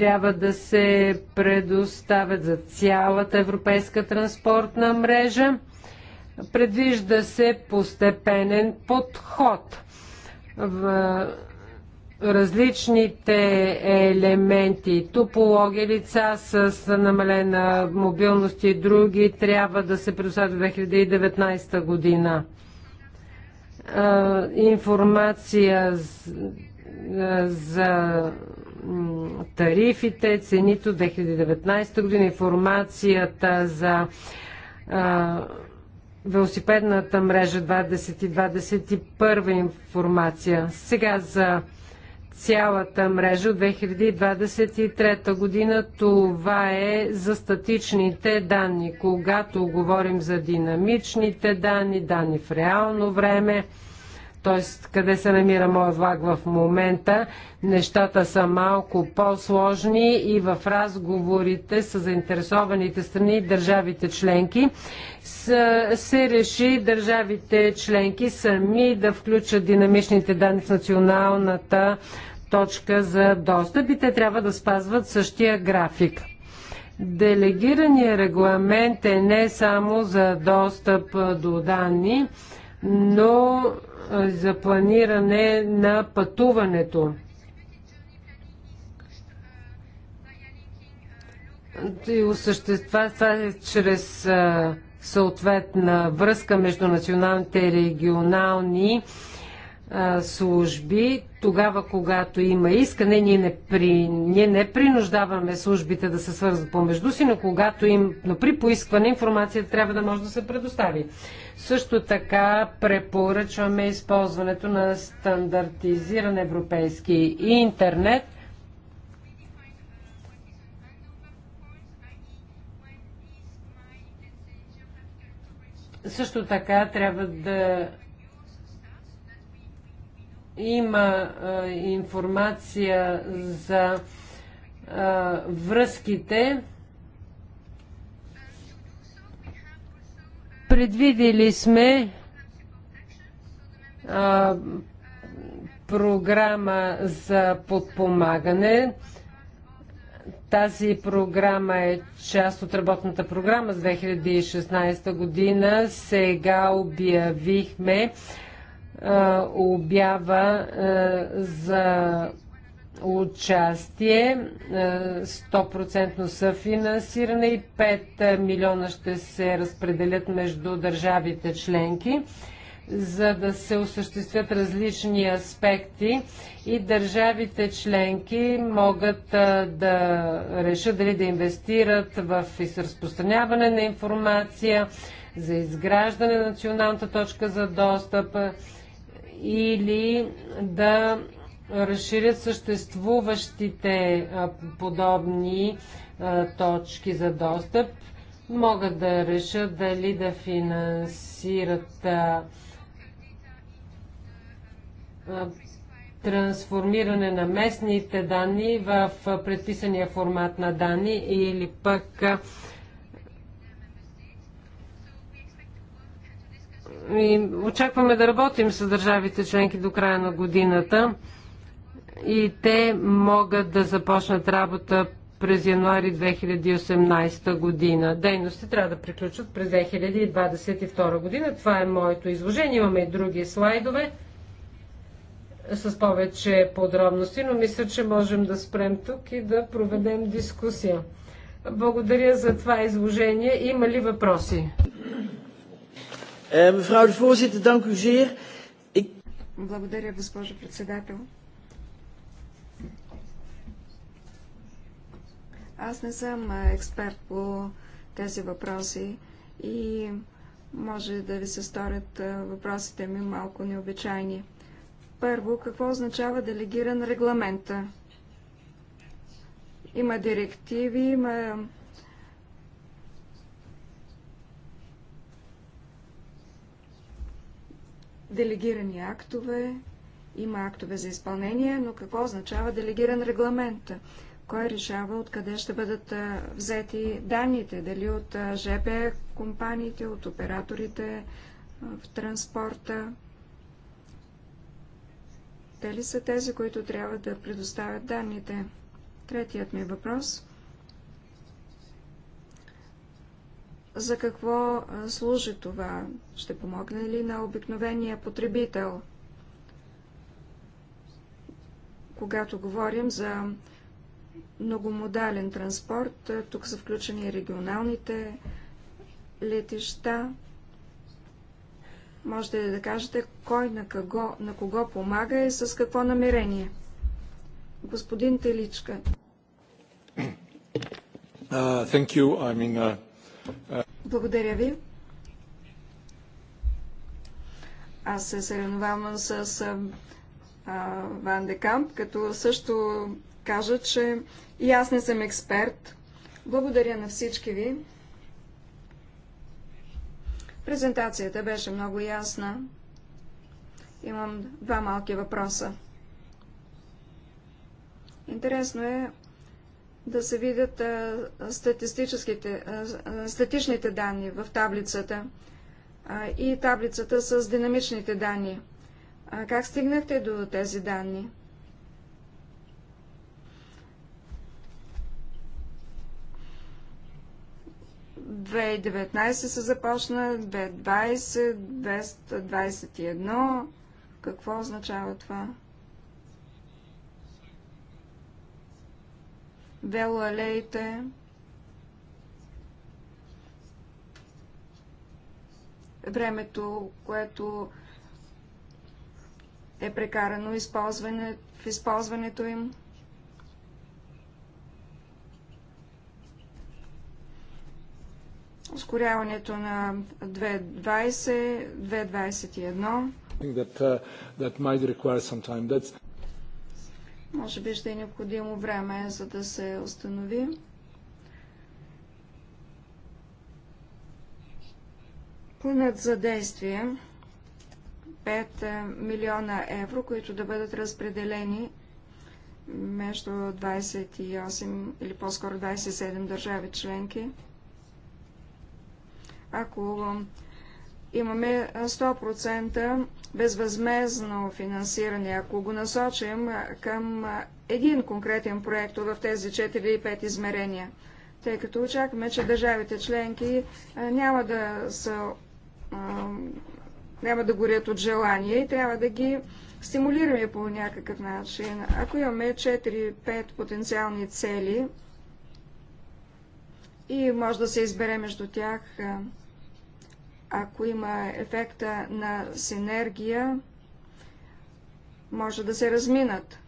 Speaker 2: трябва да се предоставят за цялата европейска транспортна мрежа. Предвижда се постепенен подход. В различните елементи, топология, лица с намалена мобилност и други трябва да се предоставят в 2019 година. Информация за тарифите, цените от 2019 година, информацията за а, велосипедната мрежа 2021 информация. Сега за цялата мрежа от 2023 година. Това е за статичните данни. Когато говорим за динамичните данни, данни в реално време, т.е. къде се намира моят влак в момента. Нещата са малко по-сложни и в разговорите с заинтересованите страни, и държавите членки, се реши държавите членки сами да включат динамичните данни в националната точка за достъп и те трябва да спазват същия график. Делегирания регламент е не само за достъп до данни, но за планиране на пътуването. И осъществява това е чрез съответна връзка между националните и регионални служби, тогава когато има искане, ние не, при, ние не принуждаваме службите да се свързват помежду си, но когато им, но при поискване информацията трябва да може да се предостави. Също така препоръчваме използването на стандартизиран европейски интернет, Също така трябва да има а, информация за а, връзките. Предвидели сме а, програма за подпомагане. Тази програма е част от работната програма с 2016 година. Сега обявихме обява за участие, 100% съфинансиране и 5 милиона ще се разпределят между държавите членки, за да се осъществят различни аспекти и държавите членки могат да решат дали да инвестират в разпространяване на информация, за изграждане на националната точка за достъп, или да разширят съществуващите подобни точки за достъп, могат да решат дали да финансират трансформиране на местните данни в предписания формат на данни или пък И очакваме да работим с държавите членки до края на годината и те могат да започнат работа през януари 2018 година. Дейности трябва да приключат през 2022 година. Това е моето изложение. Имаме и други слайдове с повече подробности, но мисля, че можем да спрем тук и да проведем дискусия. Благодаря за това изложение. Има ли въпроси? Eh, mevrouw de voorzitter, dank u zeer.
Speaker 1: Благодаря, госпожо председател. Аз не съм експерт по тези въпроси и може да ви се сторят въпросите ми малко необичайни. Първо, какво означава делегиран регламент? Има директиви, има делегирани актове, има актове за изпълнение, но какво означава делегиран регламент? Кой решава откъде ще бъдат взети данните? Дали от ЖП компаниите, от операторите в транспорта? Те ли са тези, които трябва да предоставят данните? Третият ми въпрос. За какво служи това? Ще помогне ли на обикновения потребител? Когато говорим за многомодален транспорт, тук са включени регионалните летища. Можете да кажете кой на кого, на кого помага и с какво намерение. Господин Теличка.
Speaker 4: Uh, thank you. I mean, uh...
Speaker 1: Благодаря ви. Аз се съревновавам с а, Ван Камп, като също кажа, че и аз не съм експерт. Благодаря на всички ви. Презентацията беше много ясна. Имам два малки въпроса. Интересно е да се видят статистическите, статичните данни в таблицата и таблицата с динамичните данни. Как стигнахте до тези данни? В 2019 се започна, 2020, 2021. Какво означава това? велоалеите, времето, което е прекарано използване, в използването им. Ускоряването на 2.20, 2.21.
Speaker 4: That, uh, that might require some time. That's...
Speaker 1: Може би ще е необходимо време, за да се установи. Планът за действие 5 е, милиона евро, които да бъдат разпределени между 28 или по-скоро 27 държави членки. Ако имаме 100% безвъзмезно финансиране, ако го насочим към един конкретен проект в тези 4 5 измерения, тъй като очакваме, че държавите членки няма да са няма да горят от желание и трябва да ги стимулираме по някакъв начин. Ако имаме 4-5 потенциални цели и може да се избере между тях ако има ефекта на синергия, може да се разминат.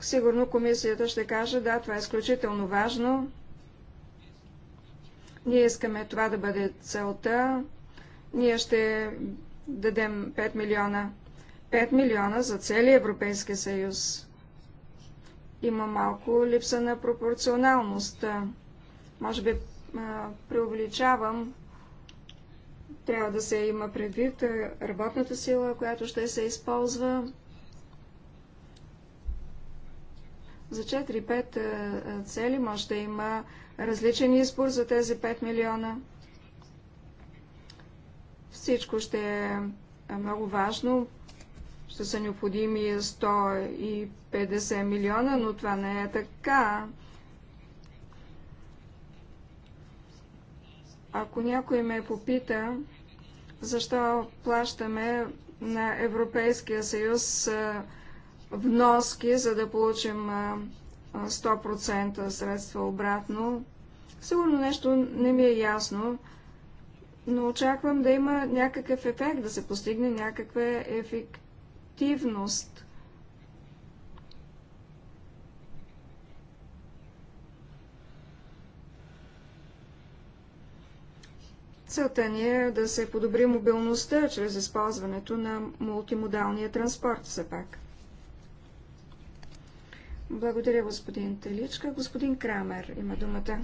Speaker 1: Сигурно комисията ще каже, да, това е изключително важно. Ние искаме това да бъде целта. Ние ще дадем 5 милиона. 5 милиона за целия Европейски съюз. Има малко липса на пропорционалност. Може би преувеличавам трябва да се има предвид е, работната сила, която ще се използва. За 4-5 е, цели може да има различен избор за тези 5 милиона. Всичко ще е много важно. Ще са необходими 150 милиона, но това не е така. Ако някой ме попита защо плащаме на Европейския съюз вноски, за да получим 100% средства обратно. Сигурно нещо не ми е ясно, но очаквам да има някакъв ефект, да се постигне някаква ефективност. Целта ни е да се подобри мобилността чрез използването на мултимодалния транспорт все пак. Благодаря, господин Теличка. Господин Крамер има думата.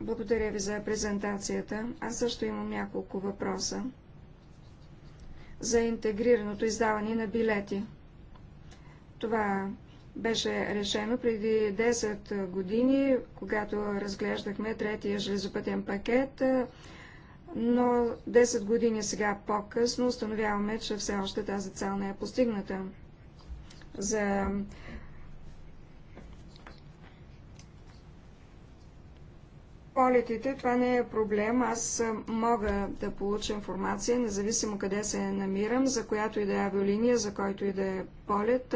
Speaker 1: Благодаря ви за презентацията. Аз също имам няколко въпроса за интегрираното издаване на билети. Това беше решено преди 10 години, когато разглеждахме третия железопътен пакет, но 10 години сега по-късно установяваме, че все още тази цел не е постигната. За полетите това не е проблем. Аз мога да получа информация, независимо къде се намирам, за която и да е авиолиния, за който и да е полет.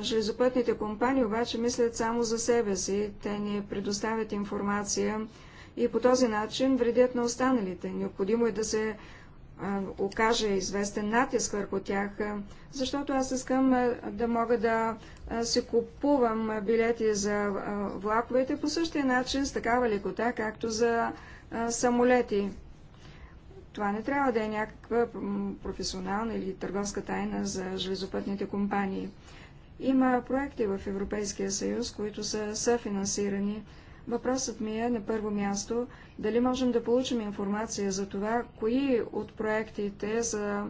Speaker 1: Железопътните компании обаче мислят само за себе си. Те ни предоставят информация и по този начин вредят на останалите. Необходимо е да се окаже известен натиск върху тях, защото аз искам да мога да си купувам билети за влаковете по същия начин, с такава лекота, както за самолети. Това не трябва да е някаква професионална или търговска тайна за железопътните компании. Има проекти в Европейския съюз, които са съфинансирани. Въпросът ми е на първо място дали можем да получим информация за това, кои от проектите за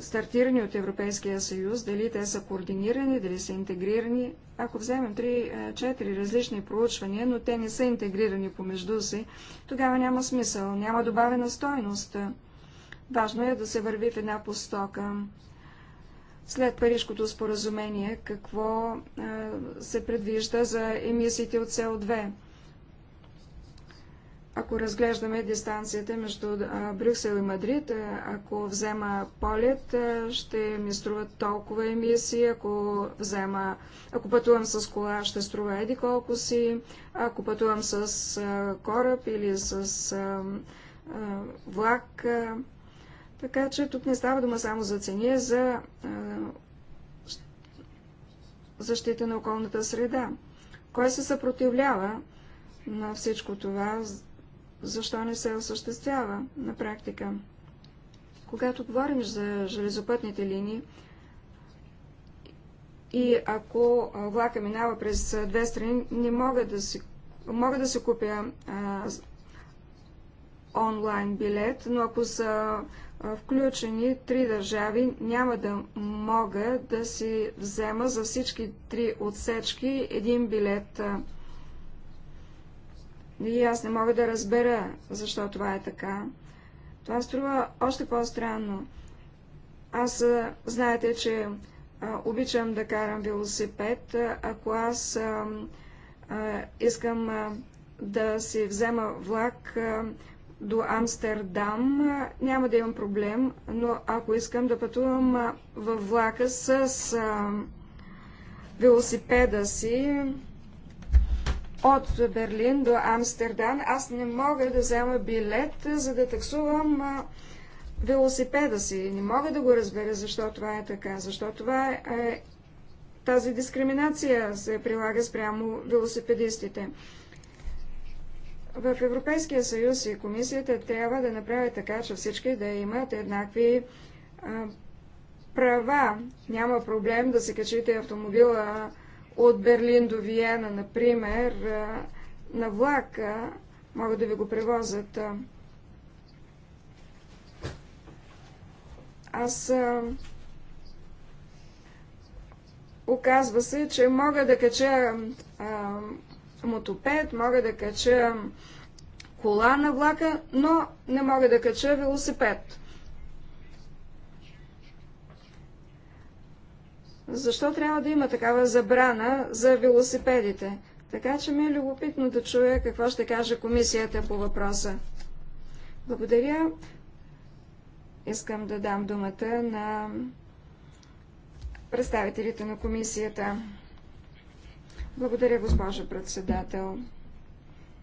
Speaker 1: стартирани от Европейския съюз, дали те са координирани, дали са интегрирани. Ако вземем 3-4 различни проучвания, но те не са интегрирани помежду си, тогава няма смисъл, няма добавена стойност. Важно е да се върви в една постока след Парижкото споразумение, какво се предвижда за емисиите от СО2. Ако разглеждаме дистанцията между Брюксел и Мадрид, ако взема полет, ще ми струват толкова емисии, ако, взема, ако пътувам с кола, ще струва еди колко си, ако пътувам с кораб или с влак, така че тук не става дума само за цени, а за защита на околната среда. Кой се съпротивлява на всичко това? Защо не се осъществява на практика? Когато говорим за железопътните линии, и ако влака минава през две страни, не мога да си, мога да си купя а, онлайн билет, но ако са включени три държави, няма да мога да си взема за всички три отсечки един билет. И аз не мога да разбера защо това е така. Това струва още по-странно. Аз знаете, че а, обичам да карам велосипед. Ако аз а, а, искам а, да си взема влак, а, до Амстердам няма да имам проблем, но ако искам да пътувам във влака с велосипеда си от Берлин до Амстердам, аз не мога да взема билет, за да таксувам велосипеда си. Не мога да го разбера защо това е така, защо това е, е тази дискриминация се прилага спрямо велосипедистите. В Европейския съюз и комисията трябва да направят така, че всички да имат еднакви а, права. Няма проблем да се качите автомобила от Берлин до Виена, например, а, на влак. А, могат да ви го превозят. Аз а, оказва се, че мога да кача а, мотопед, мога да кача кола на влака, но не мога да кача велосипед. Защо трябва да има такава забрана за велосипедите? Така че ми е любопитно да чуя какво ще каже комисията по въпроса. Благодаря. Искам да дам думата на представителите на комисията. Благодаря, госпожо председател.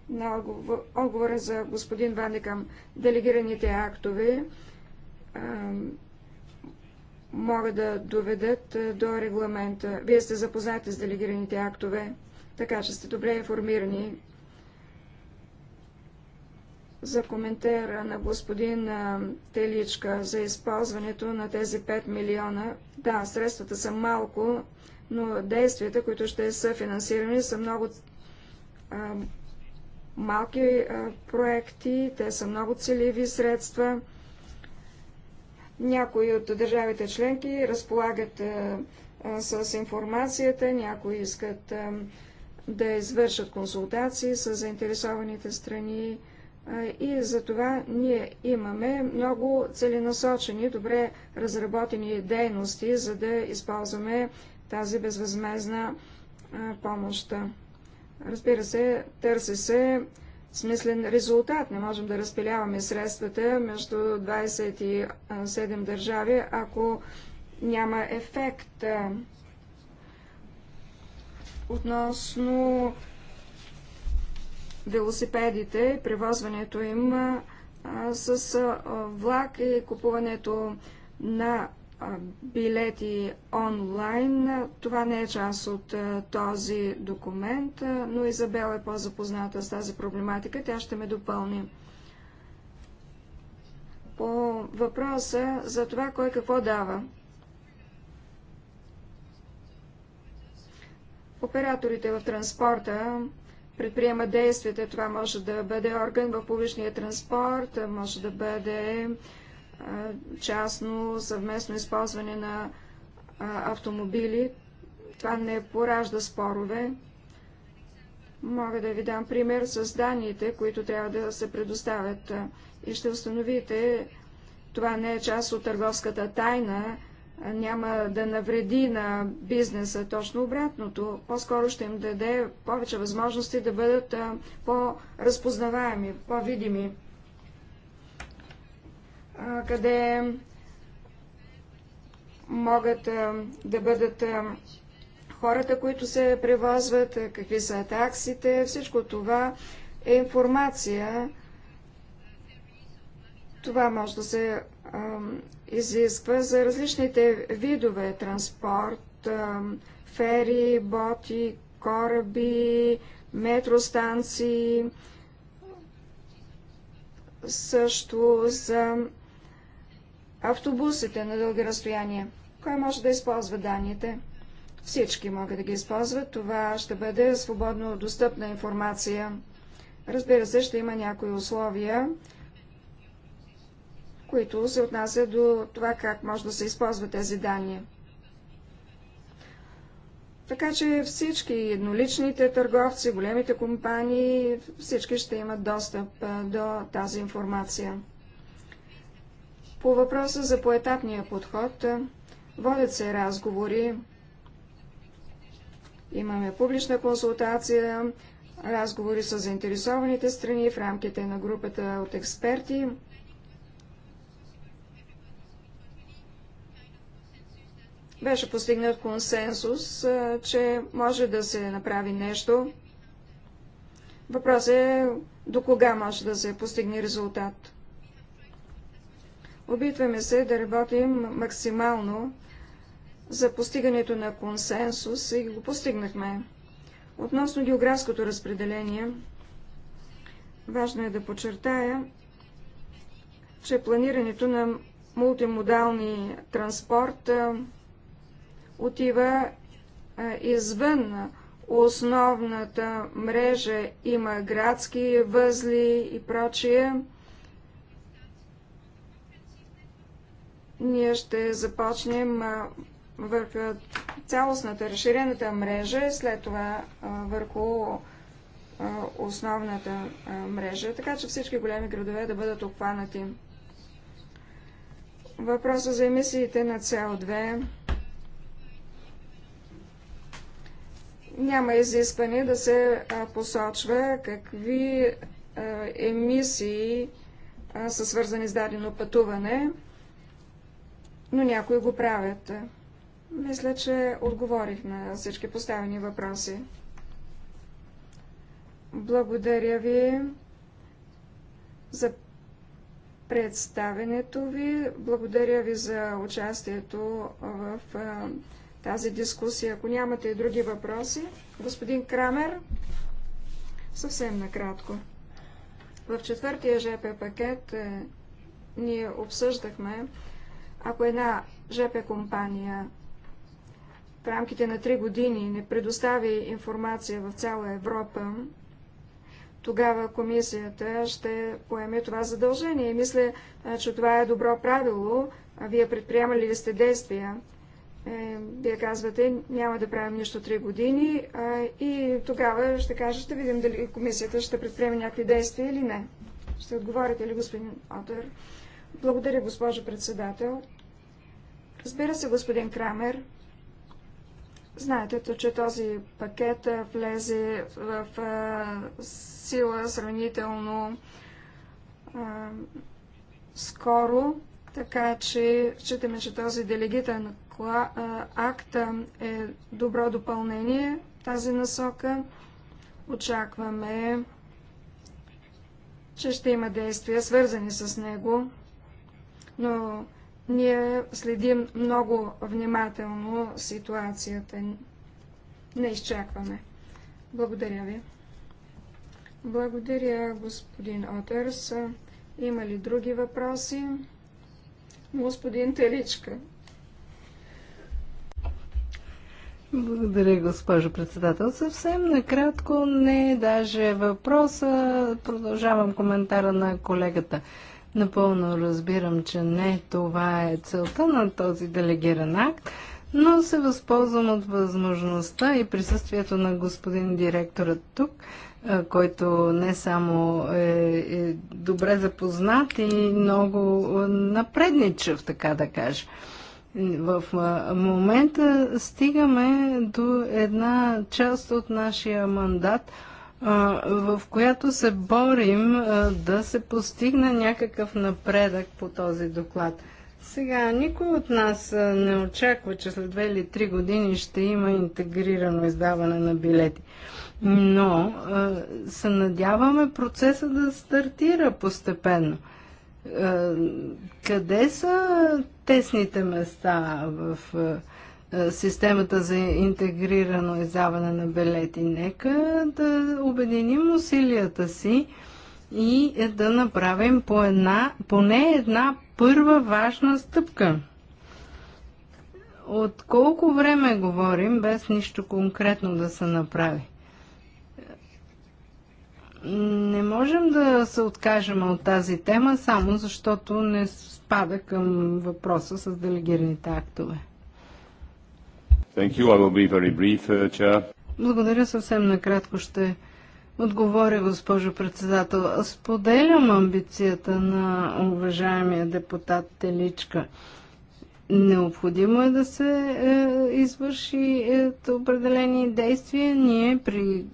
Speaker 1: На отговора за господин Ванекам, делегираните актове а, могат да доведат до регламента. Вие сте запознати с делегираните актове, така че сте добре информирани за коментара на господин Теличка за използването на тези 5 милиона. Да, средствата са малко, но действията, които ще са финансирани, са много а, малки а, проекти, те са много целиви средства. Някои от държавите членки разполагат а, а, с информацията, някои искат а, да извършат консултации с заинтересованите страни и за това ние имаме много целенасочени, добре разработени дейности, за да използваме тази безвъзмезна помощ. Разбира се, търси се смислен резултат. Не можем да разпиляваме средствата между 27 държави, ако няма ефект. Относно велосипедите, превозването им с влак и купуването на билети онлайн. Това не е част от този документ, но Изабел е по-запозната с тази проблематика. Тя ще ме допълни. По въпроса за това кой какво дава. Операторите в транспорта предприема действията. Това може да бъде орган в публичния транспорт, може да бъде частно съвместно използване на автомобили. Това не поражда спорове. Мога да ви дам пример с данните, които трябва да се предоставят. И ще установите, това не е част от търговската тайна, няма да навреди на бизнеса, точно обратното. По-скоро ще им даде повече възможности да бъдат по-разпознаваеми, по-видими къде могат да бъдат хората, които се превозват, какви са таксите, всичко това е информация. Това може да се изисква за различните видове транспорт, фери, боти, кораби, метростанции, също за автобусите на дълги разстояния. Кой може да използва данните? Всички могат да ги използват. Това ще бъде свободно достъпна информация. Разбира се, ще има някои условия, които се отнасят до това как може да се използва тези данни. Така че всички едноличните търговци, големите компании, всички ще имат достъп до тази информация. По въпроса за поетапния подход водят се разговори. Имаме публична консултация, разговори с заинтересованите страни в рамките на групата от експерти. Беше постигнат консенсус, че може да се направи нещо. Въпросът е до кога може да се постигне резултат. Опитваме се да работим максимално за постигането на консенсус и го постигнахме. Относно географското разпределение, важно е да подчертая, че планирането на мултимодални транспорт отива извън основната мрежа. Има градски възли и прочие. ние ще започнем върху цялостната разширената мрежа, и след това върху основната мрежа, така че всички големи градове да бъдат обхванати. Въпросът за емисиите на CO2 няма изискване да се посочва какви емисии са свързани с дадено пътуване но някои го правят. Мисля, че отговорих на всички поставени въпроси. Благодаря ви за представенето ви. Благодаря ви за участието в тази дискусия. Ако нямате и други въпроси, господин Крамер, съвсем накратко. В четвъртия ЖП пакет е, ние обсъждахме ако една ЖП компания в рамките на 3 години не предостави информация в цяла Европа, тогава комисията ще поеме това задължение. И мисля, че това е добро правило. Вие предприемали ли сте действия? Е, вие казвате, няма да правим нищо 3 години а, и тогава ще кажа, ще видим дали комисията ще предприеме някакви действия или не. Ще отговорите ли, господин Отър? Благодаря, госпожо председател. Разбира се, господин Крамер, знаете, че този пакет влезе в сила сравнително скоро, така че считаме, че този делегитен акт е добро допълнение в тази насока. Очакваме, че ще има действия свързани с него но ние следим много внимателно ситуацията. Не изчакваме. Благодаря ви. Благодаря, господин Отърс. Има ли други въпроси? Господин Теличка.
Speaker 3: Благодаря, госпожо председател. Съвсем накратко, не е даже въпроса. Продължавам коментара на колегата. Напълно разбирам, че не това е целта на този делегиран акт, но се възползвам от възможността и присъствието на господин директорът тук, който не само е, е, добре запознат и много напредничав, така да кажа. В момента стигаме до една част от нашия мандат – в която се борим да се постигне някакъв напредък по този доклад. Сега, никой от нас не очаква, че след две или три години ще има интегрирано издаване на билети. Но се надяваме процеса да стартира постепенно. Къде са тесните места в е, системата за интегрирано издаване на билети. Нека да обединим усилията си и да направим по една, поне една първа важна стъпка. От колко време говорим, без нищо конкретно да се направи? Не можем да се откажем от тази тема, само защото не спада към въпроса с делегираните актове.
Speaker 4: Brief, uh,
Speaker 3: Благодаря съвсем накратко ще отговоря, госпожо председател. Споделям амбицията на уважаемия депутат Теличка. Необходимо е да се е, извърши е, определени действия. Ние при...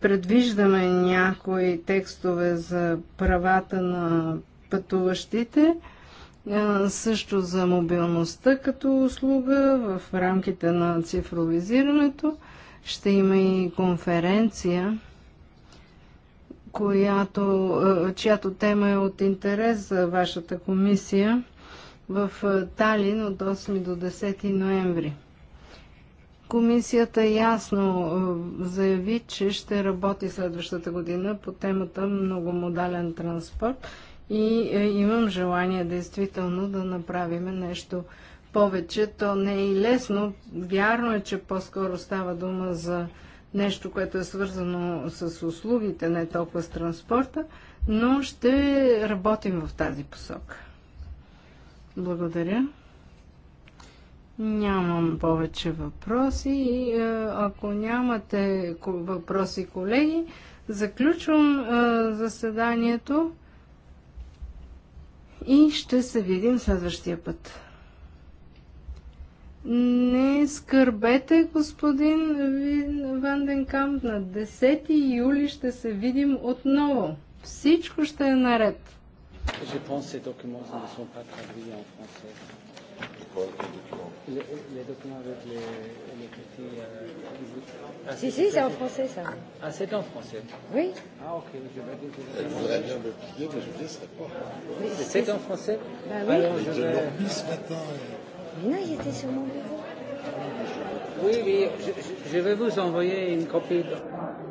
Speaker 3: предвиждаме някои текстове за правата на пътуващите – също за мобилността като услуга в рамките на цифровизирането. Ще има и конференция, която, чиято тема е от интерес за вашата комисия в Талин от 8 до 10 ноември. Комисията ясно заяви, че ще работи следващата година по темата многомодален транспорт и е, имам желание действително да направим нещо повече. То не е и лесно. Вярно е, че по-скоро става дума за нещо, което е свързано с услугите, не толкова с транспорта, но ще работим в тази посока. Благодаря. Нямам повече въпроси и е, ако нямате въпроси, колеги, заключвам е, заседанието и ще се видим следващия път. Не скърбете, господин Ванденкамп. На 10 юли ще се видим отново. Всичко ще е наред.
Speaker 2: Je pense ces documents
Speaker 4: ne sont pas traduits en français. Les, les documents avec les, les petits. Euh, ah, si, si, c'est en français ça. Ah, c'est en français Oui. Ah, ok, je vais. Je voudrais bien me plier, mais je ne laisserai pas. C'est en français Bah oui. Alors, je l'ai remis ce matin. Mais non, il était sur mon bureau.
Speaker 2: Oui, oui, je, je vais vous envoyer une copie. De...